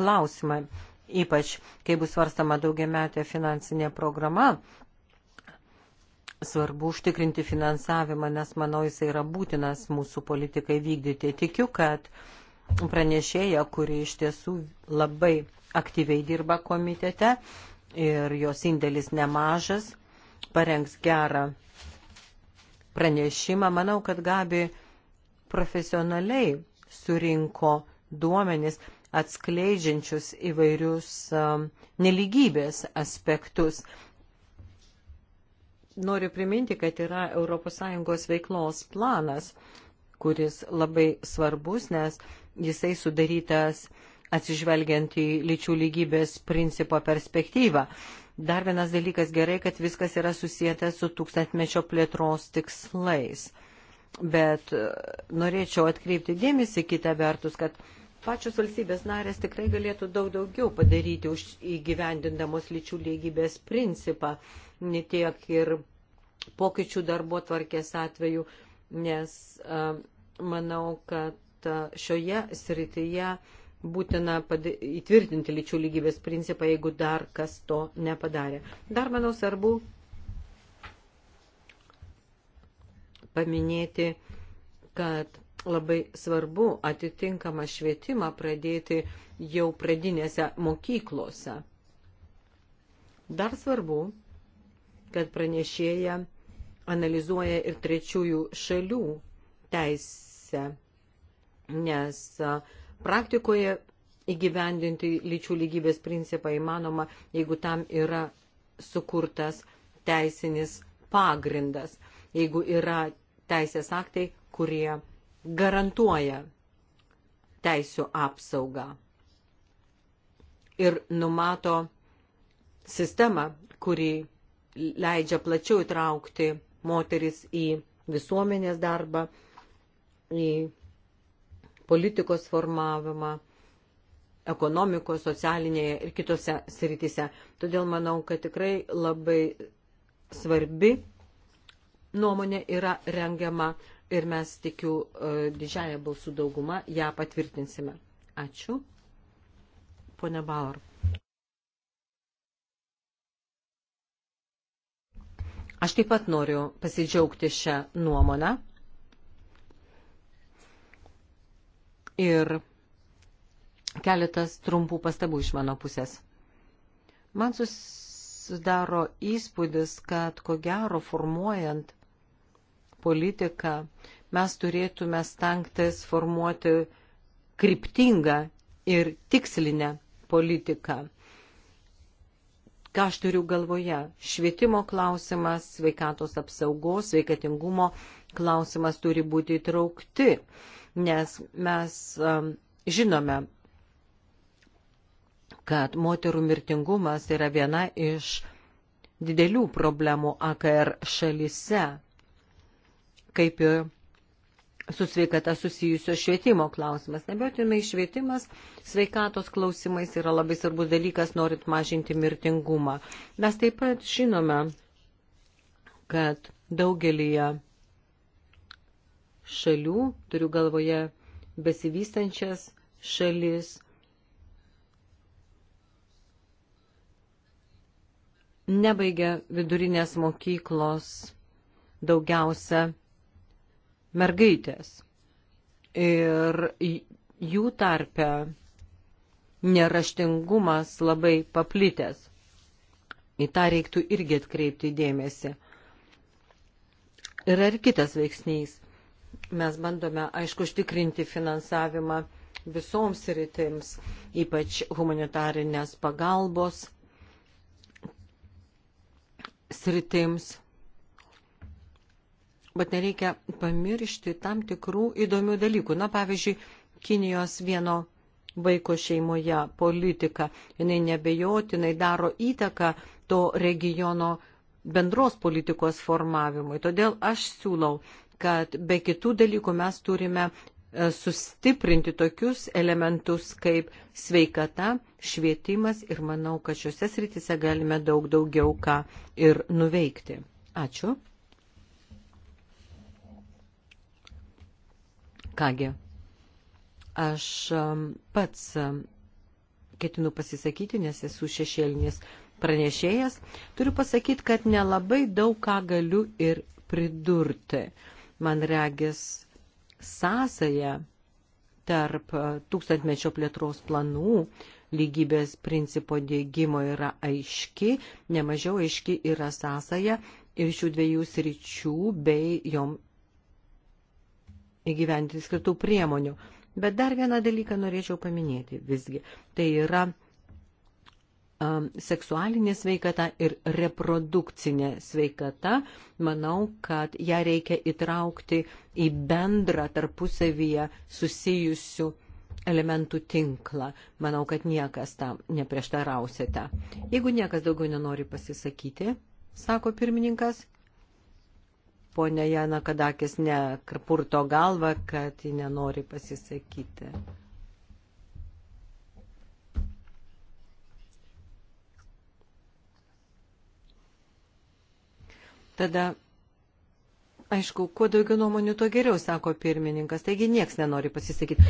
klausimą ypač kai bus svarstama daugiametė finansinė programa. Svarbu užtikrinti finansavimą, nes manau jisai yra būtinas mūsų politikai vykdyti. Tikiu, kad pranešėja, kuri iš tiesų labai aktyviai dirba komitete ir jos indėlis nemažas, parengs gerą pranešimą. Manau, kad Gabi profesionaliai surinko duomenis atskleidžiančius įvairius um, neligybės aspektus. Noriu priminti, kad yra ES veiklos planas, kuris labai svarbus, nes jisai sudarytas atsižvelgiant į lyčių lygybės principo perspektyvą. Dar vienas dalykas gerai, kad viskas yra susijęta su tūkstantmečio plėtros tikslais. Bet uh, norėčiau atkreipti dėmesį kitą vertus, kad pačios valstybės narės tikrai galėtų daug daugiau padaryti už įgyvendindamos lyčių lygybės principą, ne tiek ir pokyčių darbo tvarkės atveju, nes manau, kad šioje srityje būtina įtvirtinti lyčių lygybės principą, jeigu dar kas to nepadarė. Dar, manau, svarbu paminėti, kad labai svarbu atitinkamą švietimą pradėti jau pradinėse mokyklose. Dar svarbu, kad pranešėja analizuoja ir trečiųjų šalių teisę, nes praktikoje įgyvendinti lyčių lygybės principą įmanoma, jeigu tam yra sukurtas teisinis pagrindas, jeigu yra teisės aktai, kurie garantuoja teisų apsaugą ir numato sistemą, kuri leidžia plačiau įtraukti moteris į visuomenės darbą, į politikos formavimą, ekonomikos, socialinėje ir kitose sritise. Todėl manau, kad tikrai labai svarbi nuomonė yra rengiama ir mes tikiu e, didžiąją balsų daugumą ją patvirtinsime. Ačiū. Pone Bauer. Aš taip pat noriu pasidžiaugti šią nuomonę. Ir keletas trumpų pastabų iš mano pusės. Man susidaro įspūdis, kad ko gero formuojant politiką mes turėtume stengtis formuoti kryptingą ir tikslinę politiką. Ką aš turiu galvoje? Švietimo klausimas, sveikatos apsaugos, sveikatingumo klausimas turi būti įtraukti, nes mes um, žinome, kad moterų mirtingumas yra viena iš didelių problemų AKR šalyse kaip ir su sveikata susijusio švietimo klausimas. Nebejotinai švietimas sveikatos klausimais yra labai svarbus dalykas, norint mažinti mirtingumą. Mes taip pat žinome, kad daugelįje šalių, turiu galvoje besivystančias šalis, nebaigia vidurinės mokyklos daugiausia mergaitės. Ir jų tarpe neraštingumas labai paplitęs. Į tą reiktų irgi atkreipti dėmesį. Yra ir kitas veiksnys. Mes bandome, aišku, užtikrinti finansavimą visoms rytims, ypač humanitarinės pagalbos sritims bet nereikia pamiršti tam tikrų įdomių dalykų. Na, pavyzdžiui, Kinijos vieno vaiko šeimoje politika, jinai nebejotinai daro įtaką to regiono bendros politikos formavimui. Todėl aš siūlau, kad be kitų dalykų mes turime e, sustiprinti tokius elementus kaip sveikata, švietimas ir manau, kad šiuose srityse galime daug daugiau ką ir nuveikti. Ačiū. Kągi, aš um, pats um, ketinu pasisakyti, nes esu šešėlinis pranešėjas. Turiu pasakyti, kad nelabai daug ką galiu ir pridurti. Man regis sąsaja tarp uh, tūkstantmečio plėtros planų lygybės principo dėgymo yra aiški, nemažiau aiški yra sąsaja ir šių dviejų sričių bei jom įgyventi skirtų priemonių. Bet dar vieną dalyką norėčiau paminėti visgi. Tai yra um, seksualinė sveikata ir reprodukcinė sveikata. Manau, kad ją reikia įtraukti į bendrą tarpusavyje susijusių elementų tinklą. Manau, kad niekas tam neprieštarausite. Jeigu niekas daugiau nenori pasisakyti, sako pirmininkas, Pone Jana Kadakis nekarpurto galvą, kad ji nenori pasisakyti. Tada, aišku, kuo daugiau nuomonių, tuo geriau, sako pirmininkas, taigi nieks nenori pasisakyti.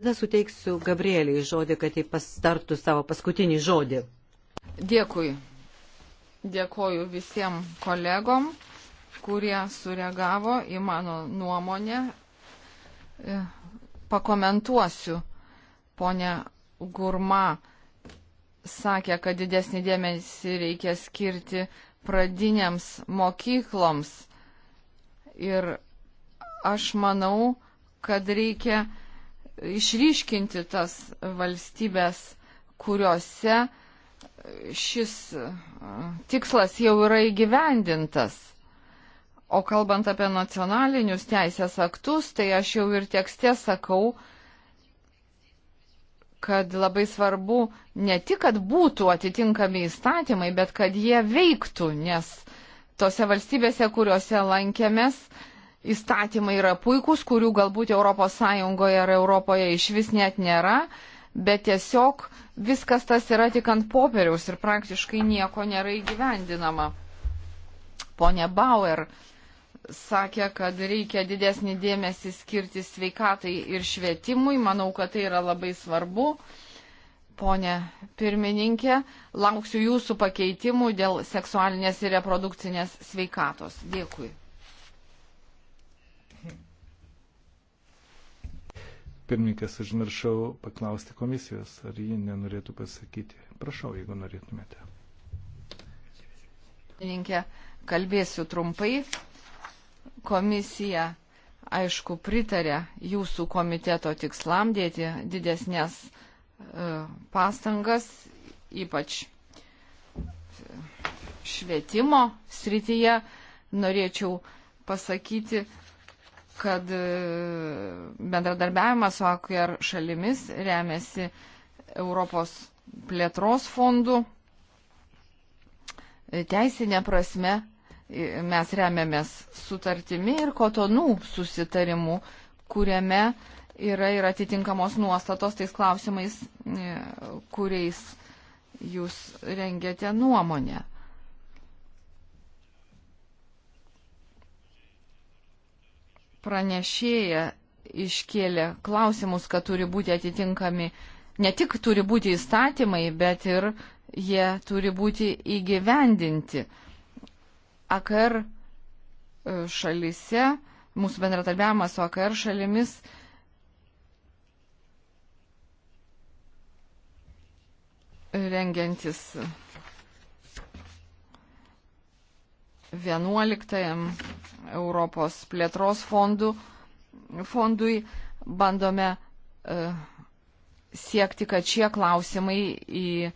Tada suteiksiu Gabrieliai žodį, kad jį pastartų savo paskutinį žodį. Dėkui, Dėkoju visiems kolegom, kurie sureagavo į mano nuomonę. E, pakomentuosiu, ponia Gurma sakė, kad didesnį dėmesį reikia skirti pradinėms mokykloms. Ir aš manau, kad reikia išryškinti tas valstybės, kuriuose šis tikslas jau yra įgyvendintas. O kalbant apie nacionalinius teisės aktus, tai aš jau ir tekste sakau, kad labai svarbu ne tik, kad būtų atitinkami įstatymai, bet kad jie veiktų, nes tose valstybėse, kuriuose lankėmės, įstatymai yra puikūs, kurių galbūt ES ar Europoje iš vis net nėra, bet tiesiog viskas tas yra tik ant popieriaus ir praktiškai nieko nėra įgyvendinama. Pone Bauer sakė, kad reikia didesnį dėmesį skirti sveikatai ir švietimui. Manau, kad tai yra labai svarbu. Pone pirmininkė, lauksiu jūsų pakeitimų dėl seksualinės ir reprodukcinės sveikatos. Dėkui. Pirmininkas, užmiršau paklausti komisijos, ar ji nenorėtų pasakyti. Prašau, jeigu norėtumėte. Pirmininkė, kalbėsiu trumpai. Komisija, aišku, pritarė jūsų komiteto tikslam dėti didesnės e, pastangas, ypač švietimo srityje. Norėčiau pasakyti, kad e, bendradarbiavimas su AKR šalimis remiasi Europos plėtros fondų. E, teisinė prasme e, mes remiamės sutartimi ir kotonų susitarimu, kuriame yra ir atitinkamos nuostatos tais klausimais, kuriais jūs rengiate nuomonę. pranešėja iškėlė klausimus, kad turi būti atitinkami, ne tik turi būti įstatymai, bet ir jie turi būti įgyvendinti. AKR e, šalise, mūsų bendratarbiavimas su AKR šalimis rengiantis 11 Europos plėtros fondų, fondui, bandome e, siekti, kad šie klausimai į e,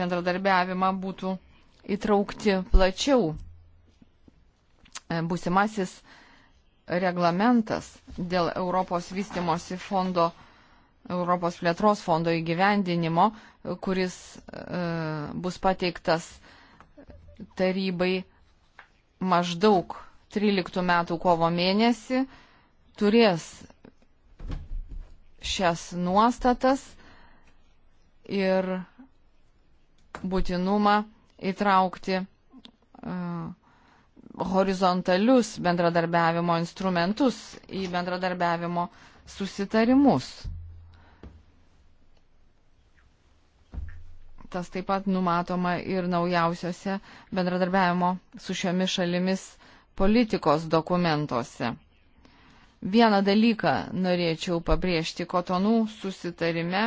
bendradarbiavimą būtų įtraukti plačiau. E, būsimasis reglamentas dėl Europos vystimosi fondo, Europos plėtros fondo įgyvendinimo, kuris bus pateiktas tarybai maždaug 13 metų kovo mėnesį turės šias nuostatas ir būtinumą įtraukti uh, horizontalius bendradarbiavimo instrumentus į bendradarbiavimo susitarimus. tas taip pat numatoma ir naujausiose bendradarbiavimo su šiomis šalimis politikos dokumentuose. Vieną dalyką norėčiau pabrėžti, kotonų susitarime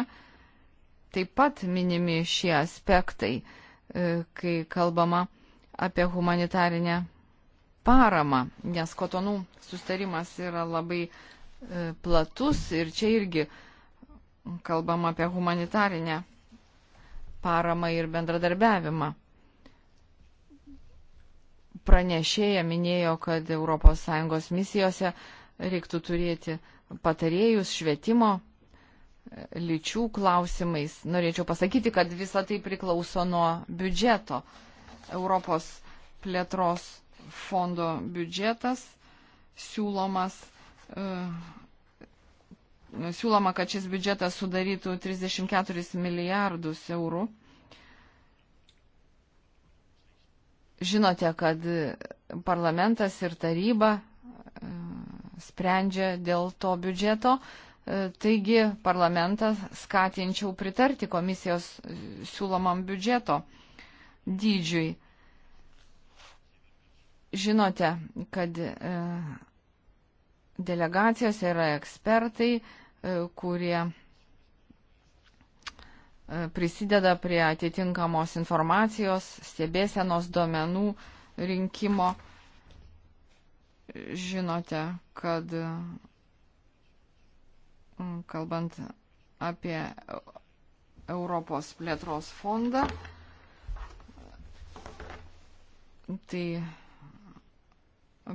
taip pat minimi šie aspektai, e, kai kalbama apie humanitarinę paramą, nes kotonų sustarimas yra labai e, platus ir čia irgi kalbama apie humanitarinę paramą ir bendradarbiavimą. Pranešėja minėjo, kad ES misijose reiktų turėti patarėjus švietimo lyčių klausimais. Norėčiau pasakyti, kad visa tai priklauso nuo biudžeto. Europos plėtros fondo biudžetas siūlomas. Uh, siūloma, kad šis biudžetas sudarytų 34 milijardus eurų. Žinote, kad parlamentas ir taryba e, sprendžia dėl to biudžeto, e, taigi parlamentas skatinčiau pritarti komisijos siūlomam biudžeto dydžiui. Žinote, kad e, delegacijos yra ekspertai, E, kurie e, prisideda prie atitinkamos informacijos, stebėsenos duomenų rinkimo. Žinote, kad e, kalbant apie Europos plėtros fondą, tai,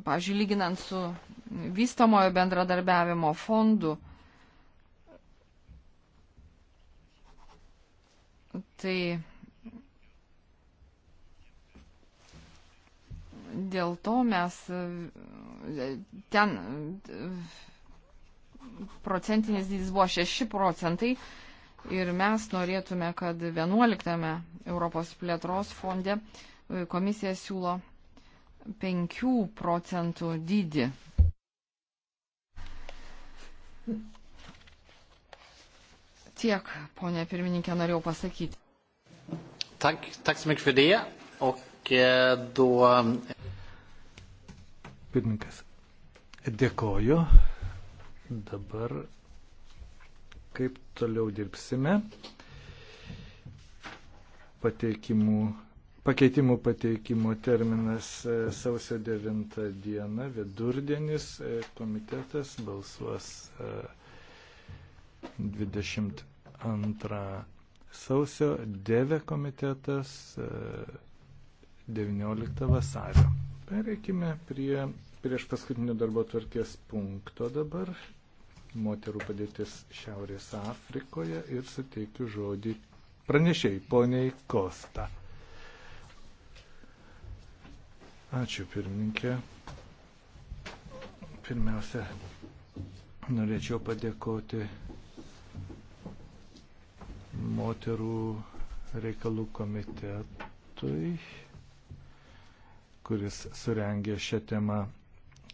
pažiūrėjau, lyginant su vystamojo bendradarbiavimo fondu, Tai dėl to mes e, ten e, procentinis dydis buvo 6 procentai ir mes norėtume, kad 11 Europos plėtros fonde e, komisija siūlo 5 procentų dydį. Tiek, ponė pirmininkė, norėjau pasakyti. Tak, tak för det. Och eh, då... Pirmininkas, dėkoju. Dabar kaip toliau dirbsime. Pateikimų, pakeitimų pateikimo terminas e, sausio 9 diena, vidurdienis, e, komitetas balsuos e, 22 sausio, Deve komitetas 19 e, vasario. Pereikime prie prieš paskutinio darbo tvarkės punkto dabar. Moterų padėtis Šiaurės Afrikoje ir suteikiu žodį pranešėjai poniai Kosta. Ačiū pirmininkė. Pirmiausia, norėčiau padėkoti moterų reikalų komitetui, kuris surengė šią temą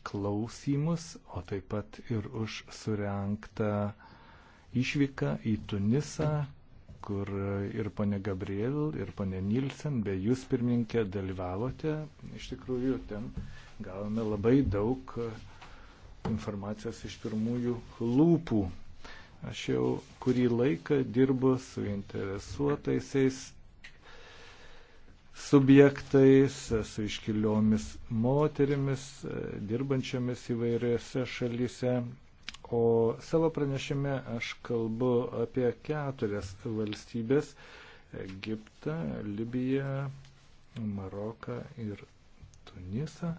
klausimus, o taip pat ir už surengtą išvyką į Tunisą, kur ir ponė Gabriel, ir ponė Nilsen, bei jūs pirmininkė dalyvavote. Iš tikrųjų, ten gavome labai daug informacijos iš pirmųjų lūpų Aš jau kurį laiką dirbu su interesuotaisiais subjektais, su iškiliomis moterimis, dirbančiamis įvairiose šalyse. O savo pranešime aš kalbu apie keturias valstybės - Egiptą, Libiją, Maroką ir Tunisą.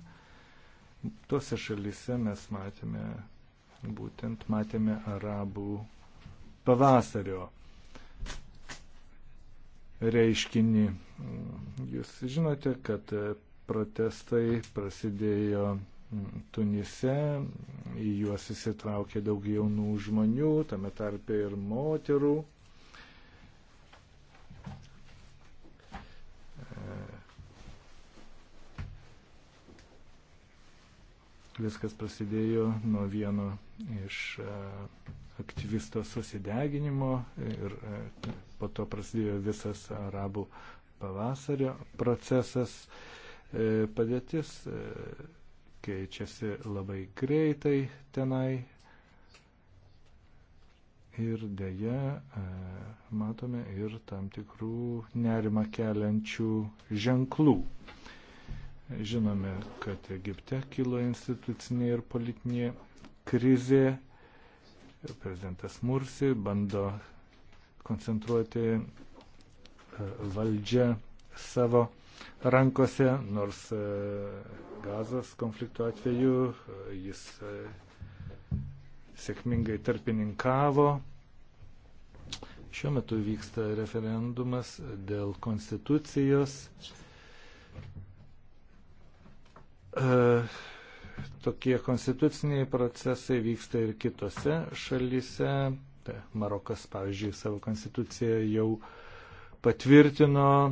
Tuose šalyse mes matėme, būtent matėme arabų pavasario reiškinį. Jūs žinote, kad protestai prasidėjo Tunise, į juos įsitraukė daug jaunų žmonių, tame tarpe ir moterų. Viskas prasidėjo nuo vieno iš aktyvisto susideginimo ir e, po to prasidėjo visas arabų pavasario procesas. E, padėtis e, keičiasi labai greitai tenai ir dėja matome ir tam tikrų nerimą keliančių ženklų. Žinome, kad Egipte kilo institucinė ir politinė krizė Prezidentas Mursi bando koncentruoti e, valdžią savo rankose, nors e, gazos konflikto atveju e, jis sėkmingai tarpininkavo. Šiuo metu vyksta referendumas dėl konstitucijos. Uh, tokie konstituciniai procesai vyksta ir kitose šalyse. Tai Marokas, pavyzdžiui, savo konstituciją jau patvirtino, e,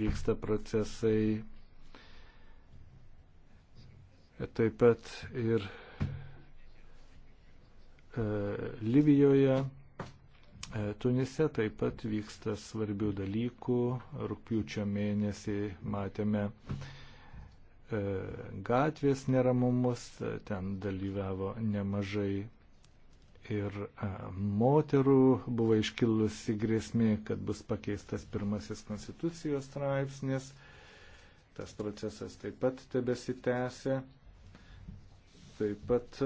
vyksta procesai e, taip pat ir e, Libijoje, e, Tunise taip pat vyksta svarbių dalykų. Rūpiučio mėnesį matėme e, E, gatvės neramumus, e, ten dalyvavo nemažai ir e, moterų, buvo iškilusi grėsmė, kad bus pakeistas pirmasis konstitucijos straipsnis, tas procesas taip pat tebesitęsia, taip pat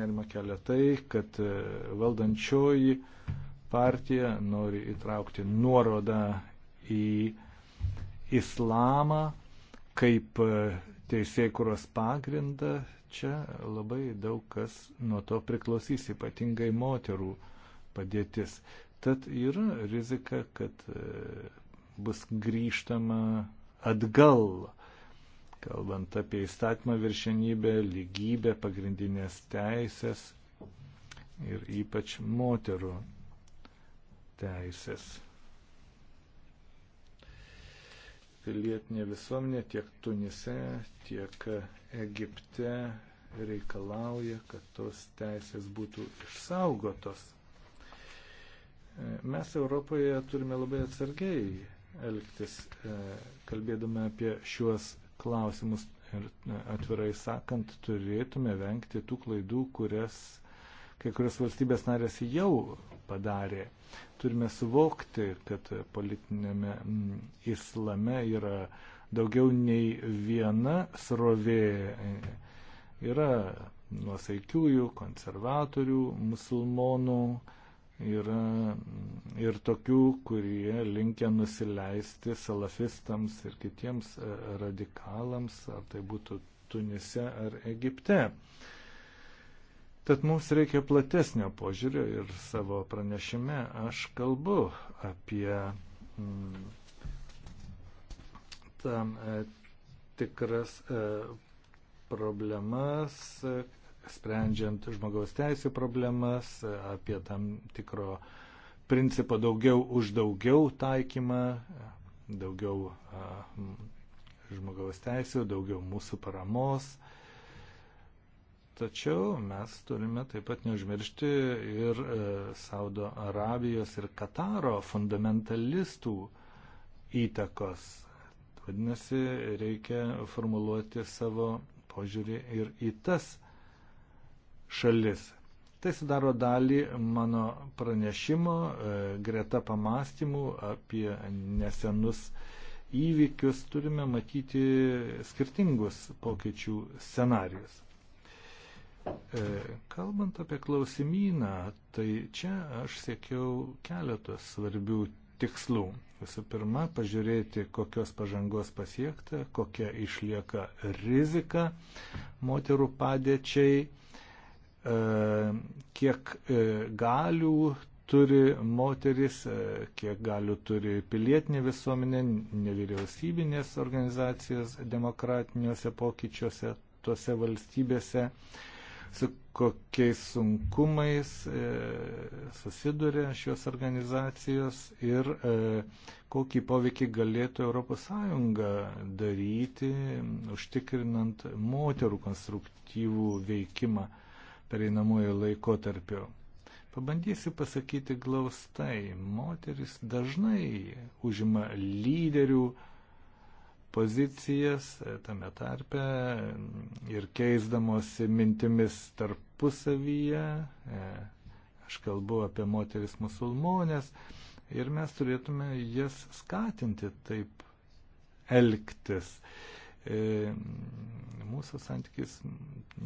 nerima kelia tai, kad valdančioji partija nori įtraukti nuorodą į islamą kaip e, teisėkuros pagrindą, čia labai daug kas nuo to priklausys, ypatingai moterų padėtis. Tad yra rizika, kad e, bus grįžtama atgal, kalbant apie įstatymą viršenybę, lygybę, pagrindinės teisės ir ypač moterų teisės. pilietinė visuomenė tiek Tunise, tiek Egipte reikalauja, kad tos teisės būtų išsaugotos. E, mes Europoje turime labai atsargiai elgtis, e, kalbėdami apie šiuos klausimus ir e, atvirai sakant, turėtume vengti tų klaidų, kurias kai kurios valstybės narės jau padarė. Turime suvokti, kad politinėme mm, islame yra daugiau nei viena srovė. Yra nuosaikiųjų, konservatorių, musulmonų, yra mm, ir tokių, kurie linkia nusileisti salafistams ir kitiems e, radikalams, ar tai būtų Tunise ar Egipte. Tad mums reikia platesnio požiūrio ir savo pranešime aš kalbu apie mm, tam e, tikras e, problemas, e, sprendžiant žmogaus teisų problemas, e, apie tam tikro principo daugiau už daugiau taikymą, e, daugiau e, žmogaus teisų, daugiau mūsų paramos. E, Tačiau mes turime taip pat neužmiršti ir e, Saudo Arabijos ir Kataro fundamentalistų įtakos. Vadinasi, reikia formuluoti savo požiūrį ir į tas šalis. Tai sudaro dalį mano pranešimo e, greta pamastymų apie nesenus įvykius. Turime matyti skirtingus pokyčių scenarius. E, kalbant apie klausimyną, tai čia aš siekiau keletos svarbių tikslų. Visų pirma, pažiūrėti, kokios pažangos pasiekta, kokia išlieka rizika moterų padėčiai, e, kiek e, galių turi moteris, kiek galių turi pilietinė visuomenė, nevyriausybinės organizacijos demokratiniuose pokyčiuose tuose valstybėse. Uh, su kokiais sunkumais e, susiduria šios organizacijos ir e, kokį poveikį galėtų ES daryti, užtikrinant moterų konstruktyvų veikimą pereinamojo laikotarpio. Pabandysiu pasakyti glaustai, moteris dažnai užima lyderių, pozicijas e, tame tarpe e, ir keisdamosi mintimis tarpusavyje. E, aš kalbu apie moteris musulmonės ir mes turėtume jas skatinti taip elgtis. Mūsų santykis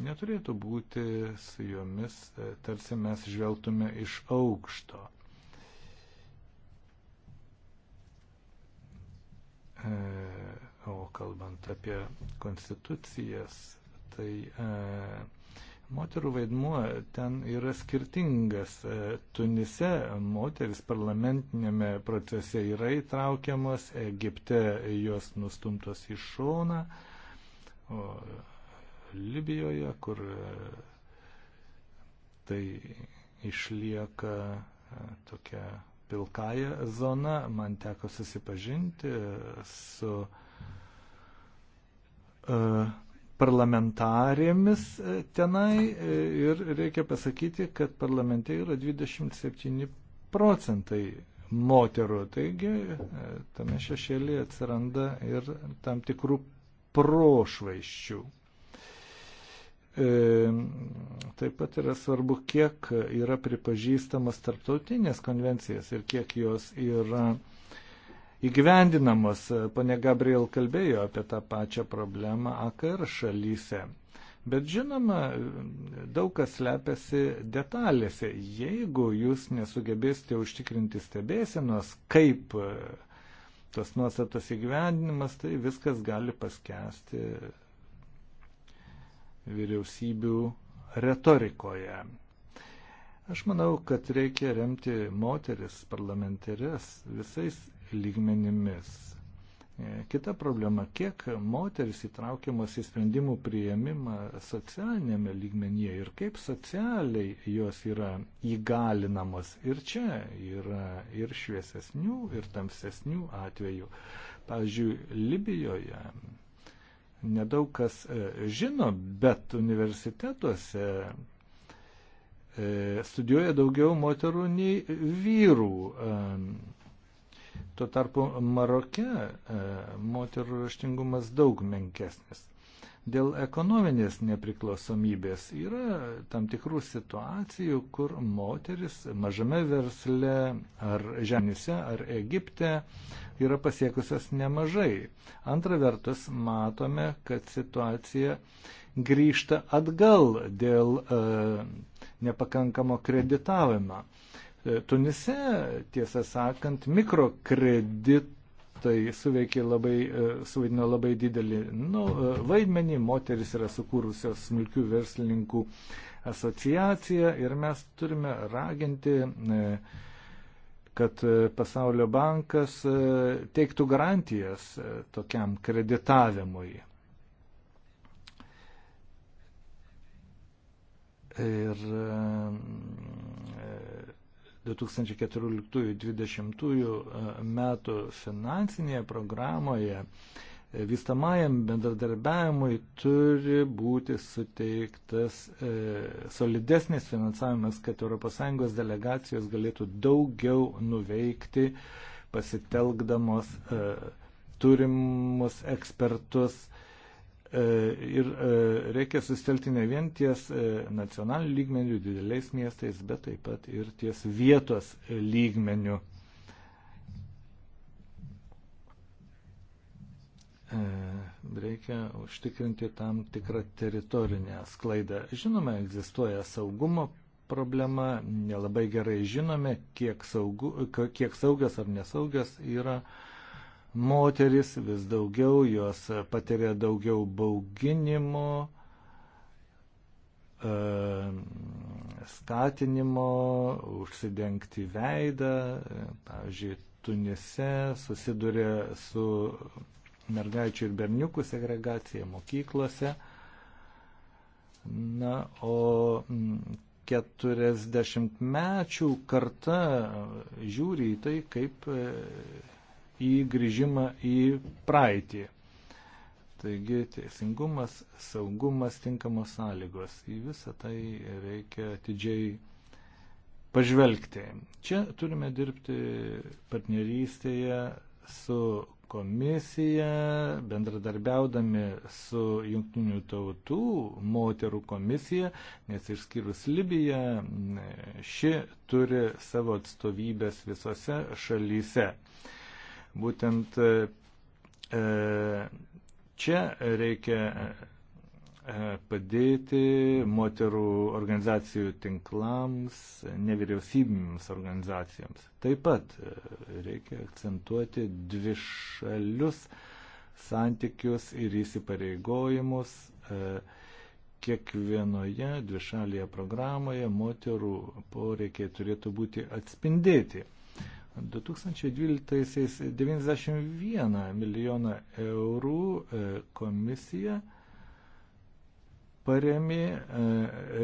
neturėtų būti su jomis, tarsi mes žvelgtume iš aukšto. O kalbant apie konstitucijas, tai e, moterų vaidmuo ten yra skirtingas. E, Tunise moteris parlamentinėme procese yra įtraukiamas, Egipte jos nustumtos į šoną, o Libijoje, kur e, tai išlieka e, tokia pilkaja zona, man teko susipažinti e, su e, E, parlamentarėmis e, tenai e, ir reikia pasakyti, kad parlamente yra 27 procentai moterų. Taigi tame šešėlyje atsiranda ir tam tikrų prošvaiščių. Taip pat yra svarbu, kiek yra pripažįstamas tarptautinės konvencijas ir kiek jos yra uh, įgyvendinamos. Pane Gabriel kalbėjo apie tą pačią problemą AKR šalyse. Bet žinoma, daug kas slepiasi detalėse. Jeigu jūs nesugebėsite užtikrinti stebėsenos, kaip e, tos nuostatos įgyvendinimas, tai viskas gali paskesti vyriausybių retorikoje. Aš manau, kad reikia remti moteris parlamentarės visais lygmenimis. E, kita problema, kiek moteris įtraukiamas į sprendimų prieimimą socialinėme lygmenyje ir kaip socialiai jos yra įgalinamos. Ir čia yra ir šviesesnių, ir tamsesnių atvejų. Pavyzdžiui, Libijoje nedaug kas e, žino, bet universitetuose e, studijuoja daugiau moterų nei vyrų. Tuo tarpu Maroke e, moterų raštingumas daug menkesnis. Dėl ekonominės nepriklausomybės yra tam tikrų situacijų, kur moteris mažame versle ar žemėse ar Egipte yra pasiekusios nemažai. Antra vertus, matome, kad situacija grįžta atgal dėl e, nepakankamo kreditavimo. E, E, Tunise, tiesą sakant, mikrokreditai suveikė labai, e, suvaidino labai didelį nu, e, vaidmenį, moteris yra sukūrusios smulkių verslininkų asociaciją ir mes turime raginti, kad pasaulio bankas teiktų garantijas tokiam kreditavimui. Ir 2014-2020 e, metų finansinėje programoje e, vystamajam bendradarbiavimui turi būti suteiktas e, solidesnis finansavimas, kad ES delegacijos galėtų daugiau nuveikti, pasitelkdamos e, turimus ekspertus, E, ir e, reikia sustelti ne vien ties e, nacionaliniu lygmeniu dideliais miestais, bet taip pat ir ties vietos lygmeniu. Reikia užtikrinti tam tikrą teritorinę sklaidą. Žinoma, egzistuoja saugumo problema, nelabai gerai žinome, kiek, saugu, kiek saugas ar nesaugas yra uh, moteris vis daugiau, jos patiria daugiau bauginimo, e, skatinimo, užsidengti veidą. E, pavyzdžiui, Tunise susiduria su mergaičių ir berniukų segregacija mokyklose. Na, o 40 mečių karta žiūri į tai, kaip e, į grįžimą į praeitį. Taigi teisingumas, saugumas, tinkamos sąlygos. Į visą tai reikia atidžiai pažvelgti. Čia turime dirbti partnerystėje su komisija, bendradarbiaudami su jungtinių tautų moterų komisija, nes išskyrus Libiją, ši turi savo atstovybės visose šalyse. Būtent e, e, čia reikia e, padėti moterų organizacijų tinklams, nevyriausybinėms organizacijoms. Taip pat reikia akcentuoti dvišalius santykius ir įsipareigojimus. Kiekvienoje dvišalėje programoje moterų poreikiai turėtų būti atspindėti. 2012-aisiais 91 milijoną eurų e, komisija paremė e,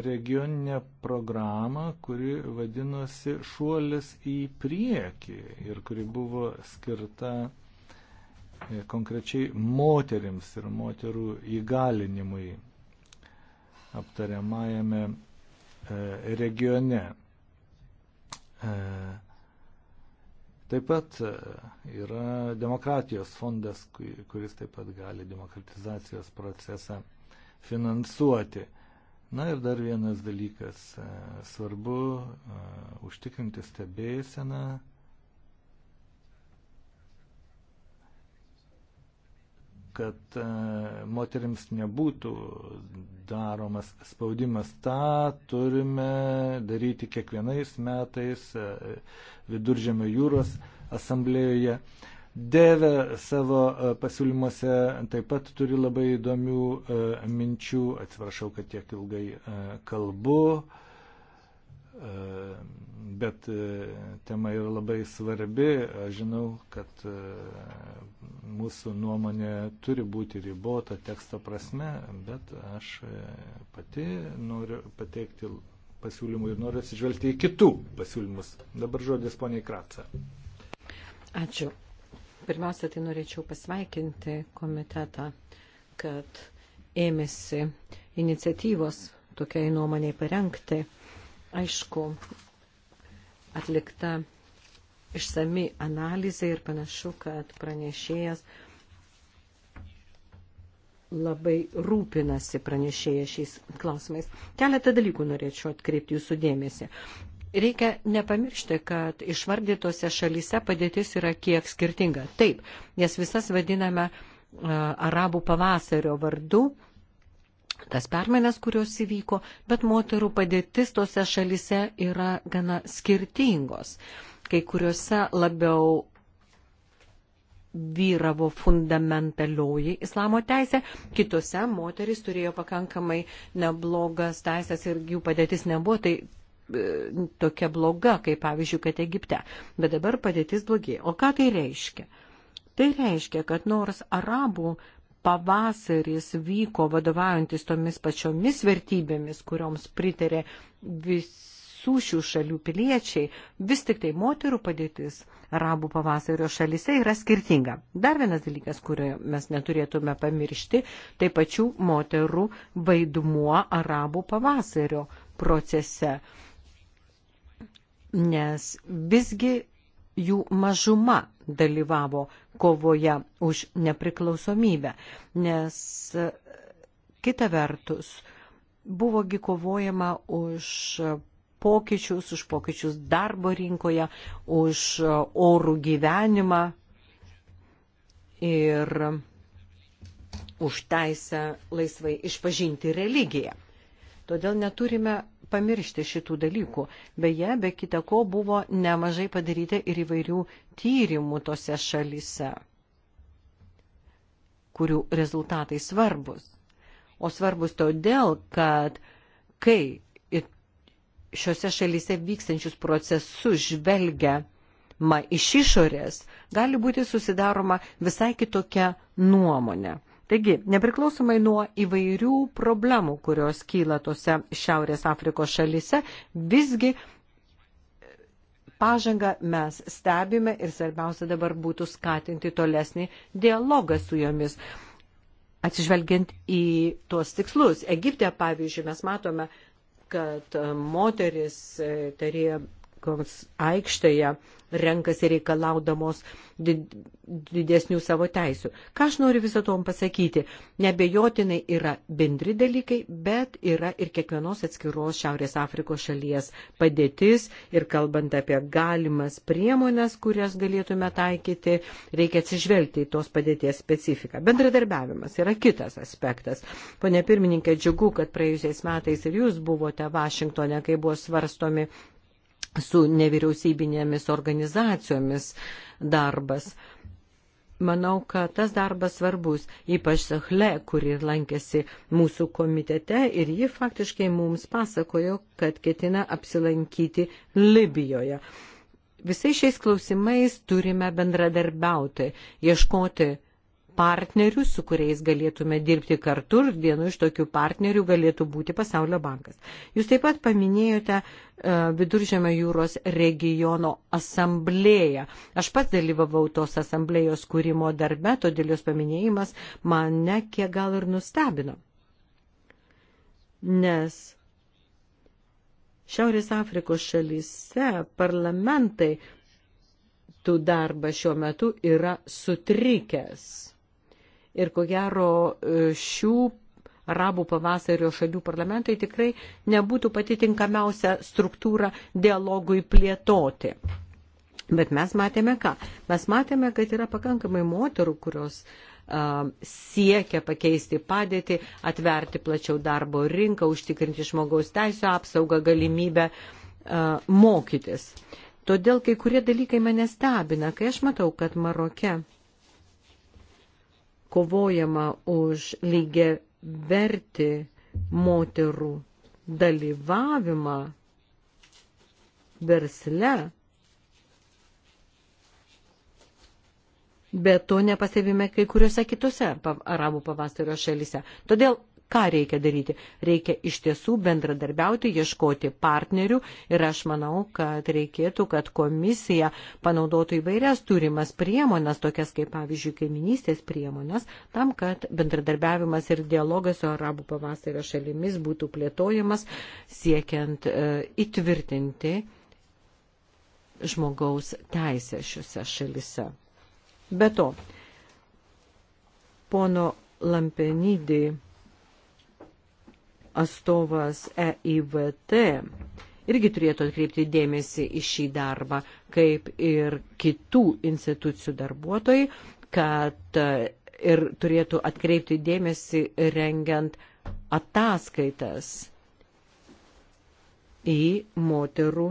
regioninę programą, kuri vadinosi Šuolis į priekį ir kuri buvo skirta e, konkrečiai moterims ir moterų įgalinimui aptariamajame regione. E, Taip pat e, yra demokratijos fondas, kuris taip pat gali demokratizacijos procesą finansuoti. Na ir dar vienas dalykas. E, svarbu e, užtikrinti stebėseną kad e, moteriams nebūtų daromas spaudimas. Ta turime daryti kiekvienais metais e, Viduržėmio jūros asamblėjoje. Deve savo e, pasiūlymuose taip pat turi labai įdomių minčių. Atsiprašau, kad tiek ilgai kalbu bet e, tema yra labai svarbi. Aš žinau, kad e, mūsų nuomonė turi būti ribota teksto prasme, bet aš e, pati noriu pateikti pasiūlymų ir noriu atsižvelgti į kitų pasiūlymus. Dabar žodis poniai Kratsa. Ačiū. Pirmiausia, tai norėčiau pasveikinti komitetą, kad ėmėsi iniciatyvos tokiai nuomoniai parengti Aišku, atlikta išsami analizė ir panašu, kad pranešėjas labai rūpinasi pranešėjas šiais klausimais. Keletą dalykų norėčiau atkreipti jūsų dėmesį. Reikia nepamiršti, kad išvardytose šalyse padėtis yra kiek skirtinga. Taip, nes visas vadiname uh, arabų pavasario vardu, uh, tas permainas, kurios įvyko, bet moterų padėtis tose šalise yra gana skirtingos. Kai kuriuose labiau vyravo fundamentalioji islamo teisė, kitose moteris turėjo pakankamai neblogas teisės ir jų padėtis nebuvo tai e, tokia bloga, kaip pavyzdžiui, kad Egipte. Bet dabar padėtis blogėja. O ką tai reiškia? Tai reiškia, kad nors arabų pavasaris vyko vadovaujantis tomis pačiomis vertybėmis, kurioms pritarė visų šių šalių piliečiai, vis tik tai moterų padėtis arabų pavasario šalise yra skirtinga. Dar vienas dalykas, kurio mes neturėtume pamiršti, tai pačių moterų vaidmuo arabų pavasario procese. Nes visgi jų mažuma dalyvavo kovoje už nepriklausomybę, nes e, kita vertus buvogi kovojama už pokyčius, už pokyčius darbo rinkoje, už e, orų gyvenimą ir už teisę laisvai išpažinti religiją. Todėl neturime pamiršti šitų dalykų. Beje, be kita ko buvo nemažai padaryta ir įvairių tyrimų tose šalise, kurių rezultatai svarbus. O svarbus todėl, kad kai šiuose šalyse vykstančius procesus žvelgia ma iš išorės, gali būti susidaroma visai kitokia nuomonė. Taigi, nepriklausomai nuo įvairių problemų, kurios kyla tose Šiaurės Afrikos šalise, visgi pažangą mes stebime ir svarbiausia dabar būtų skatinti tolesnį dialogą su jomis. Atsižvelgiant į tuos tikslus, Egipte, pavyzdžiui, mes matome, kad moteris e, tarėjo politikos aikštėje renkasi reikalaudamos didesnių savo teisių. Ką aš noriu viso tom pasakyti? Nebejotinai yra bendri dalykai, bet yra ir kiekvienos atskiros Šiaurės Afrikos šalies padėtis ir kalbant apie galimas priemonės, kurias galėtume taikyti, reikia atsižvelgti į tos padėties specifiką. Bendradarbiavimas yra kitas aspektas. Pone pirmininkė, džiugu, kad praėjusiais metais ir jūs buvote Vašingtone, kai buvo svarstomi su nevyriausybinėmis organizacijomis darbas. Manau, kad tas darbas svarbus, ypač Sahle, kuri lankėsi mūsų komitete ir ji faktiškai mums pasakojo, kad ketina apsilankyti Libijoje. Visais šiais klausimais turime bendradarbiauti, ieškoti partnerių, su kuriais galėtume dirbti kartu ir vienu iš tokių partnerių galėtų būti Pasaulio bankas. Jūs taip pat paminėjote e, Viduržėmio jūros regiono asamblėją. Aš pats dalyvavau tos asamblėjos kūrimo darbe, todėl jos paminėjimas mane kiek gal ir nustebino. Nes Šiaurės Afrikos šalyse parlamentai tų darbas šiuo metu yra sutrikęs Ir ko gero e, šių arabų pavasario šalių parlamentai tikrai nebūtų pati tinkamiausia struktūra dialogui plėtoti. Bet mes matėme ką? Mes matėme, kad yra pakankamai moterų, kurios uh, siekia pakeisti padėtį, atverti plačiau darbo rinką, užtikrinti žmogaus teisų apsaugą, galimybę uh, mokytis. Todėl kai kurie dalykai mane stebina, kai aš matau, kad Maroke uh, kovojama už lygiai verti moterų dalyvavimą versle, bet to nepastebime kai kuriuose kitose arabų pavasario šalyse. Todėl ką reikia daryti. Reikia iš tiesų bendradarbiauti, ieškoti partnerių ir aš manau, kad reikėtų, kad komisija panaudotų įvairias turimas priemonės, tokias kaip pavyzdžiui kaiminystės priemonės, tam, kad bendradarbiavimas ir dialogas su arabų pavasario šalimis būtų plėtojamas, siekiant e, įtvirtinti žmogaus teisę šiuose šalise. Be to, pono Lampenydį atstovas EIVT irgi turėtų atkreipti dėmesį į šį darbą, kaip ir kitų institucijų darbuotojai, kad e, ir turėtų atkreipti dėmesį rengiant ataskaitas į moterų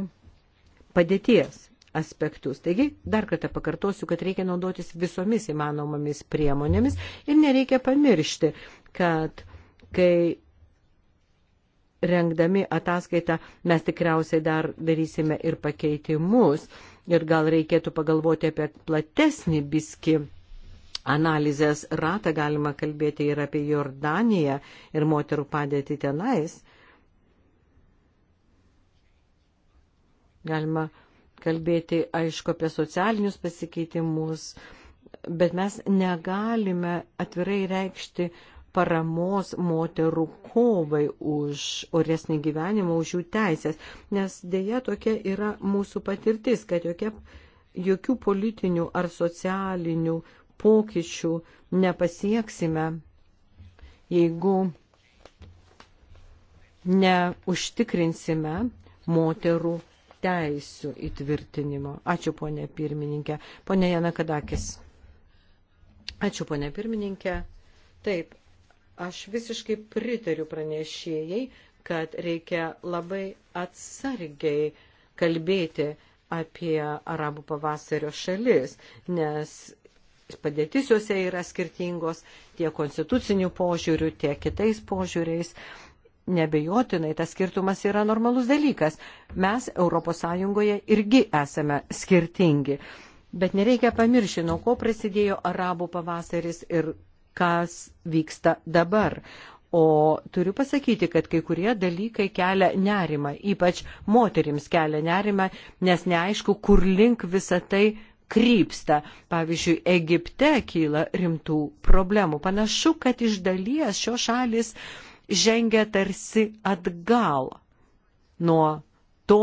padėties aspektus. Taigi, dar kartą pakartosiu, kad reikia naudotis visomis įmanomomis priemonėmis ir nereikia pamiršti, kad kai rengdami ataskaitą mes tikriausiai dar darysime ir pakeitimus ir gal reikėtų pagalvoti apie platesnį biski. Analizės ratą galima kalbėti ir apie Jordaniją ir moterų padėtį tenais. Galima kalbėti, aišku, apie socialinius pasikeitimus, bet mes negalime atvirai reikšti paramos moterų kovai už oresnį gyvenimą, už jų teisės. Nes dėja tokia yra mūsų patirtis, kad jokia, jokių politinių ar socialinių pokyčių nepasieksime, jeigu neužtikrinsime moterų teisų įtvirtinimo. Ačiū, ponė pirmininkė. Ponė Jana Kadakis. Ačiū, ponė pirmininkė. Taip, Aš visiškai pritariu pranešėjai, kad reikia labai atsargiai kalbėti apie arabų pavasario šalis, nes padėtis juose yra skirtingos tiek konstitucinių požiūrių, tiek kitais požiūriais. Nebejotinai tas skirtumas yra normalus dalykas. Mes ES irgi esame skirtingi. Bet nereikia pamiršti, nuo ko prasidėjo arabų pavasaris ir kas vyksta dabar. O turiu pasakyti, kad kai kurie dalykai kelia nerimą, ypač moterims kelia nerimą, nes neaišku, kur link visa tai krypsta. Pavyzdžiui, Egipte kyla rimtų problemų. Panašu, kad iš dalies šios šalis žengia tarsi atgal nuo to,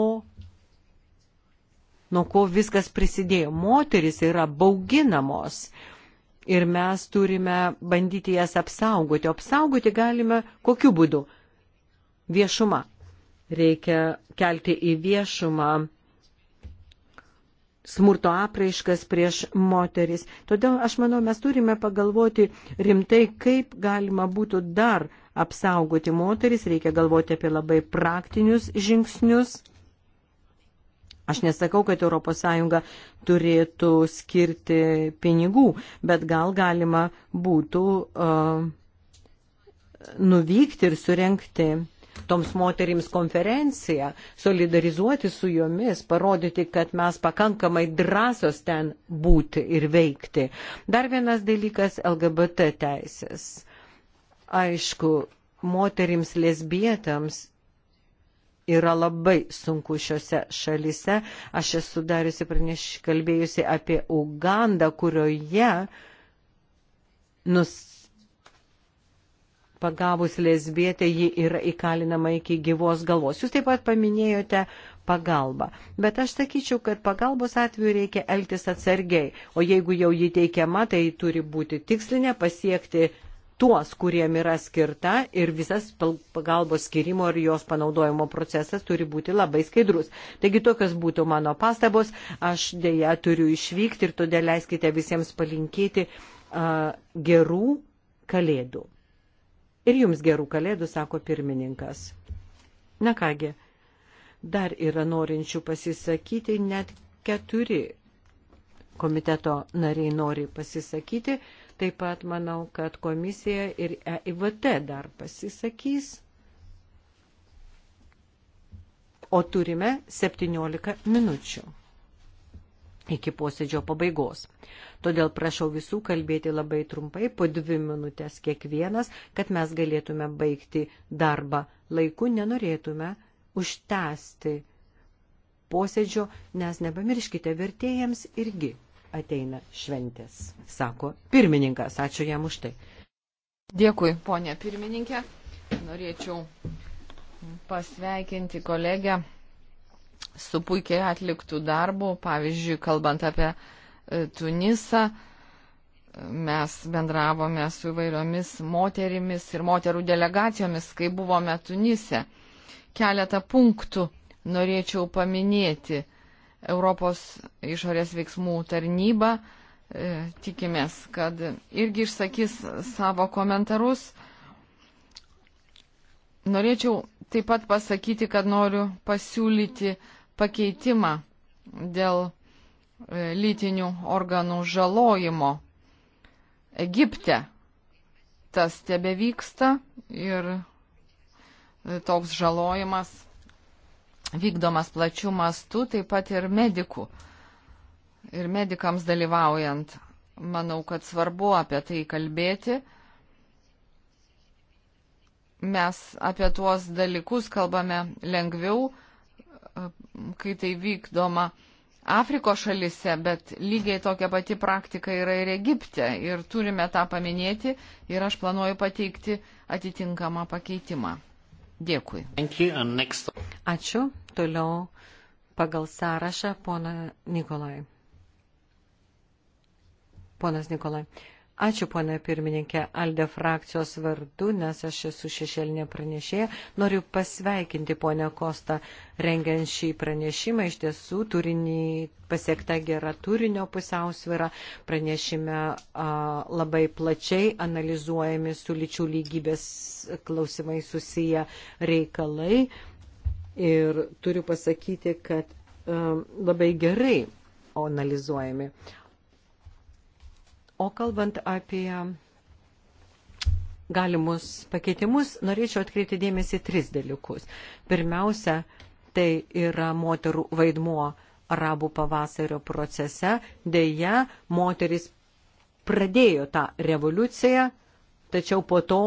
nuo ko viskas prisidėjo. Moteris yra bauginamos. Uh, ir mes turime bandyti jas apsaugoti. Apsaugoti galime kokiu būdu? Viešuma. Reikia kelti į viešumą smurto apraiškas prieš moteris. Todėl aš manau, mes turime pagalvoti rimtai, kaip galima būtų dar apsaugoti moteris. Reikia galvoti apie labai praktinius žingsnius Aš nesakau, kad ES turėtų skirti pinigų, bet gal galima būtų uh, nuvykti ir surenkti toms moterims konferenciją, solidarizuoti su jomis, parodyti, kad mes pakankamai drąsos ten būti ir veikti. Dar vienas dalykas - LGBT teisės. Aišku, moterims lesbietams yra labai sunku šiuose šalise. Aš esu dariusi praneš, kalbėjusi apie Ugandą, kurioje nus pagavus lesbietę ji yra įkalinama iki gyvos galvos. Jūs taip pat paminėjote pagalbą. Bet aš sakyčiau, kad pagalbos atveju reikia elgtis atsargiai, o jeigu jau ji teikiama, tai turi būti tikslinė pasiekti tuos, kuriem yra skirta ir visas pagalbos skirimo ir jos panaudojimo procesas turi būti labai skaidrus. Taigi tokios būtų mano pastabos. Aš dėja turiu išvykti ir todėl leiskite visiems palinkėti uh, gerų kalėdų. Ir jums gerų kalėdų, sako pirmininkas. Na kągi, dar yra norinčių pasisakyti net keturi komiteto nariai nori pasisakyti. Taip pat manau, kad komisija ir EIVT dar pasisakys. O turime 17 minučių iki posėdžio pabaigos. Todėl prašau visų kalbėti labai trumpai, po dvi minutės kiekvienas, kad mes galėtume baigti darbą laiku, nenorėtume užtęsti posėdžio, nes nepamirškite vertėjams irgi ateina šventės, sako pirmininkas. Ačiū jam už tai. Dėkui, ponė pirmininkė. Norėčiau pasveikinti kolegę su puikiai atliktų darbų. Pavyzdžiui, kalbant apie e, Tunisą, mes bendravome su įvairiomis moterimis ir moterų delegacijomis, kai buvome Tunise. Keletą punktų norėčiau paminėti Europos išorės veiksmų tarnyba. E, tikimės, kad irgi išsakys savo komentarus. Norėčiau taip pat pasakyti, kad noriu pasiūlyti pakeitimą dėl e, lytinių organų žalojimo. Egipte tas tebe vyksta ir e, toks žalojimas vykdomas plačių mastų, taip pat ir medikų. Ir medikams dalyvaujant, manau, kad svarbu apie tai kalbėti. Mes apie tuos dalykus kalbame lengviau, kai tai vykdoma Afrikos šalise, bet lygiai tokia pati praktika yra ir Egipte. Ir turime tą paminėti ir aš planuoju pateikti atitinkamą pakeitimą. Dėkui. Ačiū. Toliau pagal sąrašą pona Nikolai. Ponas Nikolai. Ačiū, ponė pirmininkė, Alde frakcijos vardu, nes aš esu šešėlinė pranešėja. Noriu pasveikinti ponę Kostą, rengiant šį pranešimą. Iš tiesų, turinį pasiekta gera turinio pusiausvyrą. Pranešime a, labai plačiai analizuojami su lyčių lygybės klausimai susiję reikalai. Ir turiu pasakyti, kad a, labai gerai analizuojami. O kalbant apie galimus pakeitimus, norėčiau atkreipti dėmesį tris dalykus. Pirmiausia, tai yra moterų vaidmuo arabų pavasario procese. Deja, moteris pradėjo tą revoliuciją, tačiau po to,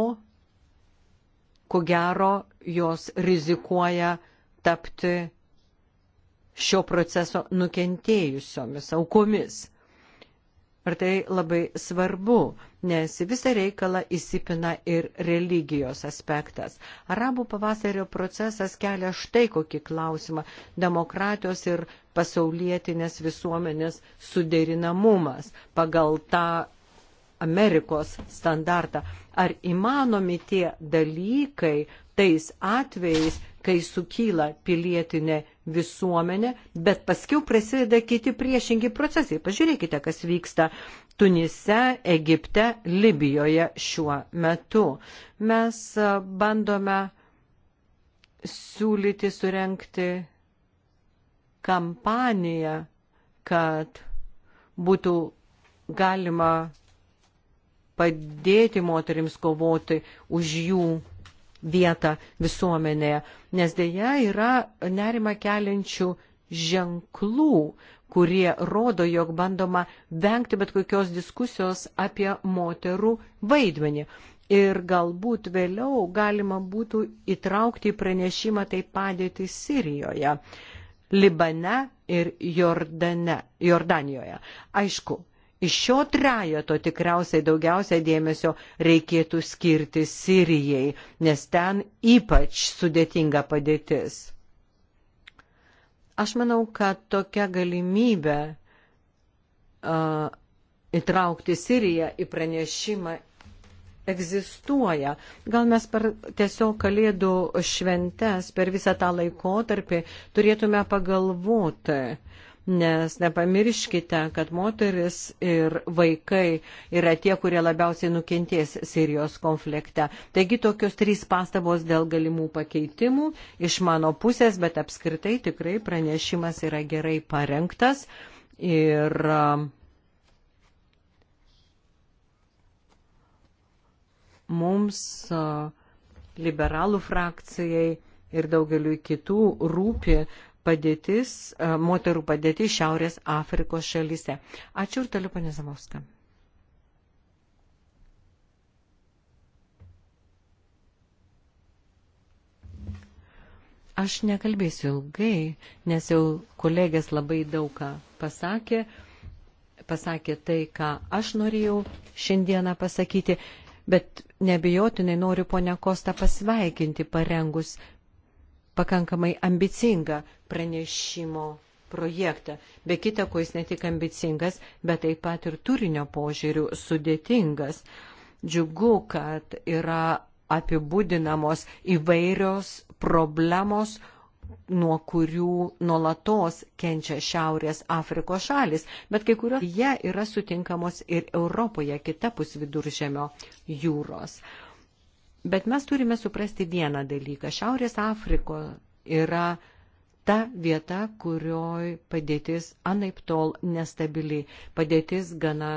ko gero, jos rizikuoja tapti šio proceso nukentėjusiomis aukomis. Ir tai labai svarbu, nes visą reikalą įsipina ir religijos aspektas. Arabų pavasario procesas kelia štai kokį klausimą - demokratijos ir pasaulietinės visuomenės suderinamumas pagal tą Amerikos standartą. Ar įmanomi tie dalykai tais atvejais, kai sukyla pilietinė visuomenė, bet paskiau prasideda kiti priešingi procesai. Pažiūrėkite, kas vyksta Tunise, Egipte, Libijoje šiuo metu. Mes bandome siūlyti surenkti kampaniją, kad būtų galima padėti moterims kovoti už jų vietą visuomenėje, nes dėja yra nerima keliančių ženklų, kurie rodo, jog bandoma vengti bet kokios diskusijos apie moterų vaidmenį. Ir galbūt vėliau galima būtų įtraukti į pranešimą tai padėti Sirijoje, Libane ir Jordane, Jordanijoje. Aišku, Iš šio trejato tikriausiai daugiausia dėmesio reikėtų skirti Sirijai, nes ten ypač sudėtinga padėtis. Aš manau, kad tokia galimybė uh, įtraukti Siriją į pranešimą egzistuoja. Gal mes per tiesiog kalėdų šventes, per visą tą laikotarpį turėtume pagalvoti, uh, nes nepamirškite, kad moteris ir vaikai yra tie, kurie labiausiai nukentės Sirijos konflikte. Taigi tokios trys pastabos dėl galimų pakeitimų iš mano pusės, bet apskritai tikrai pranešimas yra gerai parengtas. Ir um, mums, uh, liberalų frakcijai ir daugeliu kitų rūpi, padėtis, e, moterų padėtis Šiaurės Afrikos šalyse. Ačiū ir toliau, panė Zamovska. Aš nekalbėsiu ilgai, nes jau kolegės labai daugą pasakė, pasakė tai, ką aš norėjau šiandieną pasakyti, bet nebejotinai noriu ponia Kosta pasveikinti parengus pakankamai ambicingą pranešimo projektą. Be kita, ko jis ne tik ambicingas, bet taip pat ir turinio požiūrių sudėtingas. Džiugu, kad yra apibūdinamos įvairios problemos, nuo kurių nuolatos kenčia Šiaurės Afrikos šalis, bet kai kurio jie yra sutinkamos ir Europoje kitapus viduržemio jūros. Bet mes turime suprasti vieną dalyką. Šiaurės Afriko yra ta vieta, kurioj padėtis anaip tol nestabili, padėtis gana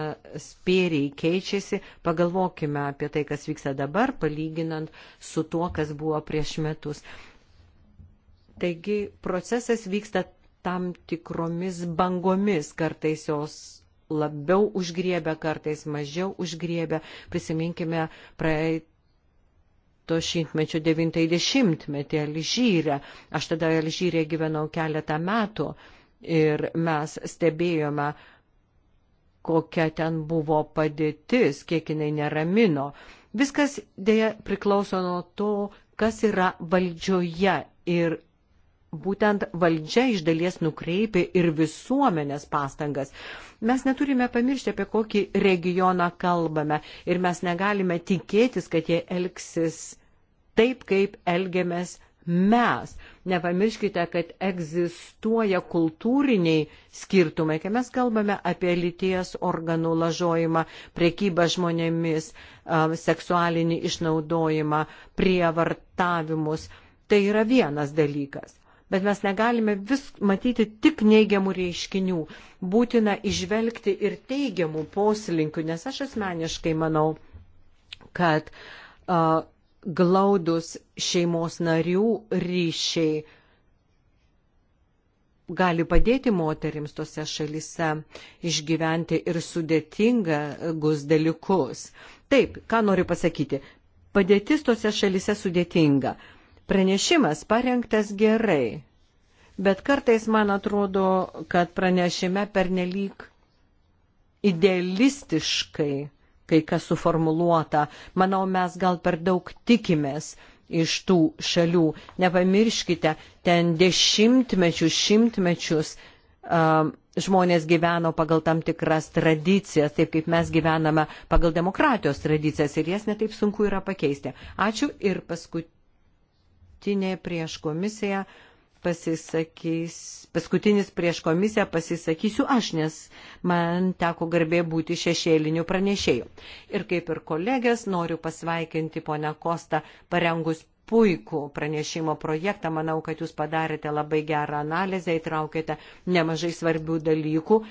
spėriai keičiasi. Pagalvokime apie tai, kas vyksta dabar, palyginant su tuo, kas buvo prieš metus. Taigi procesas vyksta tam tikromis bangomis, kartais jos labiau užgriebia, kartais mažiau užgriebia. Prisiminkime praeit to šimtmečio 90-metį Alžyre. Aš tada Alžyre gyvenau keletą metų ir mes stebėjome, kokia ten buvo padėtis, kiek jinai neramino. Viskas dėja priklauso nuo to, kas yra valdžioje ir būtent valdžia iš dalies nukreipia ir visuomenės pastangas. Mes neturime pamiršti, apie kokį regioną kalbame ir mes negalime tikėtis, kad jie elgsis taip, kaip elgiamės mes. Nepamirškite, kad egzistuoja kultūriniai skirtumai, kai mes kalbame apie lyties organų lažojimą, priekybą žmonėmis, seksualinį išnaudojimą, prievartavimus. Tai yra vienas dalykas. Bet mes negalime vis matyti tik neigiamų reiškinių. Būtina išvelgti ir teigiamų poslinkių, nes aš asmeniškai manau, kad uh, glaudus šeimos narių ryšiai gali padėti moterims tose šalise išgyventi ir sudėtingus dalykus. Taip, ką noriu pasakyti, padėtis tose šalise sudėtinga. Pranešimas parengtas gerai, bet kartais man atrodo, kad pranešime pernelyg idealistiškai kai kas suformuluota. Manau, mes gal per daug tikimės iš tų šalių. Nepamirškite, ten dešimtmečius, šimtmečius um, žmonės gyveno pagal tam tikras tradicijas, taip kaip mes gyvename pagal demokratijos tradicijas ir jas netaip sunku yra pakeisti. Ačiū ir paskui paskutinė prieš komisiją pasisakys, paskutinis prieš komisiją pasisakysiu aš, nes man teko garbė būti šešėliniu pranešėju. Ir kaip ir kolegės, noriu pasveikinti ponę Kostą parengus puikų pranešimo projektą. Manau, kad jūs padarėte labai gerą analizę, įtraukėte nemažai svarbių dalykų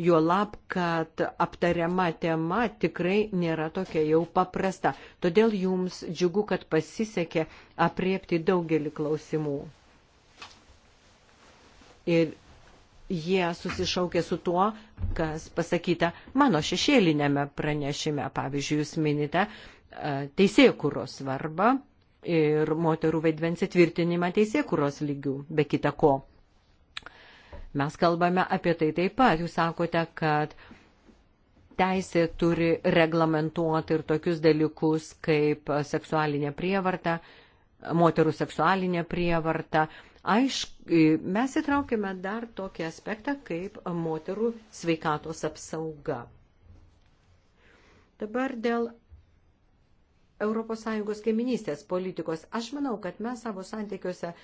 jo lab, kad aptariama tema tikrai nėra tokia jau paprasta. Todėl jums džiugu, kad pasisekė apriepti daugelį klausimų. Ir jie susišaukė su tuo, kas pasakyta mano šešėlinėme pranešime. Pavyzdžiui, jūs minite e, teisėkuros svarbą ir moterų vaidmens įtvirtinimą teisėkuros lygių, be kita ko. Mes kalbame apie tai taip pat. Jūs sakote, kad teisė turi reglamentuoti ir tokius dalykus kaip seksualinė prievarta, moterų seksualinė prievarta. Aišku, mes įtraukime dar tokį aspektą kaip moterų sveikatos apsauga. Dabar dėl ES kaiminystės politikos. Aš manau, kad mes savo santykiuose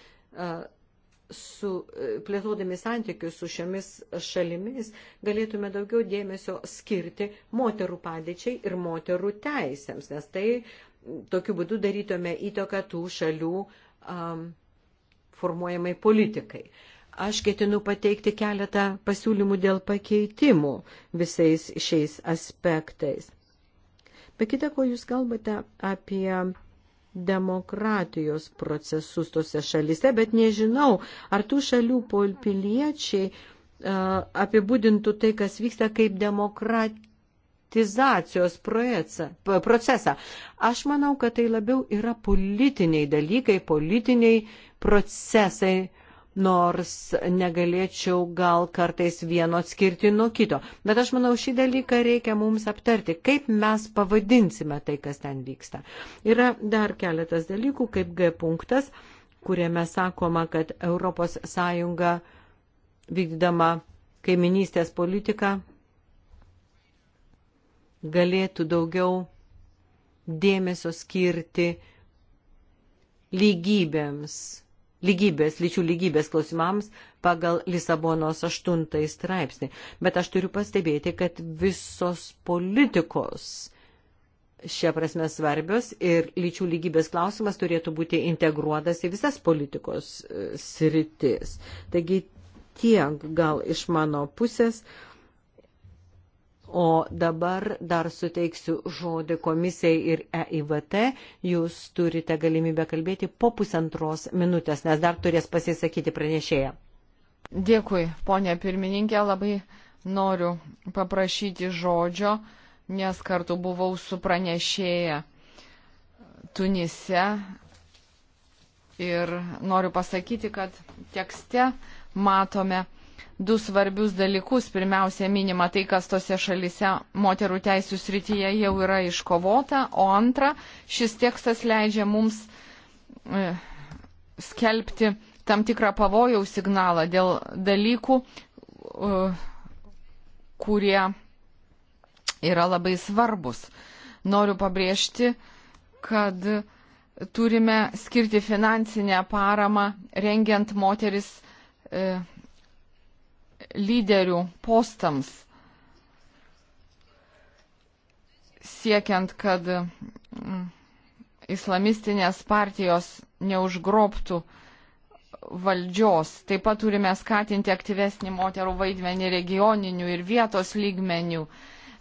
su, e, plėtodami santykius su šiomis šalimis, galėtume daugiau dėmesio skirti moterų padėčiai ir moterų teisėms, nes tai tokiu būdu darytume įtoką tų šalių um, formuojamai politikai. Aš ketinu pateikti keletą pasiūlymų dėl pakeitimų visais šiais aspektais. Be kita ko, jūs kalbate apie demokratijos procesus tose šalise, bet nežinau, ar tų šalių polpiliečiai apibūdintų tai, kas vyksta kaip demokratizacijos procesą. Aš manau, kad tai labiau yra politiniai dalykai, politiniai procesai, nors negalėčiau gal kartais vieno atskirti nuo kito. Bet aš manau, šį dalyką reikia mums aptarti, kaip mes pavadinsime tai, kas ten vyksta. Yra dar keletas dalykų, kaip G punktas, kuriame sakoma, kad ES vykdydama kaiminystės politiką galėtų daugiau dėmesio skirti lygybėms lygybės, lyčių lygybės klausimams pagal Lisabonos 8 straipsnį. Bet aš turiu pastebėti, kad visos politikos šia prasme svarbios ir lyčių lygybės klausimas turėtų būti integruotas į visas politikos e, sritis. Taigi tiek gal iš mano pusės. O dabar dar suteiksiu žodį komisijai ir EIVT. Jūs turite galimybę kalbėti po pusantros minutės, nes dar turės pasisakyti pranešėją. Dėkui, ponė pirmininkė, labai noriu paprašyti žodžio, nes kartu buvau su pranešėja Tunise ir noriu pasakyti, kad tekste matome du svarbius dalykus. Pirmiausia, minima tai, kas tose šalise moterų teisų srityje jau yra iškovota, o antra, šis tekstas leidžia mums e, skelbti tam tikrą pavojaus signalą dėl dalykų, e, kurie yra labai svarbus. Noriu pabrėžti, kad turime skirti finansinę paramą rengiant moteris e, lyderių postams, siekiant, kad mm, islamistinės partijos neužgrobtų valdžios. Taip pat turime skatinti aktyvesnį moterų vaidmenį regioninių ir vietos lygmenių.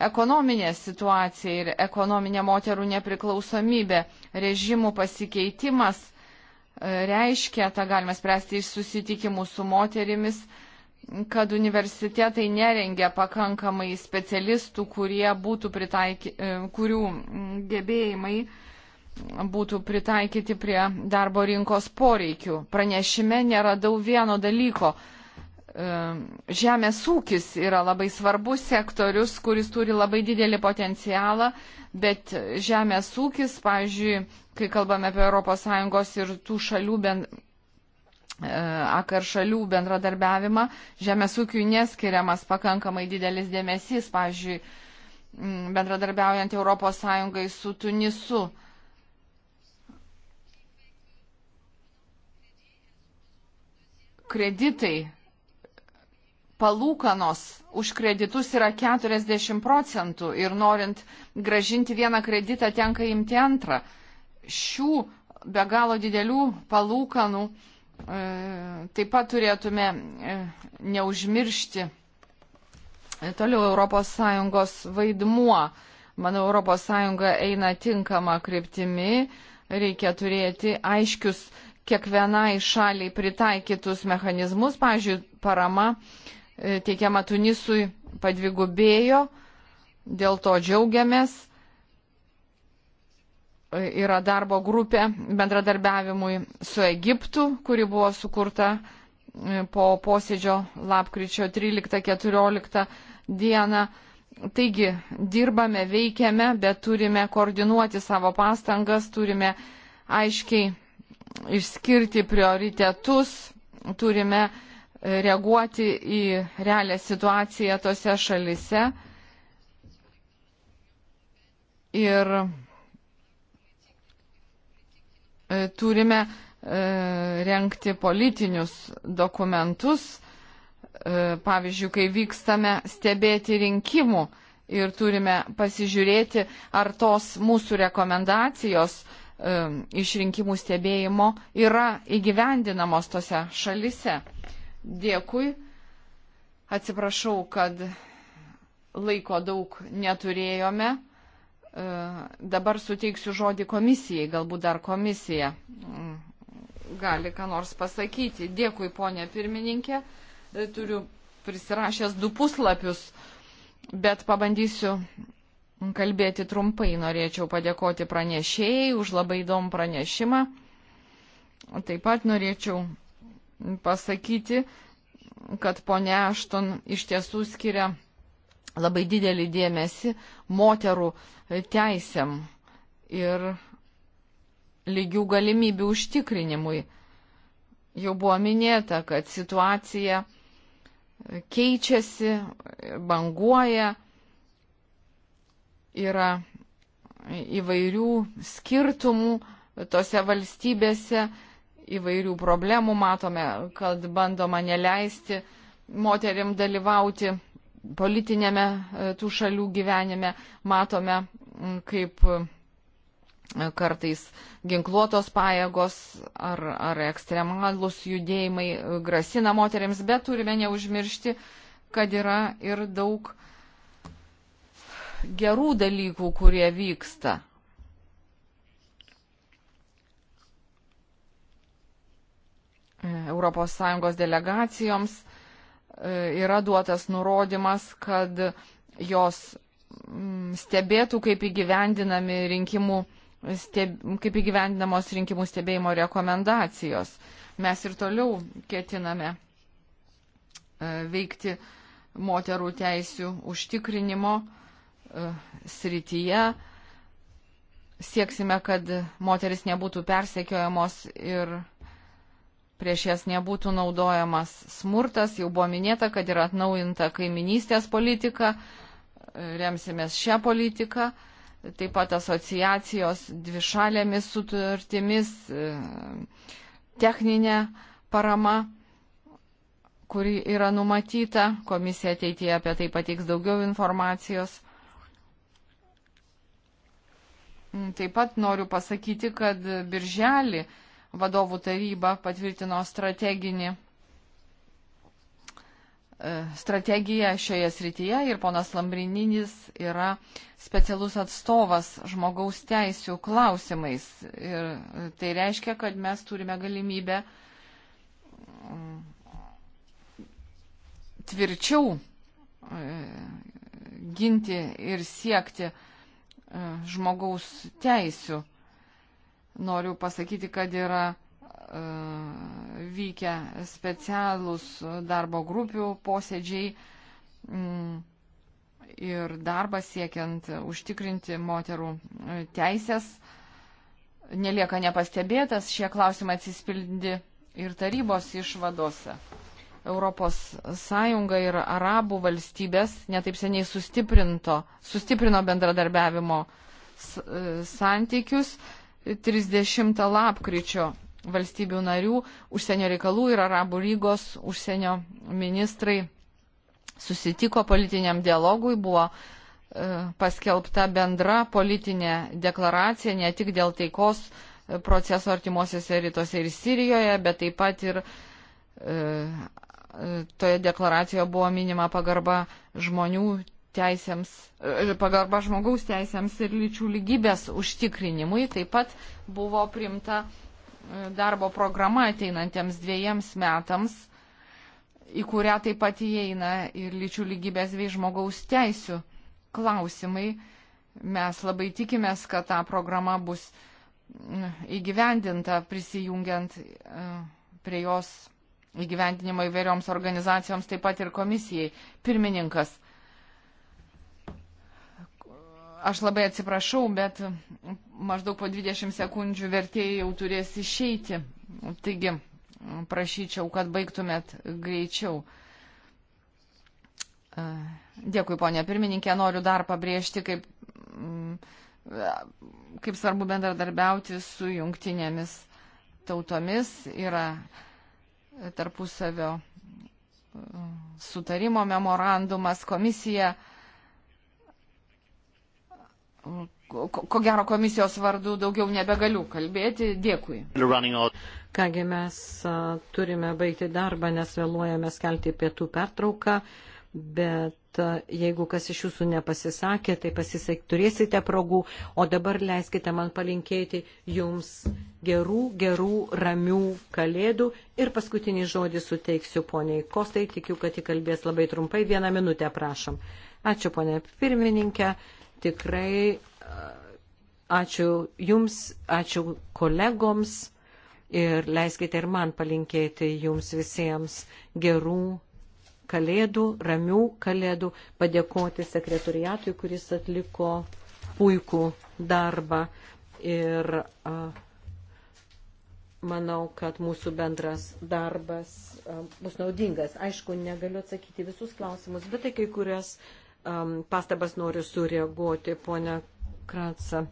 Ekonominė situacija ir ekonominė moterų nepriklausomybė, režimų pasikeitimas e, reiškia, tą galime spręsti iš susitikimų su moterimis, kad universitetai nerengia pakankamai specialistų, pritaiky, e, kurių gebėjimai būtų pritaikyti prie darbo rinkos poreikių. Pranešime neradau vieno dalyko. E, žemės ūkis yra labai svarbus sektorius, kuris turi labai didelį potencialą, bet žemės ūkis, pavyzdžiui, kai kalbame apie ES ir tų šalių bend, E, akar šalių bendradarbiavimą. Žemės ūkiui neskiriamas pakankamai didelis dėmesys, pavyzdžiui, bendradarbiaujant ES su Tunisu. Kreditai, palūkanos už kreditus yra 40 procentų ir norint gražinti vieną kreditą tenka imti antrą. Šių be galo didelių palūkanų uh, E, taip pat turėtume e, neužmiršti e, toliau ES vaidmuo. Manau, ES eina tinkama kryptimi, reikia turėti aiškius kiekvienai šaliai pritaikytus mechanizmus. Pavyzdžiui, parama teikiama Tunisui padvigubėjo, dėl to džiaugiamės yra darbo grupė bendradarbiavimui su Egiptu, kuri buvo sukurta e, po posėdžio lapkričio 13-14 dieną. Taigi dirbame, veikiame, bet turime koordinuoti savo pastangas, turime aiškiai išskirti prioritetus, turime e, reaguoti į realią situaciją tose šalise. Ir E, turime e, renkti politinius dokumentus, e, pavyzdžiui, kai vykstame stebėti rinkimų ir turime pasižiūrėti, ar tos mūsų rekomendacijos iš rinkimų stebėjimo yra įgyvendinamos tose šalise. Dėkui. Atsiprašau, kad laiko daug neturėjome. Dabar suteiksiu žodį komisijai, galbūt dar komisija mm, gali ką nors pasakyti. Dėkui, ponė pirmininkė. E, turiu prisirašęs du puslapius, bet pabandysiu kalbėti trumpai. Norėčiau padėkoti pranešėjai už labai įdomų pranešimą. Taip pat norėčiau pasakyti, kad ponė Ašton iš tiesų skiria labai didelį dėmesį moterų teisėm ir lygių galimybių užtikrinimui. Jau buvo minėta, kad situacija keičiasi, banguoja, yra įvairių skirtumų tose valstybėse, įvairių problemų matome, kad bandoma neleisti moteriam dalyvauti politinėme e, tų šalių gyvenime, matome, kaip e, kartais ginkluotos pajėgos ar, ar ekstremalus judėjimai e, grasina moteriams, bet turime neužmiršti, kad yra ir daug gerų dalykų, kurie vyksta. ES delegacijoms E, yra duotas nurodymas, kad jos mm, stebėtų, kaip įgyvendinami rinkimų, steb, kaip įgyvendinamos rinkimų stebėjimo rekomendacijos. Mes ir toliau ketiname e, veikti moterų teisių užtikrinimo e, srityje. Sieksime, kad moteris nebūtų persekiojamos ir prieš jas nebūtų naudojamas smurtas. Jau buvo minėta, kad yra atnaujinta kaiminystės politika, remsimės šią politiką, taip pat asociacijos dvišalėmis sutartimis, techninė parama kuri yra numatyta, komisija ateityje apie tai pateiks daugiau informacijos. Taip pat noriu pasakyti, kad birželį vadovų taryba patvirtino strateginį e, strategiją šioje srityje ir ponas Lambrininis yra specialus atstovas žmogaus teisų klausimais. Ir e, tai reiškia, kad mes turime galimybę mm, tvirčiau e, ginti ir siekti žmogaus teisų noriu pasakyti, kad yra e, vykę specialūs darbo grupių posėdžiai mm, ir darbas siekiant užtikrinti moterų e, teisės nelieka nepastebėtas. Šie klausimai atsispildi ir tarybos išvadose. Europos Sąjunga ir arabų valstybės netaip seniai sustiprino bendradarbiavimo e, santykius 30 lapkričio valstybių narių užsienio reikalų ir Arabų lygos užsienio ministrai susitiko politiniam dialogui, buvo e, paskelbta bendra politinė deklaracija ne tik dėl taikos e, proceso artimuosiuose rytuose ir Sirijoje, bet taip pat ir e, toje deklaracijoje buvo minima pagarba žmonių teisėms, e, pagarba žmogaus teisėms ir lyčių lygybės užtikrinimui. Taip pat buvo primta e, darbo programa ateinantiems dviejiems metams, į kurią taip pat įeina ir lyčių lygybės bei žmogaus teisų klausimai. Mes labai tikimės, kad ta programa bus įgyvendinta prisijungiant e, prie jos įgyvendinimo įvairioms organizacijoms, taip pat ir komisijai. Pirmininkas, Aš labai atsiprašau, bet maždaug po 20 sekundžių vertėjai jau turės išeiti. Taigi, prašyčiau, kad baigtumėt greičiau. E, dėkui, ponė pirmininkė, noriu dar pabrėžti, kaip, mm, kaip svarbu bendradarbiauti su jungtinėmis tautomis. Yra tarpusavio e, sutarimo memorandumas, komisija ko gero komisijos vardu daugiau nebegaliu kalbėti. Dėkui. Kągi mes turime baigti darbą, nes vėluojame skelti pietų pertrauką, bet jeigu kas iš jūsų nepasisakė, tai pasisak, turėsite progų, o dabar leiskite man palinkėti jums gerų, gerų, ramių kalėdų ir paskutinį žodį suteiksiu poniai Kostai, tikiu, kad įkalbės labai trumpai, vieną minutę prašom. Ačiū ponė pirmininkė tikrai ačiū Jums, ačiū kolegoms ir leiskite ir man palinkėti Jums visiems gerų kalėdų, ramių kalėdų, padėkoti sekretoriatui, kuris atliko puikų darbą ir uh, manau, kad mūsų bendras darbas bus naudingas. Aišku, negaliu atsakyti visus klausimus, bet tai kai kurias um, pastabas noriu sureaguoti, ponia Kratsa.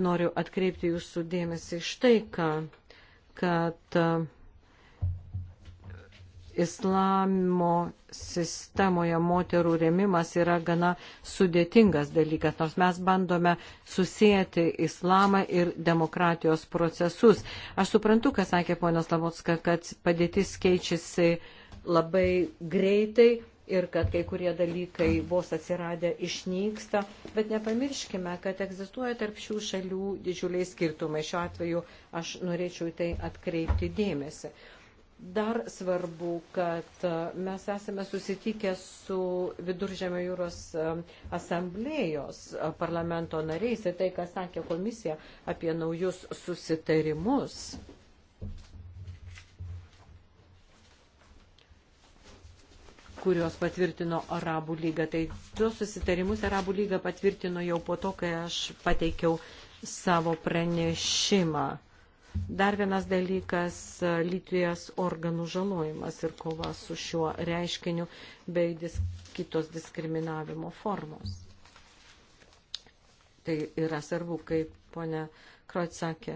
Noriu atkreipti jūsų dėmesį iš tai, ką, kad e, islamo sistemoje moterų rėmimas yra gana sudėtingas dalykas, nors mes bandome susijęti islamą ir demokratijos procesus. Aš suprantu, ką sakė ponas Lavotska, kad padėtis keičiasi labai greitai ir kad kai kurie dalykai vos atsiradę išnyksta, bet nepamirškime, kad egzistuoja tarp šių šalių didžiuliai skirtumai. Šiuo atveju aš norėčiau į tai atkreipti dėmesį. Dar svarbu, kad e, mes esame susitikę su Viduržėmio jūros e, asamblėjos e, parlamento nariais ir tai, ką sakė komisija apie naujus susitarimus kuriuos patvirtino Arabų lyga. Tai tuos susitarimus Arabų lyga patvirtino jau po to, kai aš pateikiau savo pranešimą. Dar vienas dalykas - lyties organų žalojimas ir kova su šiuo reiškiniu bei dis, kitos diskriminavimo formos. Tai yra svarbu, kaip ponia Kroit sakė,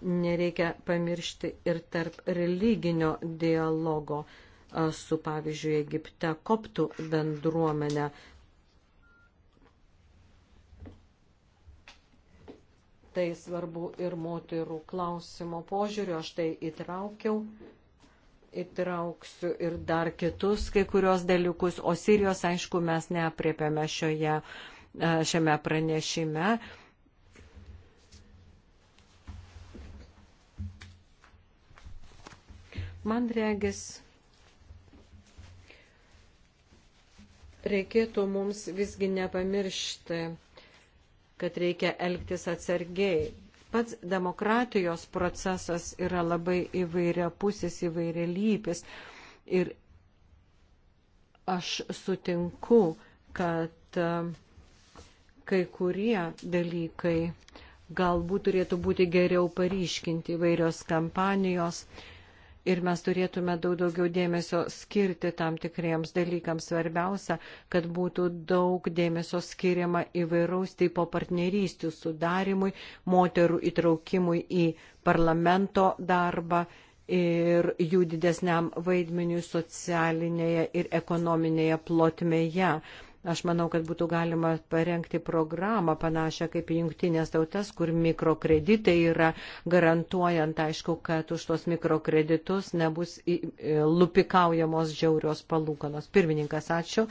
nereikia pamiršti ir tarp religinio dialogo su, pavyzdžiui, Egipte koptų bendruomenė. Tai svarbu ir moterų klausimo požiūriu, aš tai įtraukiau, įtrauksiu ir dar kitus kai kurios dalykus, o Sirijos, aišku, mes neapriepiame šioje, šiame pranešime, Man regis, reikėtų mums visgi nepamiršti, kad reikia elgtis atsargiai. Pats demokratijos procesas yra labai įvairiapusis, įvairialypis. Ir aš sutinku, kad e, kai kurie dalykai galbūt turėtų būti geriau paryškinti įvairios kampanijos, ir mes turėtume daug daugiau dėmesio skirti tam tikriems dalykams. Svarbiausia, kad būtų daug dėmesio skiriama įvairaus tipo partnerystių sudarimui, moterų įtraukimui į parlamento darbą ir jų didesniam vaidmeniu socialinėje ir ekonominėje plotmėje. Aš manau, kad būtų galima parengti programą panašią kaip jungtinės tautas, kur mikrokreditai yra garantuojant, aišku, kad už tos mikrokreditus nebus e, lupikaujamos žiaurios palūkanos. Pirmininkas, ačiū.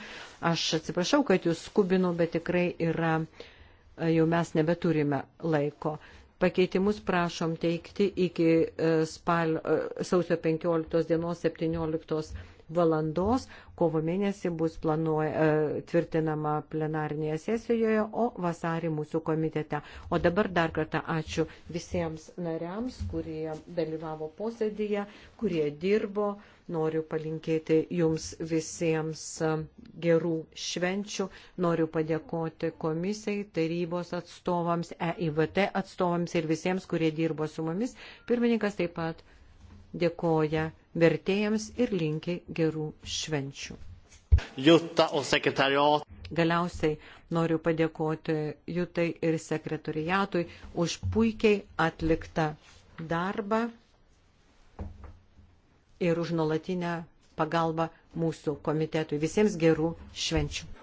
Aš atsiprašau, kad jūs skubinu, bet tikrai yra, e, jau mes nebeturime laiko. Pakeitimus prašom teikti iki e, spalio, sausio 15 dienos 17 valandos. Kovo mėnesį bus planuoja, e, tvirtinama plenarinėje sesijoje, o vasarį mūsų komitete. O dabar dar kartą ačiū visiems nariams, kurie dalyvavo posėdėje, kurie dirbo. Noriu palinkėti jums visiems e, gerų švenčių. Noriu padėkoti komisijai, tarybos atstovams, EIVT atstovams ir visiems, kurie dirbo su mumis. Pirmininkas taip pat dėkoja vertėjams ir linki gerų švenčių. Jutta o sekretariat. Galiausiai noriu padėkoti Jutai ir sekretariatui už puikiai atliktą darbą ir už nuolatinę pagalbą mūsų komitetui. Visiems gerų švenčių.